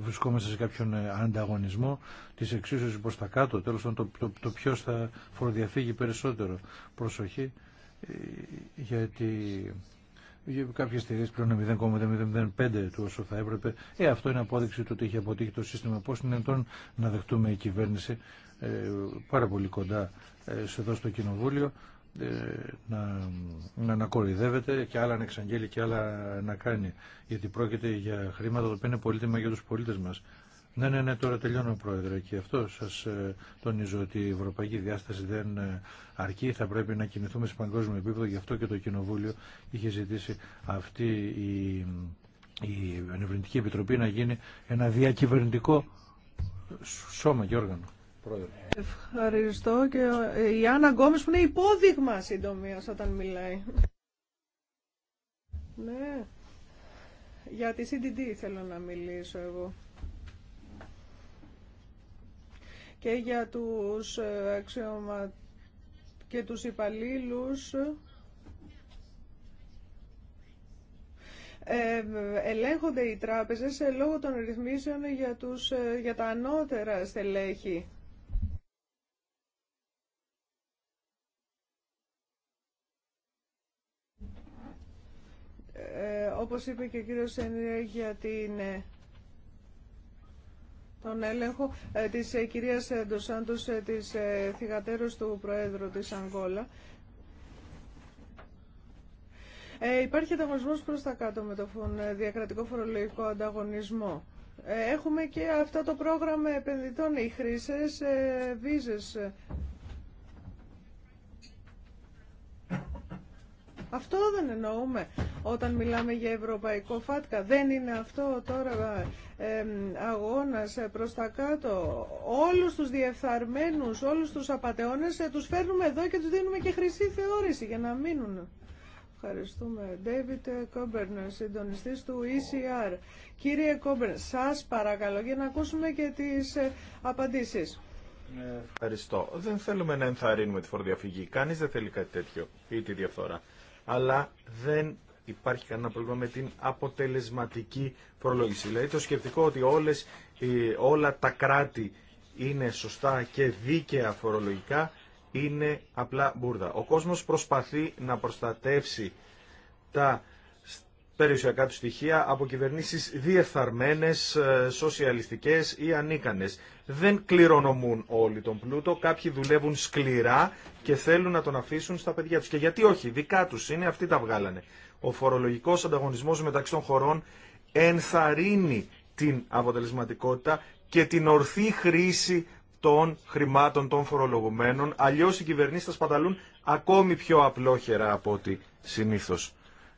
βρισκόμαστε σε κάποιον ανταγωνισμό της εξίσωσης προς τα κάτω, τέλος πάντων το, το, το ποιος θα φοροδιαφύγει περισσότερο. Προσοχή, γιατί κάποιε εταιρείε πλέον 0,005 του όσο θα έπρεπε. Ε, αυτό είναι απόδειξη του ότι έχει αποτύχει το σύστημα. Πώ είναι τον να δεχτούμε η κυβέρνηση ε, πάρα πολύ κοντά ε, σε εδώ στο κοινοβούλιο ε, να, να, να και άλλα να εξαγγέλει και άλλα να κάνει. Γιατί πρόκειται για χρήματα που είναι πολύτιμα για του πολίτε μα. Ναι, ναι, ναι, τώρα τελειώνω, Πρόεδρε, και αυτό σα ε, τονίζω ότι η ευρωπαϊκή διάσταση δεν ε, αρκεί. Θα πρέπει να κινηθούμε σε παγκόσμιο επίπεδο. Γι' αυτό και το Κοινοβούλιο είχε ζητήσει αυτή η, η Ενευρυντική Επιτροπή να γίνει ένα διακυβερνητικό σώμα και όργανο. Ευχαριστώ και η Άννα Γκόμες που είναι υπόδειγμα συντομίας όταν μιλάει. Ναι, για τη CDD θέλω να μιλήσω εγώ. και για τους ε, αξιωμα... και τους υπαλλήλους ε, ελέγχονται οι τράπεζες ε, λόγω των ρυθμίσεων για, τους, για τα ανώτερα στελέχη. Ε, όπως είπε και ο κύριος Σενρία για την τον έλεγχο ε, της ε, κυρίας ε, Ντοσάντος, της θυγατέρως του Προέδρου της Αγγόλα. Ε, υπάρχει ανταγωνισμός προς τα κάτω με το διακρατικό φορολογικό ανταγωνισμό. έχουμε και αυτό το πρόγραμμα επενδυτών, οι χρήσες ε, βίζες. Αυτό δεν εννοούμε όταν μιλάμε για ευρωπαϊκό φάτκα. Δεν είναι αυτό τώρα ε, αγώνας προς τα κάτω. Όλους τους διεφθαρμένους, όλους τους απαταιώνες ε, τους φέρνουμε εδώ και τους δίνουμε και χρυσή θεώρηση για να μείνουν. Ευχαριστούμε. David Coburn, συντονιστής του ECR. Κύριε Coburn, σας παρακαλώ για να ακούσουμε και τις ε, απαντήσεις. Ευχαριστώ. Δεν θέλουμε να ενθαρρύνουμε τη φοροδιαφυγή. Κανείς δεν θέλει κάτι τέτοιο ή τη διαφθορά. Αλλά δεν υπάρχει κανένα πρόβλημα με την αποτελεσματική φορολόγηση. Δηλαδή το σκεπτικό ότι όλες, όλα τα κράτη είναι σωστά και δίκαια φορολογικά είναι απλά μπουρδα. Ο κόσμος προσπαθεί να προστατεύσει τα περιουσιακά του στοιχεία από κυβερνήσει, διεφθαρμένες, ε, σοσιαλιστικές ή ανίκανες. Δεν κληρονομούν όλοι τον πλούτο, κάποιοι δουλεύουν σκληρά και θέλουν να τον αφήσουν στα παιδιά τους. Και γιατί όχι, δικά του είναι, αυτοί τα βγάλανε. Ο φορολογικός ανταγωνισμό μεταξύ των χωρών ενθαρρύνει την αποτελεσματικότητα και την ορθή χρήση των χρημάτων των φορολογουμένων, Αλλιώ οι κυβερνήσει θα σπαταλούν ακόμη πιο απλόχερα από ό,τι συνήθω.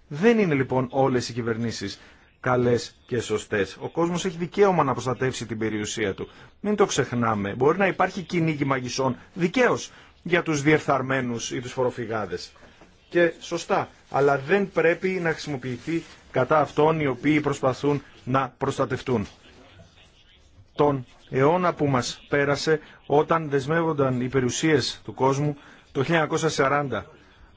Δεν είναι λοιπόν όλες οι κυβερνήσεις καλές και σωστές. Ο κόσμος έχει δικαίωμα να προστατεύσει την περιουσία του. Μην το ξεχνάμε. Μπορεί να υπάρχει κυνήγι μαγισσών δικαίω για τους διεφθαρμένου ή του φοροφυγάδε. Και σωστά. Αλλά δεν πρέπει να χρησιμοποιηθεί κατά αυτών οι οποίοι προσπαθούν να προστατευτούν. Τον αιώνα που μας πέρασε όταν δεσμεύονταν οι περιουσίες του κόσμου το 1940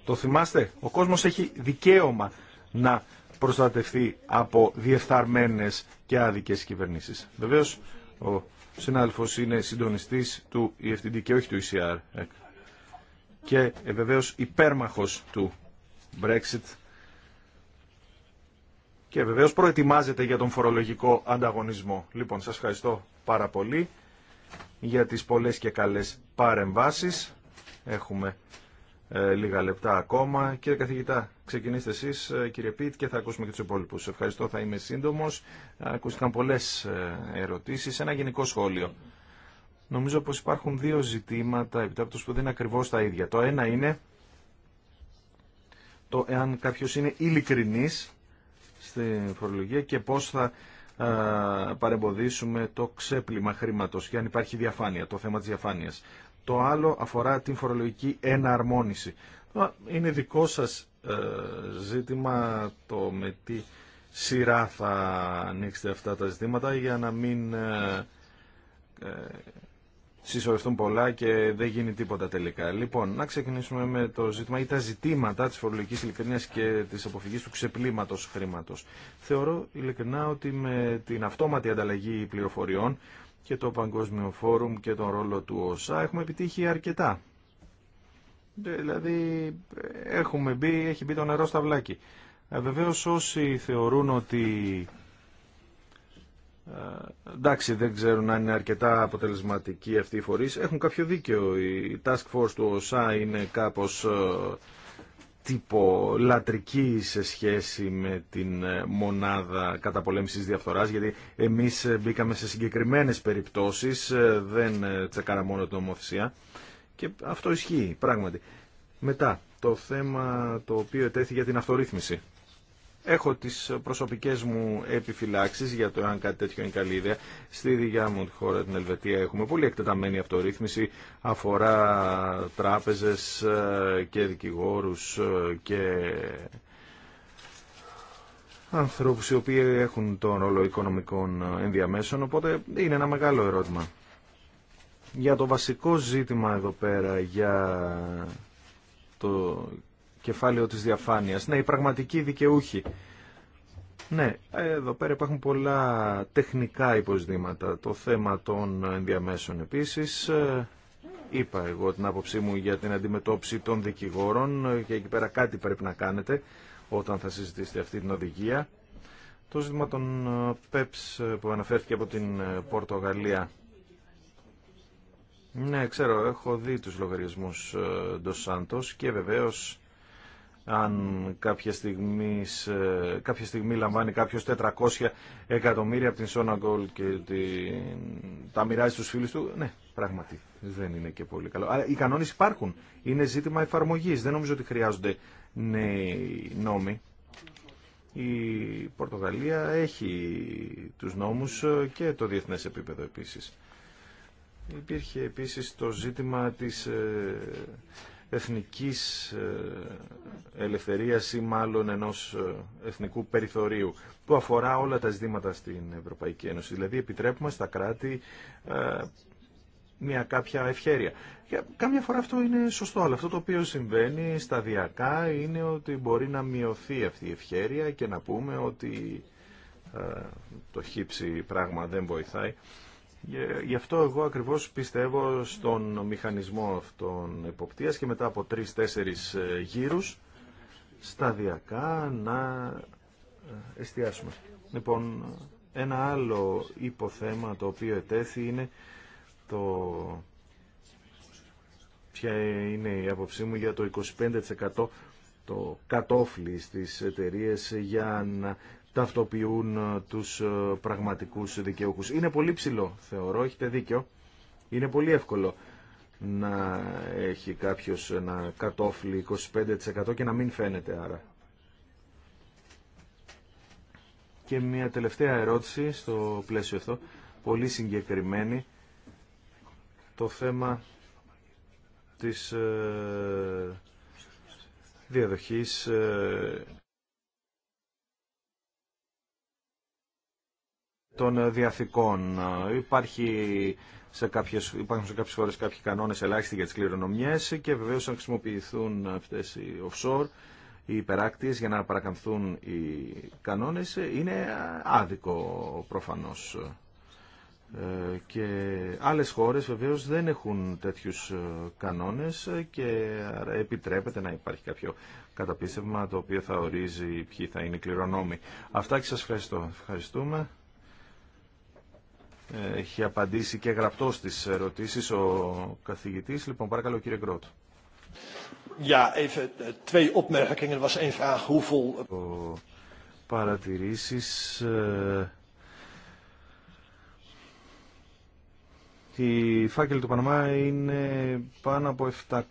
το θυμάστε, ο κόσμος έχει δικαίωμα να προστατευτεί από διεφθαρμένες και άδικες κυβερνήσεις. Βεβαίως, ο συνάδελφος είναι συντονιστής του EFTD και όχι του ECR και ε, βεβαίως υπέρμαχος του Brexit και βεβαίως προετοιμάζεται για τον φορολογικό ανταγωνισμό. Λοιπόν, σας ευχαριστώ πάρα πολύ για τις πολλές και καλές παρεμβάσεις. Έχουμε ε, λίγα λεπτά ακόμα. Κύριε καθηγητά, ξεκινήστε εσείς, ε, κύριε Πίτ, και θα ακούσουμε και του υπόλοιπου. Ευχαριστώ, θα είμαι σύντομο. Ακούστηκαν πολλές ε, ερωτήσει, Ένα γενικό σχόλιο. Νομίζω πω υπάρχουν δύο ζητήματα επιτάπτως που δεν είναι ακριβώ τα ίδια. Το ένα είναι το εάν κάποιο είναι ειλικρινή στη φορολογία και πώ θα παρεμποδίσουμε το ξέπλυμα χρήματος και αν υπάρχει διαφάνεια, το θέμα της διαφάνειας. Το άλλο αφορά την φορολογική εναρμόνιση. Είναι δικό σας ε, ζήτημα το με τι σειρά θα ανοίξετε αυτά τα ζητήματα για να μην ε, ε, συσσωρευτούν πολλά και δεν γίνει τίποτα τελικά. Λοιπόν, να ξεκινήσουμε με το ζήτημα ή τα ζητήματα της φορολογικής ειλικρινίας και της αποφυγής του ξεπλήματος χρήματος. Θεωρώ ειλικρινά ότι με την αυτόματη ανταλλαγή πληροφοριών και το Παγκόσμιο Φόρουμ και τον ρόλο του ΩΣΑ έχουμε επιτύχει αρκετά. Δηλαδή έχουμε μπει, έχει μπει το νερό στα βλάκι. Ε, Βεβαίω όσοι θεωρούν ότι ε, εντάξει δεν ξέρουν αν είναι αρκετά αποτελεσματικοί αυτοί οι φορείς έχουν κάποιο δίκαιο. Η task force του ΩΣΑ είναι κάπως ε, τύπο λατρική σε σχέση με την ε, μονάδα καταπολέμησης διαφθοράς γιατί εμείς ε, μπήκαμε σε συγκεκριμένες περιπτώσεις ε, δεν τσεκάρα μόνο την ομοθεσία και αυτό ισχύει πράγματι μετά το θέμα το οποίο ετέθη για την αυτορύθμιση Έχω τις προσωπικές μου επιφυλάξεις για το αν κάτι τέτοιο είναι καλή ιδέα. Στη δικιά μου τη χώρα, την Ελβετία, έχουμε πολύ εκτεταμένη αυτορύθμιση. Αφορά τράπεζες ε, και δικηγόρους ε, και ανθρώπου οι οποίοι έχουν τον ρόλο οικονομικών ενδιαμέσων. Οπότε είναι ένα μεγάλο ερώτημα. Για το βασικό ζήτημα εδώ πέρα, για το κεφάλαιο της διαφάνειας. Ναι, οι πραγματικοί δικαιούχοι. Ναι, εδώ πέρα υπάρχουν πολλά τεχνικά υποσδήματα. Το θέμα των ενδιαμέσων επίσης. Είπα εγώ την άποψή μου για την αντιμετώπιση των δικηγόρων και εκεί πέρα κάτι πρέπει να κάνετε όταν θα συζητήσετε αυτή την οδηγία. Το ζήτημα των ΠΕΠΣ e που αναφέρθηκε από την ε, Πορτογαλία. Ναι, ξέρω, έχω δει τους λογαριασμούς Ντοσάντος ε, και βεβαίως αν κάποια στιγμή, ε, κάποια στιγμή λαμβάνει κάποιος 400 εκατομμύρια από την Σόναγκολ και τα μοιράζει στους φίλους του, ναι, πράγματι δεν είναι και πολύ καλό. Αλλά οι κανόνες υπάρχουν, είναι ζήτημα εφαρμογής, δεν νομίζω ότι χρειάζονται νέοι νόμοι. Η Πορτογαλία έχει τους νόμους και το διεθνές επίπεδο επίσης. Υπήρχε επίσης το ζήτημα της ε, εθνικής ε, ελευθερίας ή μάλλον ενός ε, εθνικού περιθωρίου που αφορά όλα τα ζητήματα στην Ευρωπαϊκή Ένωση. Δηλαδή επιτρέπουμε στα κράτη ε, μια κάποια ευχέρεια. Κάμια φορά αυτό είναι σωστό, αλλά αυτό το οποίο συμβαίνει σταδιακά είναι ότι μπορεί να μειωθεί αυτή η ευχέρεια και να πούμε ότι το χύψη πράγμα δεν βοηθάει. Γι' αυτό εγώ ακριβώς πιστεύω στον μηχανισμό αυτών εποπτείας και μετά από τρεις-τέσσερις ε, γύρους σταδιακά να ε, εστιάσουμε. Λοιπόν, ένα άλλο υποθέμα το οποίο ετέθη είναι το ποια είναι η άποψή μου για το 25% το κατόφλι στις εταιρείε για να ταυτοποιούν ε, τους ε, πραγματικούς δικαιούχους. Είναι πολύ ψηλό, θεωρώ, έχετε δίκιο. Είναι πολύ εύκολο να έχει κάποιος ένα κατόφλι 25% και να μην φαίνεται άρα. Και μια τελευταία ερώτηση στο πλαίσιο αυτό, πολύ συγκεκριμένη, το θέμα της ε, διαδοχής των διαθήκων. Υπάρχει σε κάποιες, υπάρχουν σε κάποιες χώρες κάποιοι κανόνες ελάχιστοι για τις κληρονομιές και βεβαίως αν χρησιμοποιηθούν αυτές οι offshore, οι υπεράκτης για να παρακαμφθούν οι κανόνες είναι άδικο προφανώς. Ε, και άλλες χώρες βεβαίως δεν έχουν τέτοιους ε, κανόνες και επιτρέπεται να υπάρχει κάποιο καταπίστευμα το οποίο θα ορίζει ποιοι θα είναι οι κληρονόμοι. Αυτά και σας ευχαριστώ. Ευχαριστούμε έχει απαντήσει και γραπτό στις ερωτήσεις ο καθηγητής. Λοιπόν, παρακαλώ κύριε Γκρότ. Ja, even eh, twee opmerkingen. was één vraag ε, Η φάκελη του Παναμά είναι πάνω από 700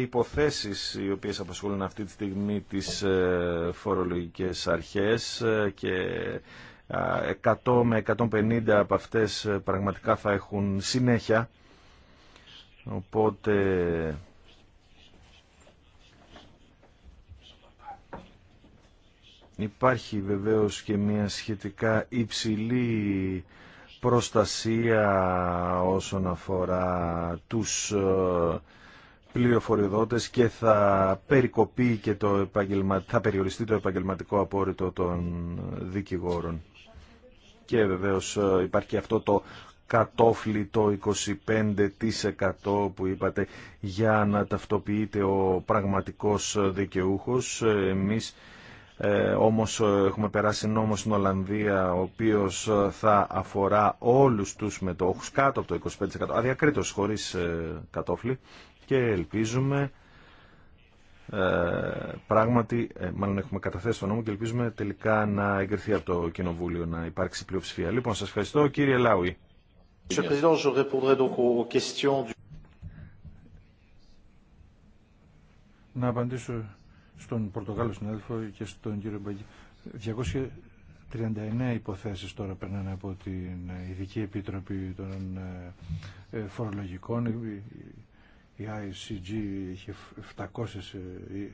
υποθέσεις οι οποίες απασχολούν αυτή τη στιγμή τις ε, φορολογικές αρχές ε, και 100 με 150 από αυτές ε, πραγματικά θα έχουν συνέχεια. Οπότε υπάρχει βεβαίως και μια σχετικά υψηλή προστασία όσον αφορά τους ε, πληροφοριοδότες και θα περικοπεί και το θα περιοριστεί το επαγγελματικό απόρριτο των δικηγόρων και βεβαίως ε, υπάρχει αυτό το κατόφλι το 25% που είπατε για να ταυτοποιείται ο πραγματικός δικαιούχος. Ε, εμείς ε, όμως ε, έχουμε περάσει νόμο στην Ολλανδία ο οποίος θα αφορά όλους τους μετόχους κάτω από το 25% αδιακρίτως χωρίς κατόφλι και ελπίζουμε ε, πράγματι, ε, μάλλον έχουμε καταθέσει το νόμο και ελπίζουμε τελικά να εγκριθεί από το Κοινοβούλιο να υπάρξει πλειοψηφία. Λοιπόν, σα ευχαριστώ. Κύριε Λάουι. Να απαντήσω στον Πορτογάλο συνάδελφο και στον κύριο Μπαγκή. 239 υποθέσεις τώρα περνάνε από την Ειδική Επίτροπη των ε, Φορολογικών η ICG είχε 700 ε, ε,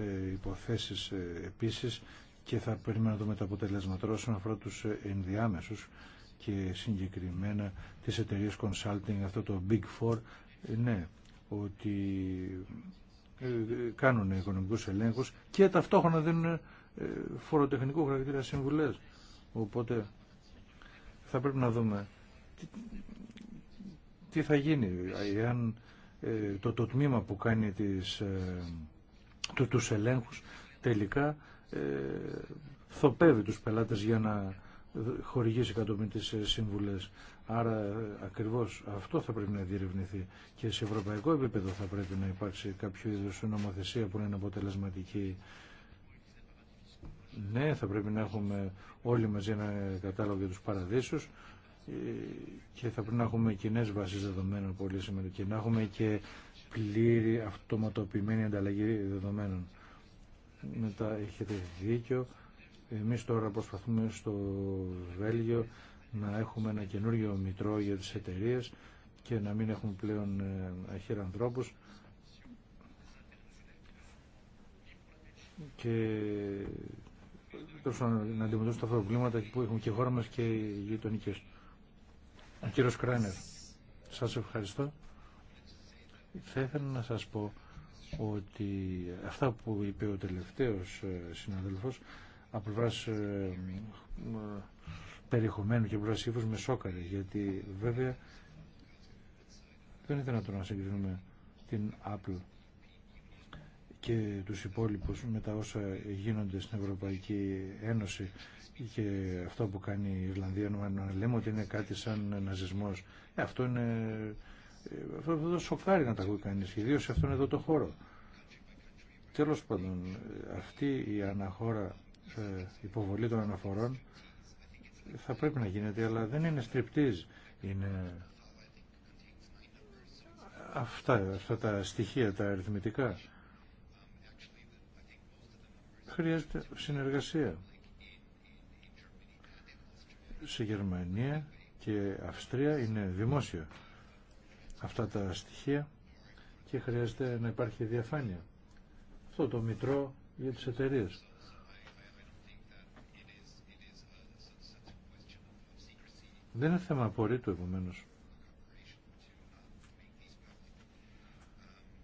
ε, υποθέσεις επίσης και θα περιμένω το μεταποτελέσμα όσον αφορά τους ενδιάμεσους και συγκεκριμένα τις εταιρείες consulting, αυτό το Big Four, ναι, ότι κάνουν οικονομικούς ελέγχους και ταυτόχρονα δίνουν φοροτεχνικού χαρακτήρα συμβουλές. Οπότε θα πρέπει να δούμε τι, θα γίνει εάν ε, το, το τμήμα που κάνει τις, ε, το, τους ελέγχους τελικά ε, θοπεύει τους πελάτες για να χορηγήσει κατόπιν τις συμβουλές. Άρα ακριβώς αυτό θα πρέπει να διερευνηθεί και σε ευρωπαϊκό επίπεδο θα πρέπει να υπάρξει κάποιο είδους νομοθεσία που να είναι αποτελεσματική. Ναι, θα πρέπει να έχουμε όλοι μαζί ένα κατάλογο για τους παραδείσους και θα πρέπει να έχουμε κοινέ βάσει δεδομένων πολύ σημαντικό και να έχουμε και πλήρη αυτοματοποιημένη ανταλλαγή δεδομένων. Μετά έχετε δίκιο. Εμείς τώρα προσπαθούμε στο Βέλγιο να έχουμε ένα καινούριο μητρό για τι εταιρείε και να μην έχουμε πλέον ε, αχύρα ανθρώπους και να αντιμετωπίσουμε τα προβλήματα που έχουν και η χώρα μα και οι του. Ο κύριος σας ευχαριστώ. Θα ήθελα να σας πω ότι αυτά που είπε ο τελευταίος ε, συναδελφός από πλευράς ε, ε, περιεχομένου και πλευράς με σόκαρε, γιατί βέβαια δεν είναι δυνατόν να συγκρίνουμε την Apple και τους υπόλοιπους με τα όσα γίνονται στην Ευρωπαϊκή Ένωση και αυτό που κάνει η Ιρλανδία να λέμε ότι είναι κάτι σαν ναζισμός. Ε, αυτό είναι ε, αυτό, σοκάρει να τα ακούει κανείς, ιδίως σε αυτόν εδώ το χώρο. Τέλος πάντων, αυτή η αναχώρα ε, υποβολή των αναφορών θα πρέπει να γίνεται, αλλά δεν είναι στριπτής. Είναι αυτά, αυτά τα στοιχεία, τα αριθμητικά χρειάζεται συνεργασία. Σε Γερμανία και Αυστρία είναι δημόσια αυτά τα στοιχεία και χρειάζεται να υπάρχει διαφάνεια. Αυτό το μητρό για τις εταιρείε. Δεν είναι θέμα απορρίτου επομένως.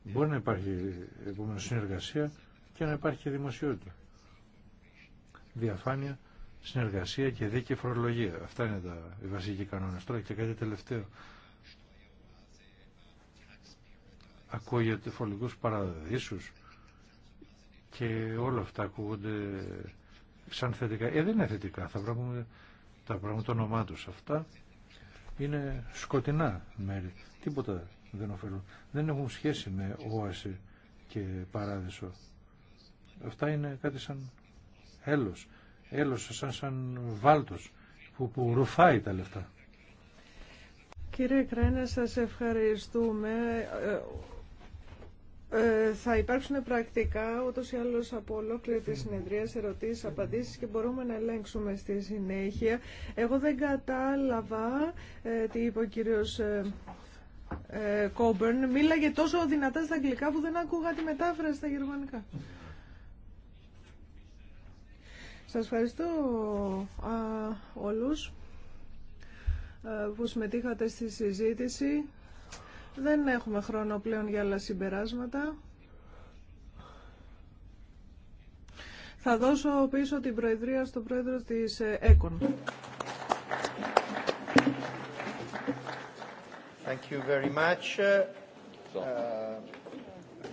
Μπορεί να υπάρχει επομένως συνεργασία και να υπάρχει και δημοσιότητα. Διαφάνεια, συνεργασία και δίκαιη φορολογία. Αυτά είναι τα οι βασικοί κανόνες. Τώρα και κάτι τελευταίο. Ακούγεται φορολογικούς παραδείσους και όλα αυτά ακούγονται σαν θετικά. Ε, δεν είναι θετικά. Θα βρούμε τα πράγματα το όνομά του Αυτά είναι σκοτεινά μέρη. Τίποτα δεν ωφελούν. Δεν έχουν σχέση με όαση και παράδεισο. Αυτά είναι κάτι σαν έλος, έλος σαν, σαν βάλτος που, που ρουφάει τα λεφτά. Κύριε Κρένα, σας ευχαριστούμε. Ε, ε, θα υπάρξουν πρακτικά ούτως ή άλλως από ολόκληρη τη συνεδρία ερωτήσεις, απαντήσεις και μπορούμε να ελέγξουμε στη συνέχεια. Εγώ δεν κατάλαβα ε, τι είπε ο κύριος Κόμπερν. Ε, Μίλαγε τόσο δυνατά στα αγγλικά που δεν ακούγα τη μετάφραση στα γερμανικά. Σας ευχαριστώ α, όλους που συμμετείχατε στη συζήτηση. Δεν έχουμε χρόνο πλέον για άλλα συμπεράσματα. Θα δώσω πίσω την Προεδρία στον Πρόεδρο της ε, ΕΚΟΝ. Thank you very much ε, ε,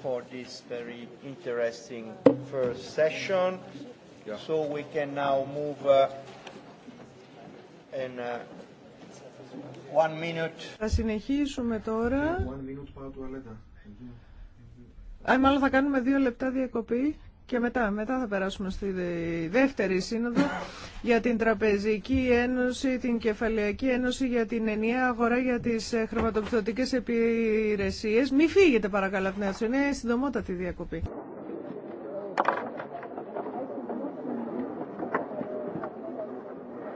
for this very interesting first session. So we can now move uh, uh, one minute. Θα συνεχίσουμε τώρα. Αν μάλλον θα κάνουμε δύο λεπτά διακοπή και μετά, μετά θα περάσουμε στη δεύτερη σύνοδο για την Τραπεζική Ένωση, την Κεφαλαιακή Ένωση για την ενιαία αγορά για τις ε, χρηματοπιστωτικές υπηρεσίες. Μην φύγετε παρακαλώ από την είναι συντομότατη διακοπή.